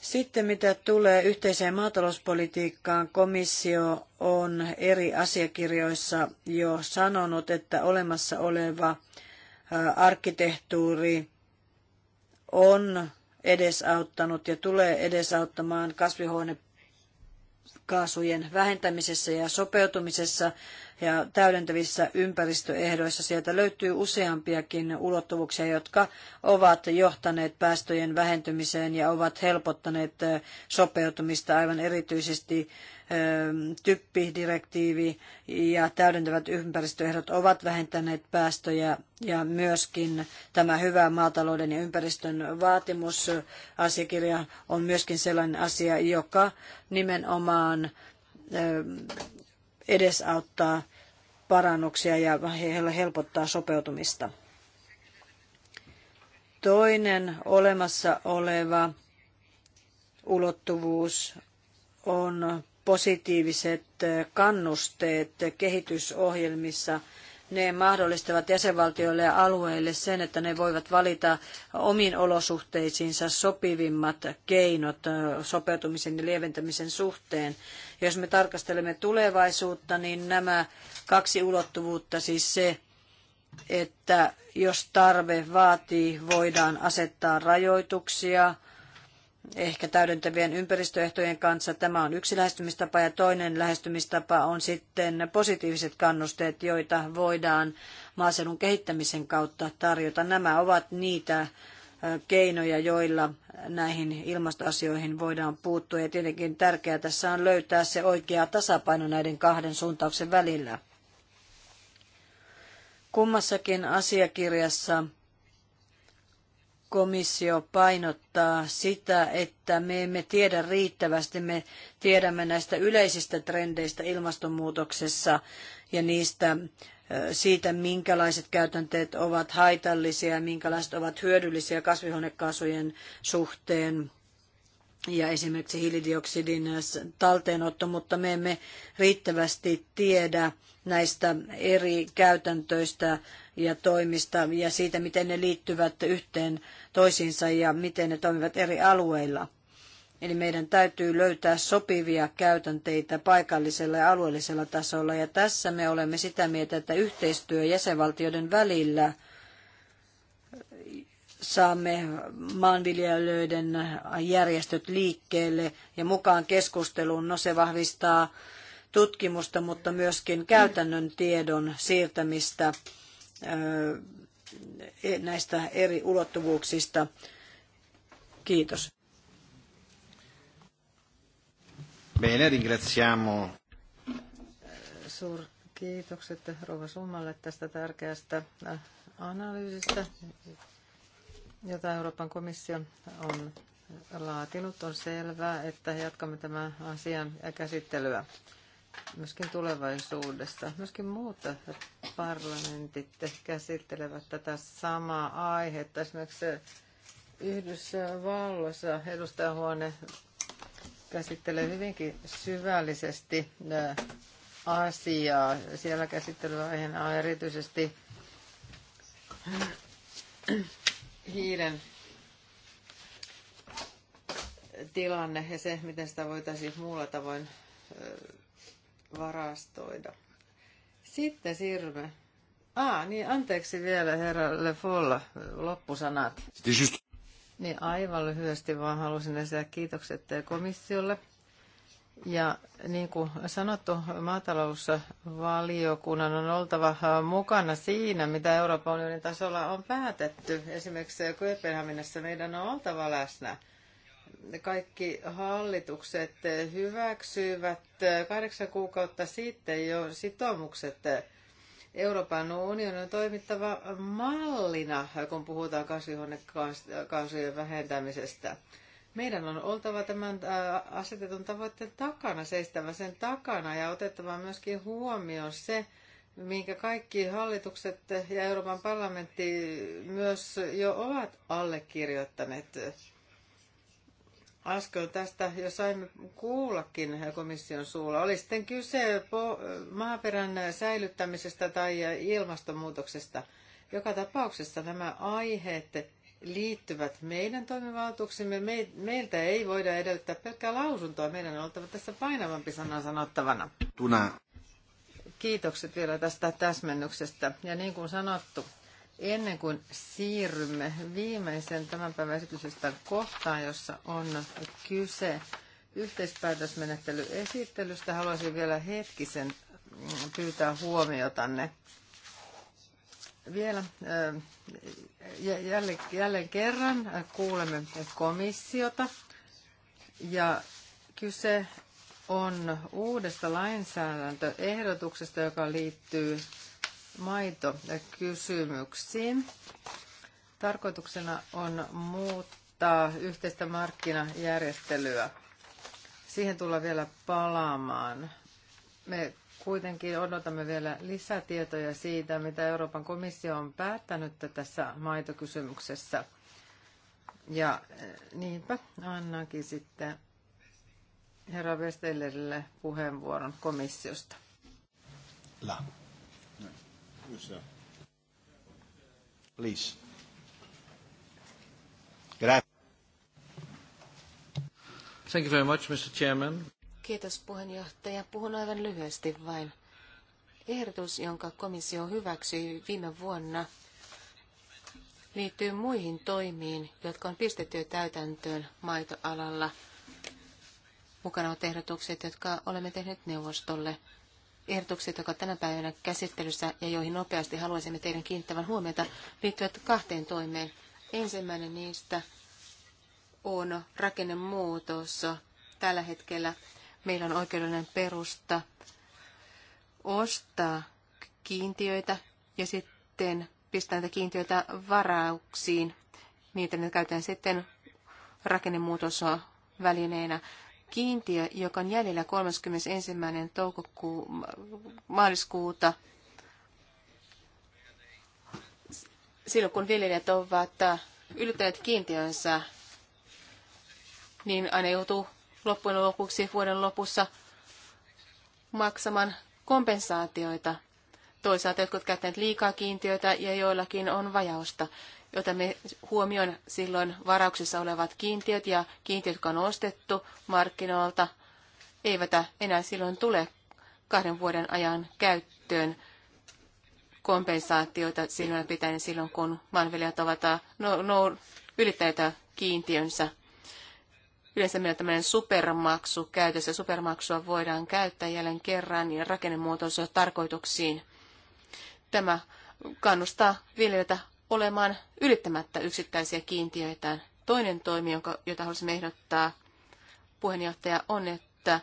Speaker 1: Sitten mitä tulee yhteiseen maatalouspolitiikkaan, komissio on eri asiakirjoissa jo sanonut, että olemassa oleva uh, arkkitehtuuri on edesauttanut ja tulee edesauttamaan kasvihuonekaasujen vähentämisessä ja sopeutumisessa ja täydentävissä ympäristöehdoissa. Sieltä löytyy useampiakin ulottuvuuksia, jotka ovat johtaneet päästöjen vähentymiseen ja ovat helpottaneet sopeutumista aivan erityisesti typpidirektiivi ja täydentävät ympäristöehdot ovat vähentäneet päästöjä ja myöskin tämä hyvä maatalouden ja ympäristön vaatimusasiakirja on myöskin sellainen asia, joka nimenomaan edesauttaa parannuksia ja helpottaa sopeutumista. Toinen olemassa oleva ulottuvuus on positiiviset eh, kannusteet kehitysohjelmissa – ne mahdollistavat jäsenvaltioille ja alueille sen, että ne voivat valita omiin olosuhteisiinsa sopivimmat keinot eh, sopeutumisen ja lieventämisen suhteen. Jos me tarkastelemme tulevaisuutta, niin nämä kaksi ulottuvuutta, siis se, että jos tarve vaatii, voidaan asettaa rajoituksia – ehkä täydentävien ympäristöehtojen kanssa. Tämä on yksi lähestymistapa ja toinen lähestymistapa on sitten positiiviset kannusteet, joita voidaan maaseudun kehittämisen kautta tarjota. Nämä ovat niitä keinoja, joilla näihin ilmastoasioihin voidaan puuttua. Ja tietenkin tärkeää tässä on löytää se oikea tasapaino näiden kahden suuntauksen välillä. Kummassakin asiakirjassa komissio painottaa sitä, että me emme tiedä riittävästi. Me tiedämme näistä yleisistä trendeistä ilmastonmuutoksessa ja niistä siitä, minkälaiset käytänteet ovat haitallisia ja minkälaiset ovat hyödyllisiä kasvihuonekaasujen suhteen ja esimerkiksi hiilidioksidin talteenotto, mutta me emme riittävästi tiedä näistä eri käytäntöistä ja toimista ja siitä, miten ne liittyvät yhteen toisiinsa ja miten ne toimivat eri alueilla. Eli meidän täytyy löytää sopivia käytänteitä paikallisella ja alueellisella tasolla. Ja tässä me olemme sitä mieltä, että yhteistyö jäsenvaltioiden välillä saamme maanviljelijöiden järjestöt liikkeelle ja mukaan keskusteluun. No se vahvistaa tutkimusta, mutta myöskin käytännön tiedon siirtämistä e, näistä eri ulottuvuuksista. Kiitos. Bene, ringraziamo.
Speaker 2: Suur kiitokset Rova Summalle tästä tärkeästä äh, analyysistä jota Euroopan komissio on laatinut, on selvää, että jatkamme tämän asian käsittelyä myöskin tulevaisuudessa. Myöskin muut parlamentit käsittelevät tätä samaa aihetta. Esimerkiksi Yhdysvalloissa edustajahuone käsittelee hyvinkin syvällisesti äh, asiaa. Siellä käsittelyaiheena on erityisesti hiilen tilanne ja se, miten sitä voitaisiin muulla tavoin varastoida. Sitten siirrymme. Ah, niin anteeksi vielä herra Le Foll, loppusanat. Niin aivan lyhyesti vaan halusin esittää kiitokset komissiolle – ja niin kuin sanottu, maatalousvaliokunnan on oltava mukana siinä, mitä Euroopan unionin tasolla on päätetty. Esimerkiksi Kööpenhaminassa meidän on oltava läsnä. Kaikki hallitukset hyväksyivät kahdeksan kuukautta sitten jo sitoumukset. Euroopan unionin on toimittava mallina, kun puhutaan kasvihuonekaasujen vähentämisestä. Meidän on oltava tämän asetetun tavoitteen takana, seistävä sen takana ja otettava myöskin huomioon se, minkä kaikki hallitukset ja Euroopan parlamentti myös jo ovat allekirjoittaneet. Askel tästä jo saimme kuullakin komission suulla. Oli sitten kyse maaperän säilyttämisestä tai ilmastonmuutoksesta. Joka tapauksessa nämä aiheet liittyvät meidän toimivaltuuksimme. Me, meiltä ei voida edellyttää pelkkää lausuntoa. Meidän on oltava tässä painavampi sana sanottavana. Tuna. Kiitokset vielä tästä täsmennyksestä. Ja niin kuin sanottu, ennen kuin siirrymme viimeisen tämän päivän esityksestä kohtaan, jossa on kyse yhteispäätösmenettelyesittelystä, haluaisin vielä hetkisen mm, pyytää huomiotanne. Vielä jälleen, jälleen kerran kuulemme komissiota ja kyse on uudesta lainsäädäntöehdotuksesta, joka liittyy maitokysymyksiin. Tarkoituksena on muuttaa yhteistä markkinajärjestelyä. Siihen tullaan vielä palaamaan. Me kuitenkin odotamme vielä lisätietoja siitä, mitä Euroopan komissio on päättänyt tässä maitokysymyksessä. Ja eh, niinpä annankin sitten herra Westellerille puheenvuoron komissiosta. La. Please. Thank you very much, Mr. Chairman.
Speaker 3: Kiitos puheenjohtaja. Puhun aivan lyhyesti vain. Ehdotus, jonka komissio hyväksyi viime vuonna, liittyy muihin toimiin, jotka on pistetty täytäntöön maitoalalla. Mukana on ehdotukset, jotka olemme tehneet neuvostolle. Ehdotukset, jotka tänä päivänä käsittelyssä ja joihin nopeasti haluaisimme teidän kiinnittävän huomiota, liittyvät kahteen toimeen. Ensimmäinen niistä on rakennemuutos. Tällä hetkellä meillä on oikeudellinen perusta ostaa kiintiöitä ja sitten pistää näitä kiintiöitä varauksiin. Niin, että ne käytetään sitten rakennemuutossa välineenä. Kiintiö, joka on jäljellä 31. Toukokuu, maaliskuuta, silloin kun viljelijät ovat ylittäneet kiintiönsä, niin aina joutuu loppujen lopuksi vuoden lopussa maksamaan kompensaatioita. Toisaalta jotkut käyttäneet liikaa kiintiöitä ja joillakin on vajausta. me huomioon silloin varauksissa olevat kiintiöt ja kiintiöt, jotka on ostettu markkinoilta, eivät enää silloin tule kahden vuoden ajan käyttöön kompensaatioita silloin pitäen silloin, kun maanviljelijät ovat no, no, ylittäneet kiintiönsä. Yleensä meillä tämmöinen supermaksu käytössä. Supermaksua voidaan käyttää jälleen kerran niin rakennemuotoisia tarkoituksiin. Tämä kannustaa viljelijöitä olemaan ylittämättä yksittäisiä kiintiöitään. Toinen toimi, jonka, jota haluaisimme ehdottaa puheenjohtaja, on, että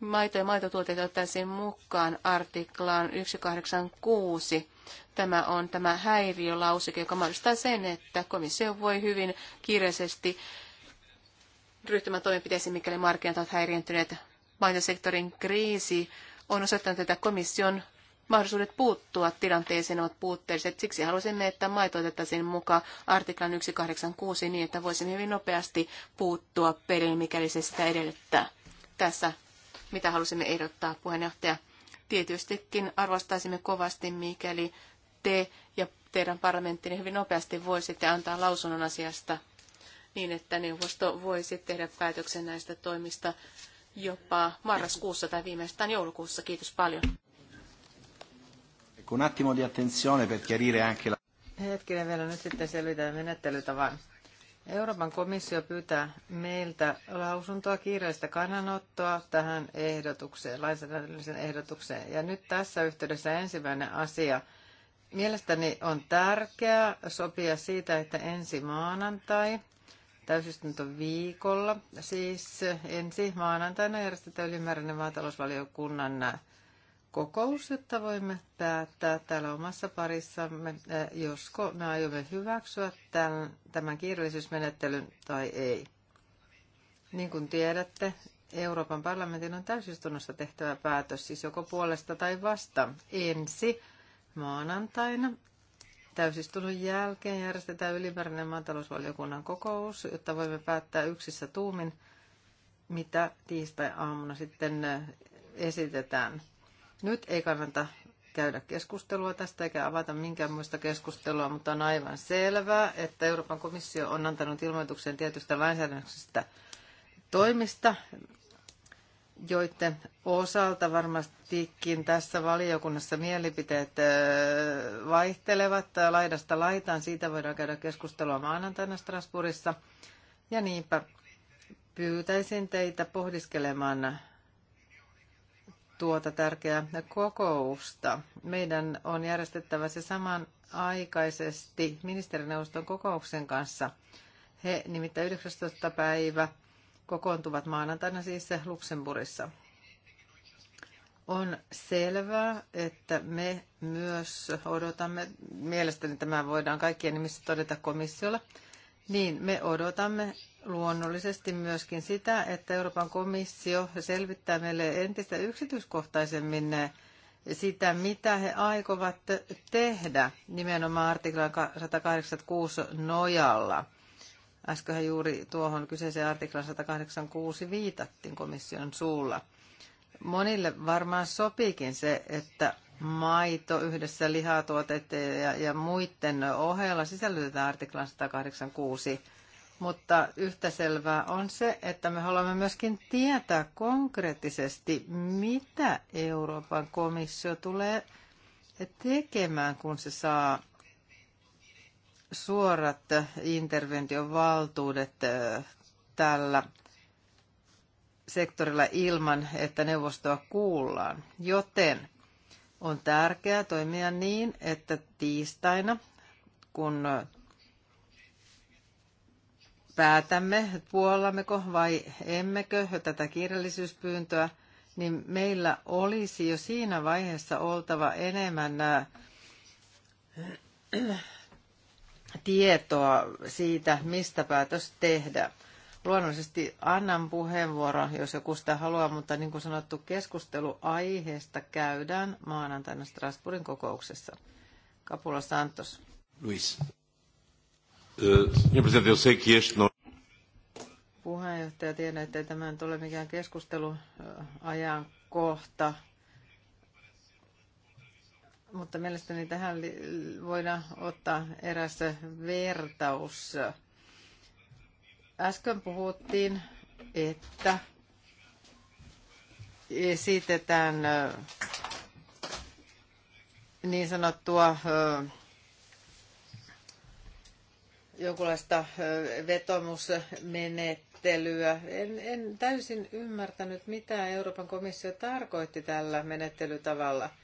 Speaker 3: maito- ja maitotuotteita ottaisiin mukaan artiklaan 186. Tämä on tämä häiriölausike, joka mahdollistaa sen, että komissio voi hyvin kiireisesti ryhtymään toimenpiteisiin, mikäli markkinat ovat häiriintyneet. Maitosektorin kriisi on osoittanut, että komission mahdollisuudet puuttua tilanteeseen ovat puutteelliset. Siksi halusimme, että maito otettaisiin mukaan artiklan 186 niin, että voisimme hyvin nopeasti puuttua peliin, mikäli se sitä edellyttää. Tässä, mitä halusimme ehdottaa, puheenjohtaja. Tietystikin arvostaisimme kovasti, mikäli te ja teidän parlamenttinne hyvin nopeasti voisitte antaa lausunnon asiasta niin, että neuvosto voisi tehdä päätöksen näistä toimista jopa marraskuussa tai viimeistään joulukuussa. Kiitos paljon. Un attimo di attenzione per chiarire
Speaker 1: anche la...
Speaker 2: Hetkinen vielä nyt sitten selvitään menettelytavan. Euroopan komissio pyytää meiltä lausuntoa kiireellistä kannanottoa tähän ehdotukseen, lainsäädännölliseen ehdotukseen. Ja nyt tässä yhteydessä ensimmäinen asia. Mielestäni on tärkeää sopia siitä, että ensi maanantai täysistunto viikolla, siis ensi maanantaina järjestetään ylimääräinen maatalousvaliokunnan kokous, jotta voimme päättää täällä omassa parissamme, eh, josko me aiomme hyväksyä tämän, tämän kiireellisyysmenettelyn tai ei. Niin kuin tiedätte, Euroopan parlamentin on täysistunnossa tehtävä päätös, siis joko puolesta tai vastaan, ensi maanantaina Täysistunnon jälkeen järjestetään ylimääräinen maatalousvaliokunnan kokous, jotta voimme päättää yksissä tuumin, mitä tiistai-aamuna sitten eh, esitetään. Nyt ei kannata käydä keskustelua tästä eikä avata minkään muista keskustelua, mutta on aivan selvää, että Euroopan komissio on antanut ilmoituksen tietystä lainsäädännöksestä toimista, joiden osalta varmastikin tässä valiokunnassa mielipiteet vaihtelevat laidasta laitaan. Siitä voidaan käydä keskustelua maanantaina Strasbourgissa. Ja niinpä pyytäisin teitä pohdiskelemaan tuota tärkeää kokousta. Meidän on järjestettävä se samanaikaisesti ministerineuvoston kokouksen kanssa. He nimittäin 19. päivä kokoontuvat maanantaina siis Luxemburissa. On selvää, että me myös odotamme, mielestäni tämä voidaan kaikkien nimissä todeta komissiolla, niin me odotamme luonnollisesti myöskin sitä, että Euroopan komissio selvittää meille entistä yksityiskohtaisemmin sitä, mitä he aikovat tehdä nimenomaan artiklan 186 nojalla – Äsköhän juuri tuohon kyseiseen artiklan 186 viitattiin komission suulla. Monille varmaan sopiikin se, että maito yhdessä lihatuotteiden ja, ja muiden ohella sisällytetään artiklan 186. Mutta yhtä selvää on se, että me haluamme myöskin tietää konkreettisesti, mitä Euroopan komissio tulee tekemään, kun se saa suorat interventiovaltuudet eh, tällä sektorilla ilman, että neuvostoa kuullaan. Joten on tärkeää toimia niin, että tiistaina, kun päätämme, puollammeko vai emmekö tätä kirjallisuuspyyntöä, niin meillä olisi jo siinä vaiheessa oltava enemmän eh, tietoa siitä, mistä päätös tehdä. Luonnollisesti annan puheenvuoron, jos joku sitä haluaa, mutta niin kuin sanottu, keskustelu aiheesta käydään maanantaina Strasbourgin kokouksessa. Kapula Santos. Luis. Eh, no- Puheenjohtaja, tiedän, että tämä ei ole mikään keskusteluajan eh, kohta, mutta mielestäni tähän voidaan ottaa eräs vertaus. Äsken puhuttiin, että esitetään niin sanottua jonkunlaista vetomusmenettelyä. En, en täysin ymmärtänyt, mitä Euroopan komissio tarkoitti tällä menettelytavalla –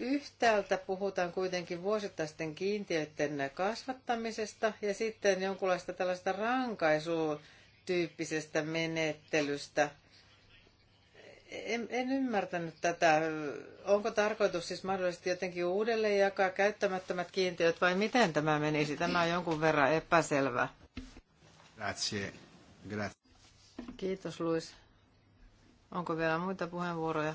Speaker 2: Yhtäältä puhutaan kuitenkin vuosittaisten kiintiöiden kasvattamisesta ja sitten jonkunlaista tällaista rankaisutyyppisestä menettelystä. En, en ymmärtänyt tätä. Onko tarkoitus siis mahdollisesti jotenkin uudelleen jakaa käyttämättömät kiintiöt vai miten tämä menisi? Tämä on jonkun verran epäselvä. Grazie. Grazie. Kiitos Luis. Onko vielä muita puheenvuoroja?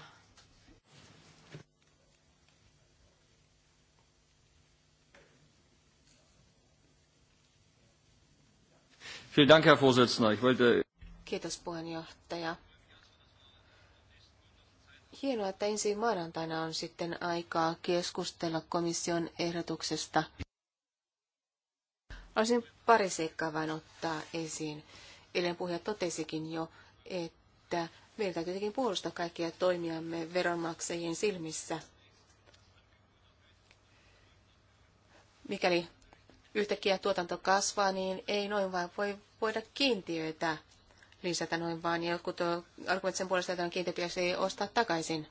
Speaker 1: Vielen Dank, Herr Vorsitzender. Ich wollte...
Speaker 3: Kiitos puheenjohtaja. Hienoa, että ensi maanantaina on sitten aikaa keskustella komission ehdotuksesta. Olisin pari seikkaa vain ottaa esiin. Eilen puhuja totesikin jo, että meiltä täytyy tietenkin puolustaa kaikkia toimiamme veronmaksajien silmissä. Mikäli yhtäkkiä tuotanto kasvaa, niin ei noin vain voi voida kiintiöitä lisätä noin vaan. Jotkut argumentit sen puolesta, että on kiintiö pitäisi ostaa takaisin.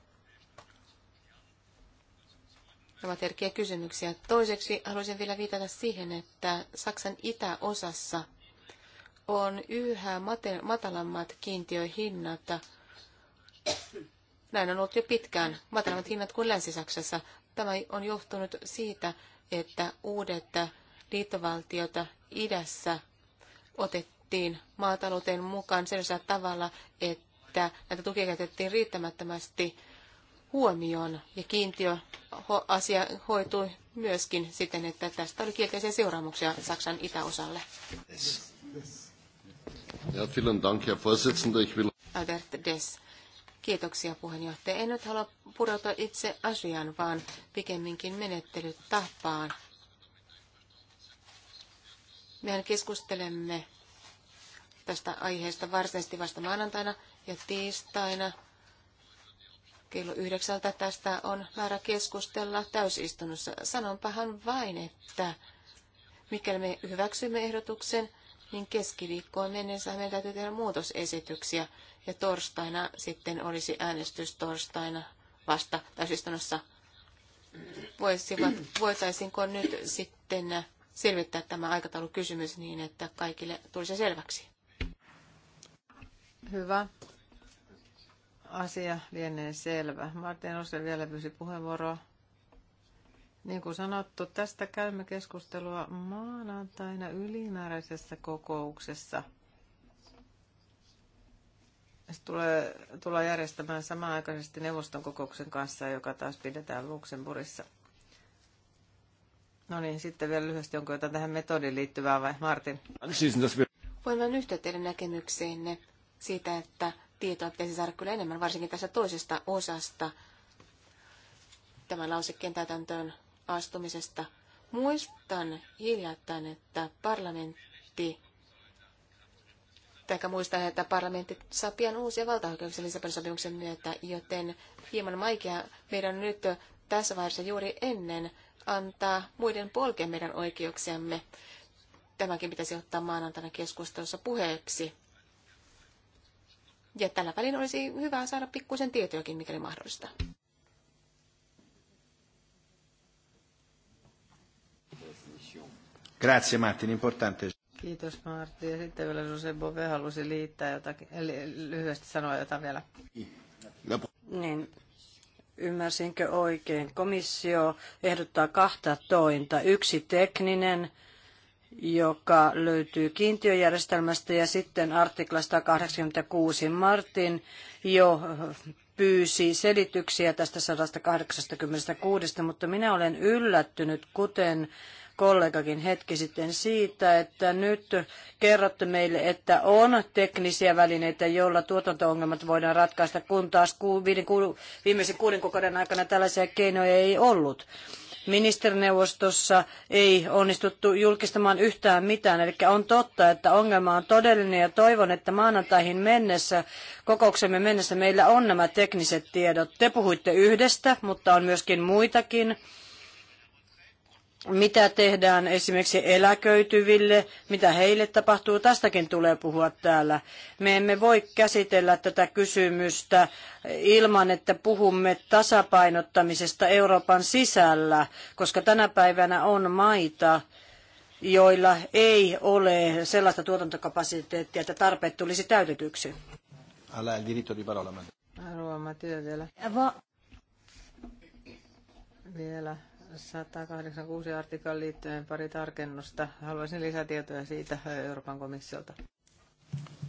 Speaker 3: Nämä ovat herkkiä kysymyksiä. Toiseksi haluaisin vielä viitata siihen, että Saksan itäosassa on yhä matalammat kiintiöhinnat. Näin on ollut jo pitkään, matalammat hinnat kuin Länsi-Saksassa. Tämä on johtunut siitä, että uudet liittovaltiota idässä otettiin maatalouteen mukaan sellaisella tavalla, että näitä tukia käytettiin riittämättömästi huomioon ja kiintiö asia hoitui myöskin siten, että tästä oli kielteisiä seuraamuksia Saksan itäosalle.
Speaker 2: Ja, vielen Dank, Herr Vorsitzender. Ich will...
Speaker 3: Albert Des. Kiitoksia puheenjohtaja. En nyt halua pureutua itse asiaan, vaan pikemminkin menettelytapaan. Mehän keskustelemme tästä aiheesta varsinaisesti vasta maanantaina ja tiistaina. Kello yhdeksältä tästä on määrä keskustella täysistunnossa. Sanonpahan vain, että mikäli me hyväksymme ehdotuksen, niin keskiviikkoon mennessä meidän täytyy tehdä muutosesityksiä. Ja torstaina sitten olisi äänestys torstaina vasta täysistunnossa. Voisivat, voitaisinko nyt sitten selvittää tämä aikataulukysymys niin, että kaikille tulisi selväksi. Hyvä.
Speaker 2: Asia lienee selvä. Martin Ose vielä pyysi puheenvuoroa. Niin kuin sanottu, tästä käymme keskustelua maanantaina ylimääräisessä kokouksessa. Se tulee, tulla järjestämään samanaikaisesti neuvoston kokouksen kanssa, joka taas pidetään Luxemburgissa. No niin, sitten vielä lyhyesti, onko jotain tähän metodiin liittyvää vai Martin?
Speaker 3: Voin vain yhtä teidän näkemykseenne siitä, että tietoa pitäisi saada kyllä enemmän, varsinkin tässä toisesta osasta tämän lausekkeen täytäntöön astumisesta. Muistan hiljattain, että parlamentti tai muistan, että parlamentti saa pian uusia valtaoikeuksia Lissabonin sopimuksen myötä, joten hieman vaikea meidän nyt tässä vaiheessa juuri ennen antaa muiden polkea meidän oikeuksiamme. Tämäkin pitäisi ottaa maanantaina keskustelussa puheeksi. Ja tällä välin olisi hyvä saada pikkuisen tietojakin, mikäli mahdollista.
Speaker 1: Grazie Martin, importante.
Speaker 2: Kiitos Martti. Ja sitten vielä Jose Bove
Speaker 1: halusi liittää jotakin, eli lyhyesti sanoa jotain vielä. Niin, Ymmärsinkö oikein? Komissio ehdottaa kahta tointa. Yksi tekninen, joka löytyy kiintiöjärjestelmästä ja sitten artiklasta 86 Martin jo pyysi selityksiä tästä 186, mutta minä olen yllättynyt, kuten kollegakin hetki sitten siitä, että nyt kerrotte meille, että on teknisiä välineitä, joilla tuotanto-ongelmat voidaan ratkaista, kun taas viimeisen kuuden kuukauden aikana tällaisia keinoja ei ollut ministerineuvostossa ei onnistuttu julkistamaan yhtään mitään. Eli on totta, että ongelma on todellinen ja toivon, että maanantaihin mennessä, kokouksemme mennessä meillä on nämä tekniset tiedot. Te puhuitte yhdestä, mutta on myöskin muitakin mitä tehdään esimerkiksi eläköityville, mitä heille tapahtuu, tästäkin tulee puhua täällä. Me emme voi käsitellä tätä kysymystä ilman, että puhumme tasapainottamisesta Euroopan sisällä, koska tänä päivänä on maita, joilla ei ole sellaista tuotantokapasiteettia, että tarpeet tulisi täytetyksi.
Speaker 2: Vielä 186 artiklan liittyen pari tarkennusta. Haluaisin lisätietoja siitä Euroopan komissiolta.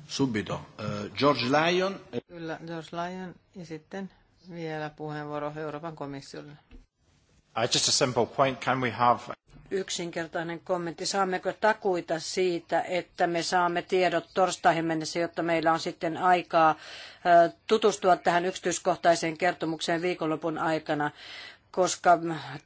Speaker 1: Subito. Eh, George Lyon. Kyllä,
Speaker 2: George Lyon. Ja sitten vielä
Speaker 1: puheenvuoro Euroopan komissiolle.
Speaker 2: Uh, just a simple point. Can we have...
Speaker 1: Yksinkertainen kommentti. Saammeko takuita siitä, että me saamme tiedot torstaihin mennessä, jotta meillä on sitten aikaa uh, tutustua tähän yksityiskohtaiseen kertomukseen viikonlopun aikana? koska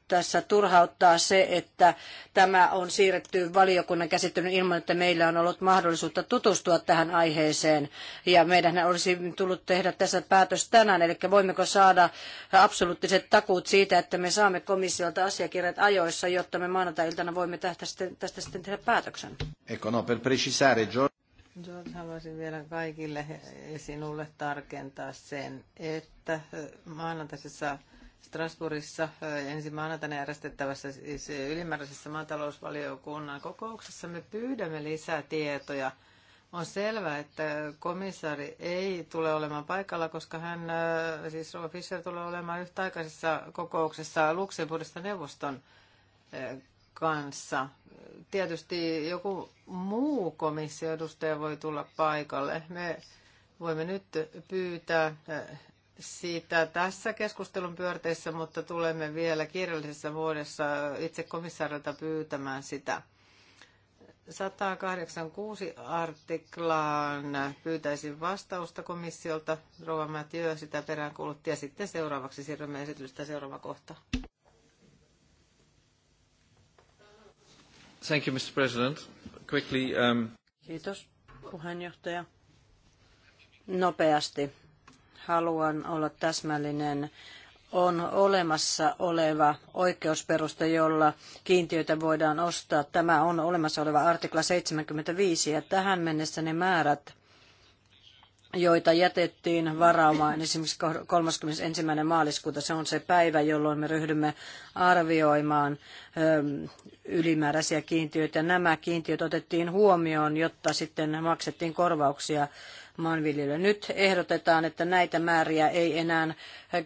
Speaker 1: tässä turhauttaa se, että tämä on siirretty valiokunnan käsittelyyn ilman, että meillä on ollut mahdollisuutta tutustua tähän aiheeseen. Ja meidän olisi tullut tehdä tässä päätös tänään, eli voimmeko saada absoluuttiset takuut siitä, että me saamme komissiolta asiakirjat ajoissa, jotta me maanantai-iltana voimme tästä sitten, tästä sitten tehdä päätöksen. Ecco, no, per precisare, George... George,
Speaker 2: haluaisin vielä kaikille e- e- sinulle tarkentaa sen, että maanantaisessa Strasbourgissa ensi maanantaina järjestettävässä siis ylimääräisessä maatalousvaliokunnan kokouksessa me pyydämme lisää tietoja. On selvää, että komissaari ei tule olemaan paikalla, koska hän, siis Rova Fischer, tulee olemaan yhtäaikaisessa kokouksessa Luxemburgista neuvoston kanssa. Tietysti joku muu komissioedustaja voi tulla paikalle. Me voimme nyt pyytää siitä tässä keskustelun pyörteissä, mutta tulemme vielä kirjallisessa vuodessa itse komissaarilta pyytämään sitä. 186 artiklaan pyytäisin vastausta komissiolta. Rova Mätiö sitä peräänkuulutti ja sitten seuraavaksi siirrymme esitystä seuraava kohta.
Speaker 1: Thank you, Mr. President. Quickly, um... Kiitos, puheenjohtaja. Nopeasti haluan olla täsmällinen, on olemassa oleva oikeusperusta, jolla kiintiöitä voidaan ostaa. Tämä on olemassa oleva artikla 75 ja tähän mennessä ne määrät, joita jätettiin varaamaan esimerkiksi 31. maaliskuuta. Se on se päivä, jolloin me ryhdymme arvioimaan ylimääräisiä kiintiöitä. Nämä kiintiöt otettiin huomioon, jotta sitten maksettiin korvauksia maanviljelijöille. Nyt ehdotetaan, että näitä määriä ei enää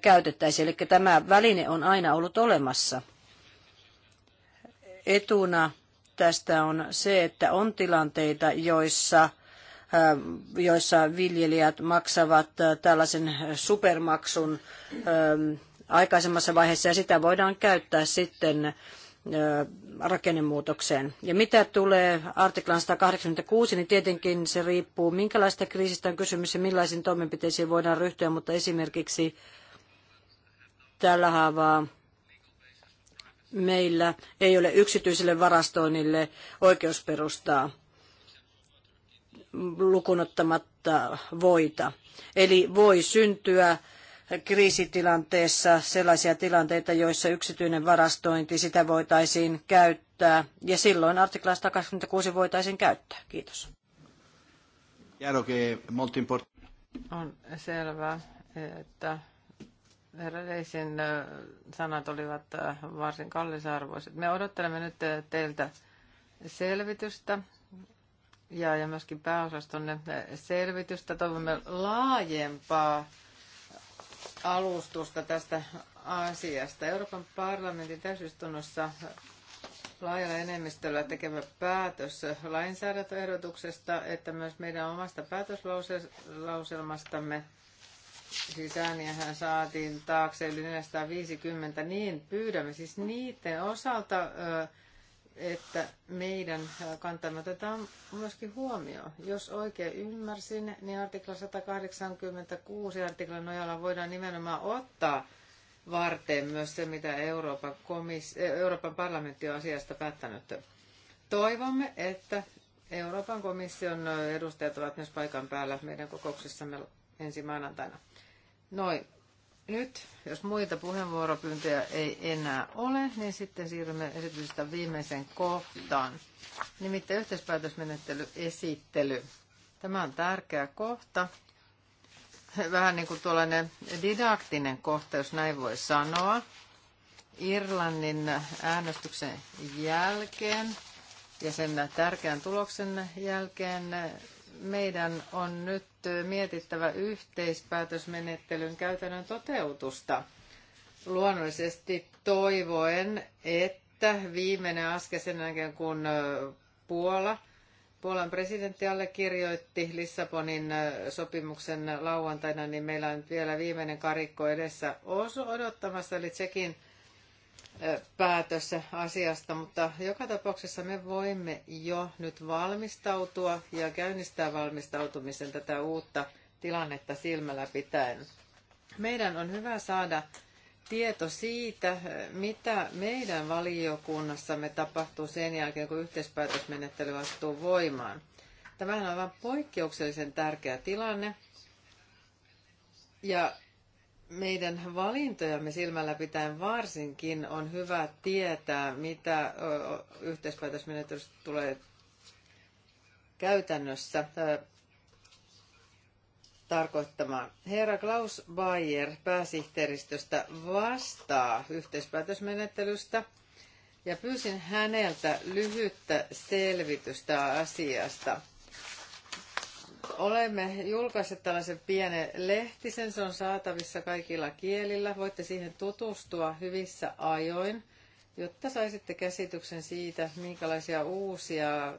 Speaker 1: käytettäisi, eli tämä väline on aina ollut olemassa. Etuna tästä on se, että on tilanteita, joissa äh, joissa viljelijät maksavat äh, tällaisen supermaksun ähm, aikaisemmassa vaiheessa ja sitä voidaan käyttää sitten rakennemuutokseen. Ja mitä tulee artiklan 186, niin tietenkin se riippuu, minkälaista kriisistä on kysymys ja millaisiin toimenpiteisiin voidaan ryhtyä, mutta esimerkiksi tällä haavaa meillä ei ole yksityiselle varastoinnille oikeusperustaa lukunottamatta voita. Eli voi syntyä kriisitilanteessa sellaisia tilanteita, joissa yksityinen varastointi sitä voitaisiin käyttää. Ja silloin artikla 126 voitaisiin käyttää. Kiitos. On selvää, että
Speaker 2: Reisin sanat olivat varsin kallisarvoiset. Me odottelemme nyt teiltä selvitystä ja, ja myöskin pääosastonne selvitystä. Toivomme laajempaa alustusta tästä asiasta. Euroopan parlamentin täysistunnossa laajalla enemmistöllä tekemä päätös lainsäädäntöehdotuksesta, että myös meidän omasta päätöslauselmastamme siis ääniähän saatiin taakse yli 450, niin pyydämme siis niiden osalta että meidän kantamme otetaan myöskin huomioon. Jos oikein ymmärsin, niin artikla 186 artiklan nojalla voidaan nimenomaan ottaa varten myös se, mitä Euroopan, komis- eh, Euroopan parlamentti on asiasta päättänyt. Toivomme, että Euroopan komission edustajat ovat myös paikan päällä meidän kokouksessamme ensi maanantaina. Noin nyt, jos muita puheenvuoropyyntöjä ei enää ole, niin sitten siirrymme esitystä viimeisen kohtaan. Nimittäin yhteispäätösmenettely esittely. Tämä on tärkeä kohta. Vähän niin kuin tuollainen didaktinen kohta, jos näin voi sanoa. Irlannin äänestyksen jälkeen ja sen tärkeän tuloksen jälkeen meidän on nyt mietittävä yhteispäätösmenettelyn käytännön toteutusta. Luonnollisesti toivoen, että viimeinen askel sen jälkeen, kun Puola, Puolan presidentti allekirjoitti Lissabonin sopimuksen lauantaina, niin meillä on vielä viimeinen karikko edessä odottamassa, eli Tsekin päätös asiasta, mutta joka tapauksessa me voimme jo nyt valmistautua ja käynnistää valmistautumisen tätä uutta tilannetta silmällä pitäen. Meidän on hyvä saada tieto siitä, mitä meidän valiokunnassamme tapahtuu sen jälkeen, kun yhteispäätösmenettely astuu voimaan. Tämähän on aivan poikkeuksellisen tärkeä tilanne. Ja meidän valintojamme silmällä pitäen varsinkin on hyvä tietää, mitä yhteispäätösmenetys tulee käytännössä tarkoittamaan. Herra Klaus Bayer pääsihteeristöstä vastaa yhteispäätösmenettelystä ja pyysin häneltä lyhyttä selvitystä asiasta olemme julkaisseet tällaisen pienen lehtisen, se on saatavissa kaikilla kielillä. Voitte siihen tutustua hyvissä ajoin, jotta saisitte käsityksen siitä, minkälaisia uusia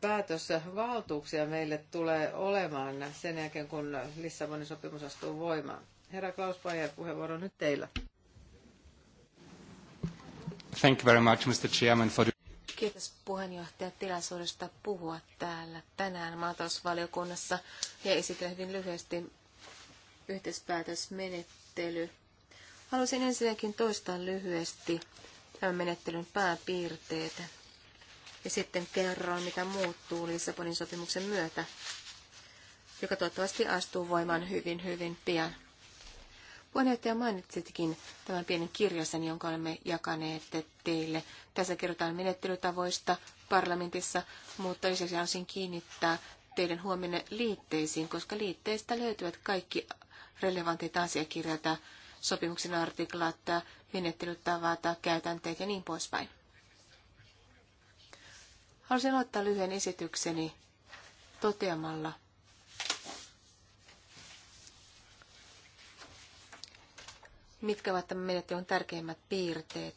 Speaker 2: päätösvaltuuksia meille tulee olemaan sen jälkeen, kun Lissabonin sopimus astuu voimaan. Herra Klaus Bayer, puheenvuoro nyt teillä. Thank you very much, Mr. Chairman, for
Speaker 3: Kiitos puheenjohtaja tilaisuudesta puhua täällä tänään maatalousvaliokunnassa ja esitellä hyvin lyhyesti yhteispäätösmenettely. Haluaisin ensinnäkin toistaa lyhyesti tämän menettelyn pääpiirteet ja sitten kerron, mitä muuttuu Lissabonin sopimuksen myötä, joka toivottavasti astuu voimaan hyvin, hyvin pian. Puheenjohtaja mainitsitkin tämän pienen kirjasen, jonka olemme jakaneet teille. Tässä kerrotaan menettelytavoista parlamentissa, mutta lisäksi haluaisin kiinnittää teidän huomenne liitteisiin, koska liitteistä löytyvät kaikki relevantit asiakirjat, sopimuksen artiklat, menettelytavat, käytänteet ja niin poispäin. Haluaisin aloittaa lyhyen esitykseni toteamalla, mitkä ovat tämän menettelyn tärkeimmät piirteet.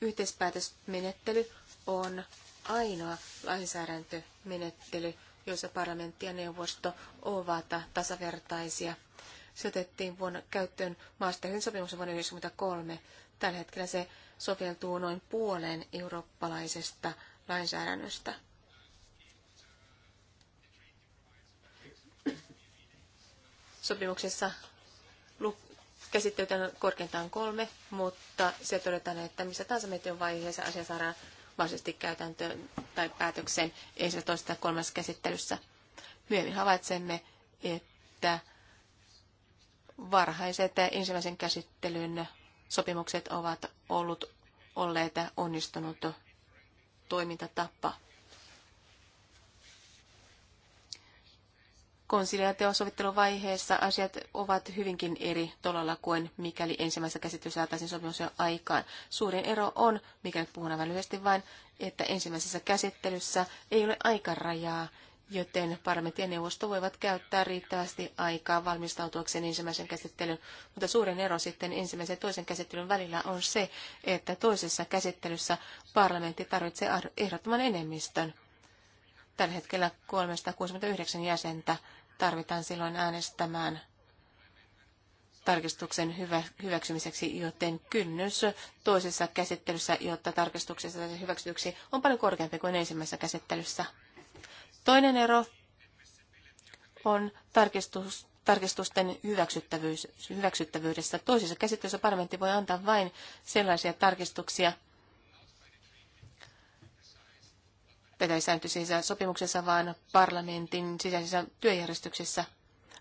Speaker 3: Yhteispäätösmenettely on ainoa lainsäädäntömenettely, jossa parlamentti ja neuvosto ovat tasavertaisia. Se otettiin vuonna käyttöön Maastrichtin sopimuksen vuonna 1993. Tällä hetkellä se soveltuu noin puoleen eurooppalaisesta lainsäädännöstä. Sopimuksessa Käsittelyt on korkeintaan kolme, mutta se todetaan, että missä tahansa metin vaiheessa asia saadaan mahdollisesti käytäntöön tai päätökseen ensimmäisessä tai kolmannessa käsittelyssä. Myöhemmin havaitsemme, että varhaiset ensimmäisen käsittelyn sopimukset ovat ollut, olleet onnistunut toimintatapa. konsiliaatio- ja sovitteluvaiheessa asiat ovat hyvinkin eri tolalla kuin mikäli ensimmäisessä käsittelyssä saataisiin sopimus jo aikaan. Suurin ero on, mikäli puhun aivan lyhyesti vain, että ensimmäisessä käsittelyssä ei ole aikarajaa, joten parlamentti ja neuvosto voivat käyttää riittävästi aikaa valmistautuakseen ensimmäisen käsittelyn. Mutta suurin ero sitten ensimmäisen ja toisen käsittelyn välillä on se, että toisessa käsittelyssä parlamentti tarvitsee ehdottoman enemmistön tällä hetkellä 369 jäsentä tarvitaan silloin äänestämään tarkistuksen hyvä, hyväksymiseksi, joten kynnys toisessa käsittelyssä, jotta tarkistuksessa saisi hyväksytyksi, on paljon korkeampi kuin ensimmäisessä käsittelyssä. Toinen ero on tarkistus, tarkistusten hyväksyttävyys, hyväksyttävyydessä. Toisessa käsittelyssä parlamentti voi antaa vain sellaisia tarkistuksia, pelisäännöllisissä sopimuksessa, vaan parlamentin sisäisessä työjärjestyksessä.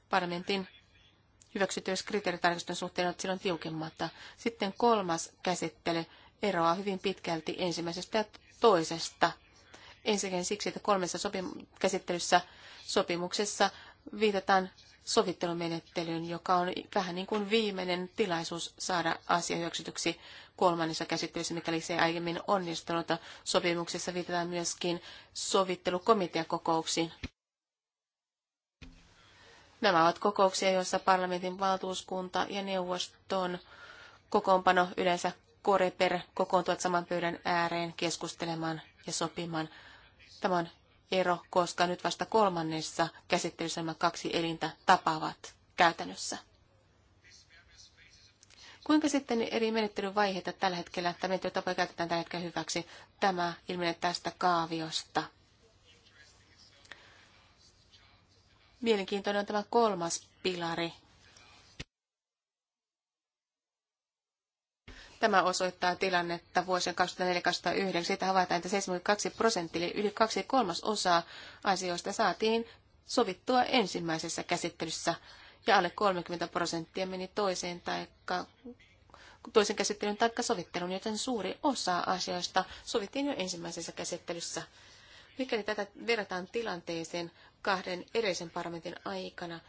Speaker 3: Parlamentin hyväksytyössä kriteeritarkastuksen suhteen ovat silloin tiukemmat. Sitten kolmas käsittely eroaa hyvin pitkälti ensimmäisestä ja toisesta. Ensinnäkin siksi, että kolmessa sopim- käsittelyssä sopimuksessa viitataan sovittelumenettelyn, joka on vähän niin kuin viimeinen tilaisuus saada asia hyväksytyksi kolmannessa käsittelyssä, mikäli se ei aiemmin onnistunut. Sopimuksessa viitataan myöskin sovittelukomiteakokouksiin. Nämä ovat kokouksia, joissa parlamentin valtuuskunta ja neuvoston kokoonpano yleensä Koreper kokoontuvat saman pöydän ääreen keskustelemaan ja sopimaan. Tämä on ero, koska nyt vasta kolmannessa käsittelyssä nämä kaksi elintä tapaavat käytännössä. Kuinka sitten eri menettelyvaiheita tällä hetkellä, tai menettelytapoja käytetään tällä hetkellä hyväksi, tämä ilmenee tästä kaaviosta. Mielenkiintoinen on tämä kolmas pilari, Tämä osoittaa tilannetta vuosien 2004-2009. Siitä havaitaan, että 72 prosenttia, eli yli kaksi kolmasosaa asioista saatiin sovittua ensimmäisessä käsittelyssä, ja alle 30 prosenttia meni toiseen tai toisen käsittelyn tai sovittelun, joten suuri osa asioista sovittiin jo ensimmäisessä käsittelyssä. Mikäli tätä verrataan tilanteeseen kahden edellisen parlamentin aikana,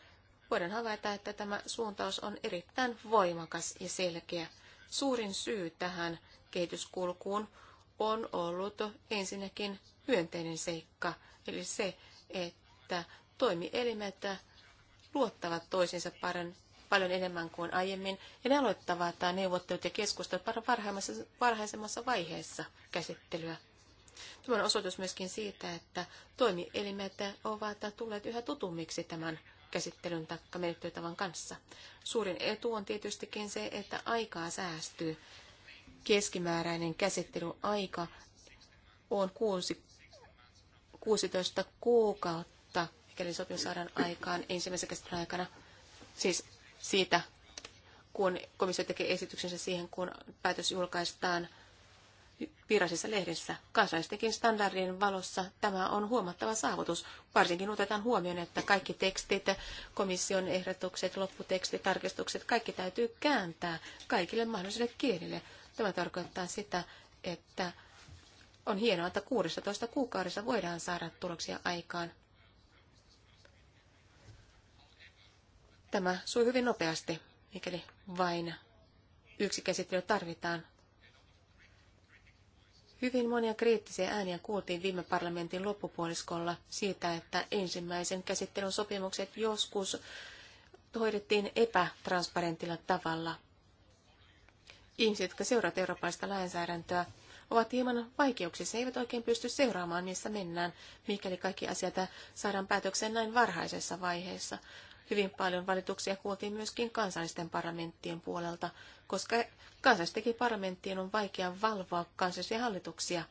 Speaker 3: voidaan havaita, että tämä suuntaus on erittäin voimakas ja selkeä. Suurin syy tähän kehityskulkuun on ollut ensinnäkin myönteinen seikka, eli se, että toimielimet luottavat toisiinsa paljon, paljon enemmän kuin aiemmin, ja ne aloittavat neuvottelut ja keskustelut varhaisemmassa, varhaisemmassa vaiheessa käsittelyä. Tämä on osoitus myöskin siitä, että toimielimet ovat tulleet yhä tutummiksi tämän käsittelyn tai menettelytavan kanssa. Suurin etu on tietystikin se, että aikaa säästyy. Keskimääräinen käsittelyaika on 6, 16 kuukautta, mikäli sopimus saadaan aikaan ensimmäisen käsittelyn aikana. Siis siitä, kun komissio tekee esityksensä siihen, kun päätös julkaistaan – virallisessa lehdessä. Kansallistenkin standardien valossa tämä on huomattava saavutus. Varsinkin otetaan huomioon, että kaikki tekstit, komission ehdotukset, lopputekstit, tarkistukset, kaikki täytyy kääntää kaikille mahdollisille kielille. Tämä tarkoittaa sitä, että on hienoa, että 16 kuukaudessa voidaan saada tuloksia aikaan. Tämä sui hyvin nopeasti, mikäli vain yksi käsittely tarvitaan Hyvin monia kriittisiä ääniä kuultiin viime parlamentin loppupuoliskolla siitä, että ensimmäisen käsittelyn sopimukset joskus hoidettiin epätransparentilla tavalla. Ihmiset, jotka seuraavat eurooppalaista lainsäädäntöä, ovat hieman vaikeuksissa, eivät oikein pysty seuraamaan, missä mennään, mikäli kaikki asiat saadaan päätökseen näin varhaisessa vaiheessa. Hyvin paljon valituksia kuultiin myöskin kansallisten parlamenttien puolelta, koska kansallistenkin parlamenttien on vaikea valvoa kansallisia hallituksia,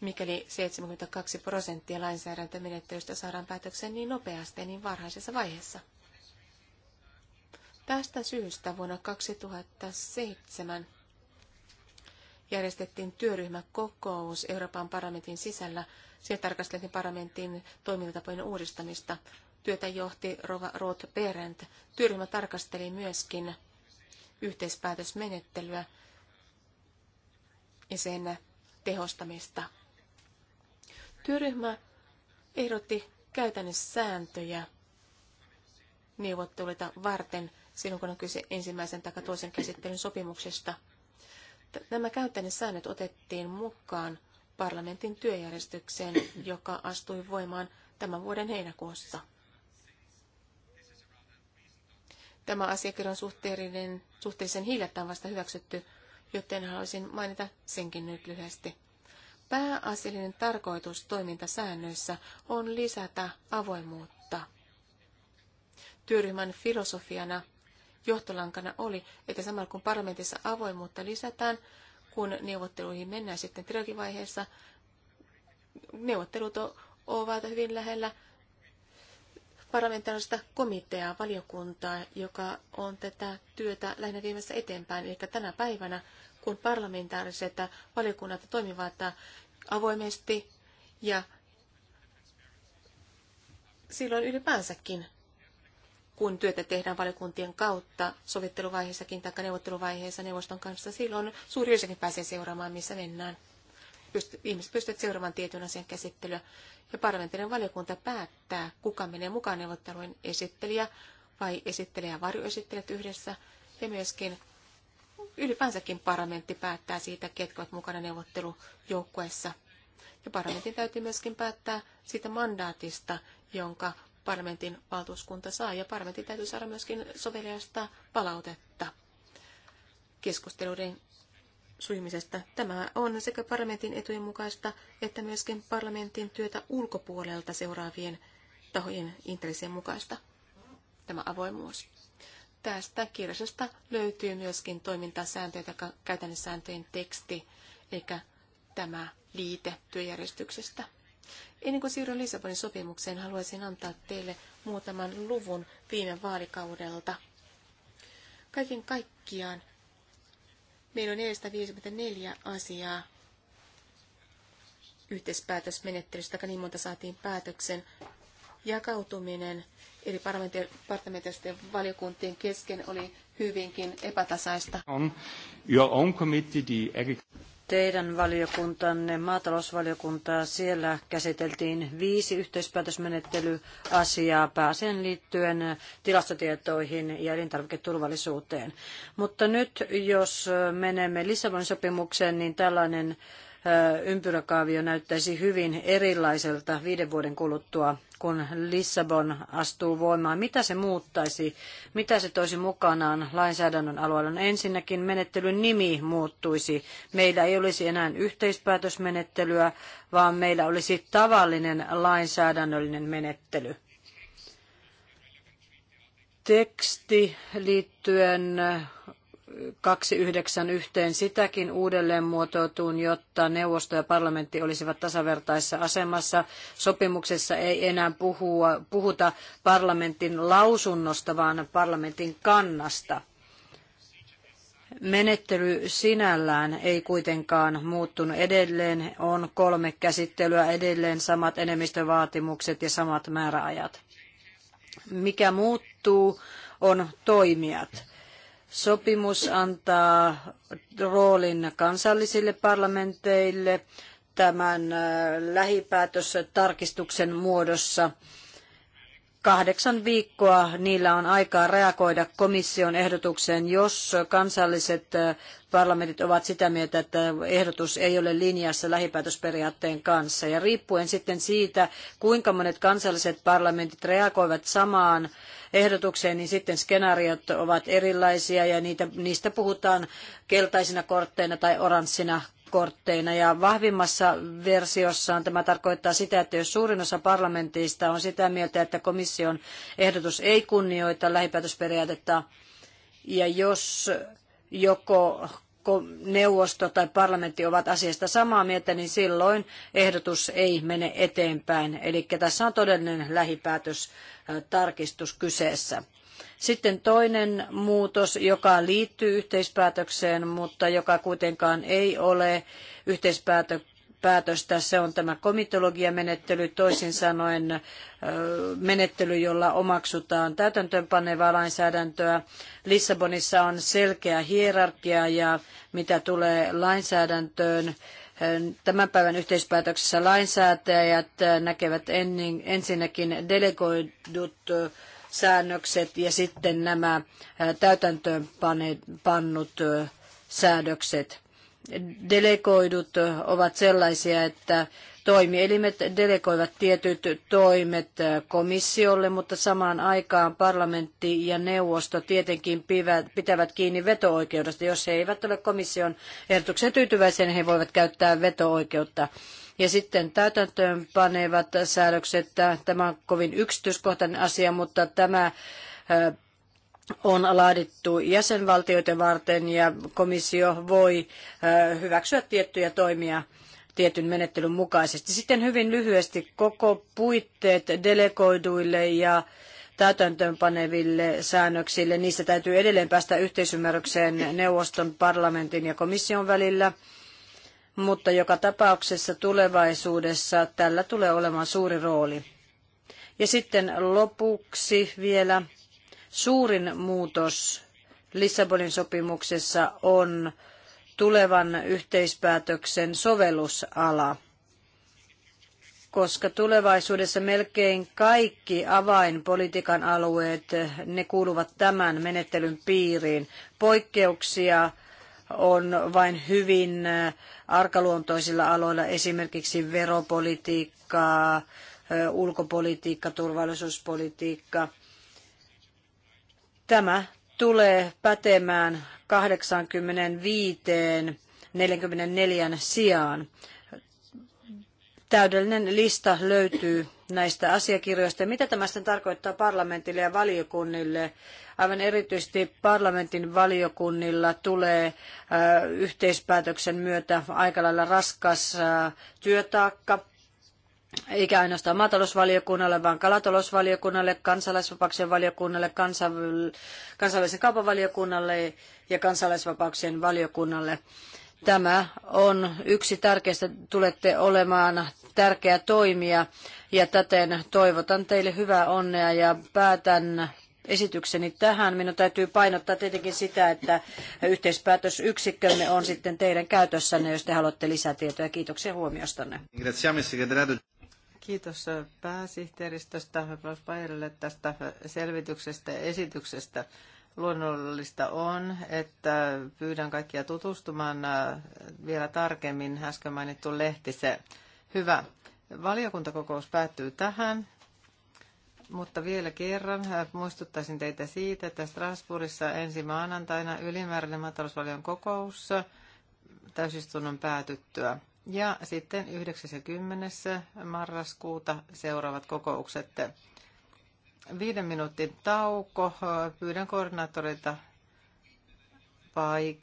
Speaker 3: mikäli 72 prosenttia lainsäädäntömenettelystä saadaan päätökseen niin nopeasti ja niin varhaisessa vaiheessa. Tästä syystä vuonna 2007 järjestettiin työryhmäkokous Euroopan parlamentin sisällä. Siellä tarkasteltiin parlamentin toimintatapojen uudistamista. Työtä johti Rova Roth Berendt. Työryhmä tarkasteli myöskin yhteispäätösmenettelyä ja sen tehostamista. Työryhmä ehdotti käytännön sääntöjä neuvotteluita varten silloin, kun on kyse ensimmäisen tai toisen käsittelyn sopimuksesta. Nämä käytännön säännöt otettiin mukaan parlamentin työjärjestykseen, joka astui voimaan tämän vuoden heinäkuussa. Tämä asiakirja on suhteellinen, suhteellisen hiljattain vasta hyväksytty, joten haluaisin mainita senkin nyt lyhyesti. Pääasiallinen tarkoitus toimintasäännöissä on lisätä avoimuutta. Työryhmän filosofiana johtolankana oli, että samalla kun parlamentissa avoimuutta lisätään, kun neuvotteluihin mennään sitten trilogivaiheessa, neuvottelut ovat hyvin lähellä parlamentaarista komiteaa, valiokuntaa, joka on tätä työtä lähinnä viemässä eteenpäin. Eli tänä päivänä, kun parlamentaariset valiokunnat toimivat avoimesti ja silloin ylipäänsäkin, kun työtä tehdään valiokuntien kautta sovitteluvaiheessakin tai neuvotteluvaiheessa neuvoston kanssa, silloin suuri yleisökin pääsee seuraamaan, missä mennään pystyt, ihmiset pystyvät seuraamaan tietyn asian käsittelyä. Ja parlamentin valiokunta päättää, kuka menee mukaan neuvottelujen esittelijä vai esittelijä ja varjoesittelijät yhdessä. Ja myöskin ylipäänsäkin parlamentti päättää siitä, ketkä ovat mukana neuvottelujoukkueessa. Ja parlamentin täytyy myöskin päättää siitä mandaatista, jonka parlamentin valtuuskunta saa, ja parlamentin täytyy saada myöskin soveliasta palautetta. Keskusteluiden suimisesta. Tämä on sekä parlamentin etujen mukaista että myöskin parlamentin työtä ulkopuolelta seuraavien tahojen intressien mukaista. Tämä avoimuus. Tästä kirjasta löytyy myöskin toimintasääntöjä tai käytännössääntöjen teksti, eikä tämä liite työjärjestyksestä. Ennen kuin siirryn Lissabonin sopimukseen, haluaisin antaa teille muutaman luvun viime vaalikaudelta. Kaiken kaikkiaan Meillä on 454 asiaa yhteispäätösmenettelystä, aika niin monta saatiin päätöksen. Jakautuminen eri parlamentaaristen valiokuntien kesken oli hyvinkin
Speaker 1: epätasaista. On your own committee, the teidän valiokuntanne, maatalousvaliokuntaa, siellä käsiteltiin viisi yhteispäätösmenettelyasiaa pääsen liittyen tilastotietoihin ja elintarviketurvallisuuteen. Mutta nyt, jos menemme Lissabonin sopimukseen, niin tällainen ympyräkaavio näyttäisi hyvin erilaiselta viiden vuoden kuluttua, kun Lissabon astuu voimaan. Mitä se muuttaisi? Mitä se toisi mukanaan lainsäädännön alueella? No ensinnäkin menettelyn nimi muuttuisi. Meillä ei olisi enää yhteispäätösmenettelyä, vaan meillä olisi tavallinen lainsäädännöllinen menettely teksti liittyen Kaksi-yhdeksän yhteen sitäkin uudelleen muotoutuun, jotta neuvosto ja parlamentti olisivat tasavertaisessa asemassa. Sopimuksessa ei enää puhua, puhuta parlamentin lausunnosta, vaan parlamentin kannasta. Menettely sinällään ei kuitenkaan muuttunut. Edelleen on kolme käsittelyä, edelleen samat enemmistövaatimukset ja samat määräajat. Mikä muuttuu, on toimijat Sopimus antaa roolin kansallisille parlamenteille tämän äh, lähipäätöstarkistuksen muodossa Kahdeksan viikkoa niillä on aikaa reagoida komission ehdotukseen, jos kansalliset parlamentit ovat sitä mieltä, että ehdotus ei ole linjassa lähipäätösperiaatteen kanssa. Ja riippuen sitten siitä, kuinka monet kansalliset parlamentit reagoivat samaan ehdotukseen, niin sitten skenaariot ovat erilaisia ja niitä, niistä puhutaan keltaisina kortteina tai oranssina kortteina ja vahvimmassa versiossaan tämä tarkoittaa sitä, että jos suurin osa parlamentista on sitä mieltä, että komission ehdotus ei kunnioita lähipäätösperiaatetta ja jos joko neuvosto tai parlamentti ovat asiasta samaa mieltä, niin silloin ehdotus ei mene eteenpäin. Eli tässä on todellinen lähipäätöstarkistus kyseessä. Sitten toinen muutos, joka liittyy yhteispäätökseen, mutta joka kuitenkaan ei ole yhteispäätökseen päätöstä. Se on tämä komitologiamenettely, toisin sanoen menettely, jolla omaksutaan täytäntöönpanevaa lainsäädäntöä. Lissabonissa on selkeä hierarkia ja mitä tulee lainsäädäntöön, Tämän päivän yhteispäätöksessä lainsäätäjät näkevät ensinnäkin delegoidut säännökset ja sitten nämä täytäntöön pannut säädökset. Delegoidut ovat sellaisia, että toimielimet delegoivat tietyt toimet komissiolle, mutta samaan aikaan parlamentti ja neuvosto tietenkin pitävät kiinni veto-oikeudesta. Jos he eivät ole komission ehdotukseen tyytyväisiä, niin he voivat käyttää veto-oikeutta. Ja sitten täytäntöönpanevat säädökset, tämä on kovin yksityiskohtainen asia, mutta tämä on laadittu jäsenvaltioiden varten ja komissio voi hyväksyä tiettyjä toimia tietyn menettelyn mukaisesti. Sitten hyvin lyhyesti koko puitteet delegoiduille ja täytäntöönpaneville säännöksille. Niistä täytyy edelleen päästä yhteisymmärrykseen neuvoston, parlamentin ja komission välillä mutta joka tapauksessa tulevaisuudessa tällä tulee olemaan suuri rooli. Ja sitten lopuksi vielä suurin muutos Lissabonin sopimuksessa on tulevan yhteispäätöksen sovellusala, koska tulevaisuudessa melkein kaikki avainpolitiikan alueet, ne kuuluvat tämän menettelyn piiriin. Poikkeuksia on vain hyvin äh, arkaluontoisilla aloilla, esimerkiksi veropolitiikka, äh, ulkopolitiikka, turvallisuuspolitiikka. Tämä tulee pätemään 85 44 sijaan. Täydellinen lista löytyy näistä asiakirjoista. Mitä tämä sitten tarkoittaa parlamentille ja valiokunnille? Aivan erityisesti parlamentin valiokunnilla tulee yhteispäätöksen myötä aika lailla raskas työtaakka eikä ainoastaan maatalousvaliokunnalle, vaan kalatalousvaliokunnalle, kansalaisvapauksien valiokunnalle, kansainvälisen kaupan valiokunnalle ja kansalaisvapauksien valiokunnalle. Tämä on yksi tärkeistä, tulette olemaan tärkeä toimija ja täten toivotan teille hyvää onnea ja päätän esitykseni tähän. Minun täytyy painottaa tietenkin sitä, että yhteispäätösyksikkömme on sitten teidän käytössänne, jos te haluatte lisätietoja. Kiitoksia huomiostanne.
Speaker 2: Kiitos äh, pääsihteeristöstä, Paerille, tästä äh, selvityksestä ja esityksestä luonnollista on, että pyydän kaikkia tutustumaan äh, vielä tarkemmin äsken mainittu lehti. Se hyvä. Valiokuntakokous päättyy tähän, mutta vielä kerran äh, muistuttaisin teitä siitä, että Strasbourgissa ensi maanantaina ylimääräinen maatalousvalion kokous äh, täysistunnon päätyttyä. Ja sitten 9. ja 10. marraskuuta seuraavat kokoukset. Viiden minuutin tauko. Pyydän koordinaattoreita paikalle.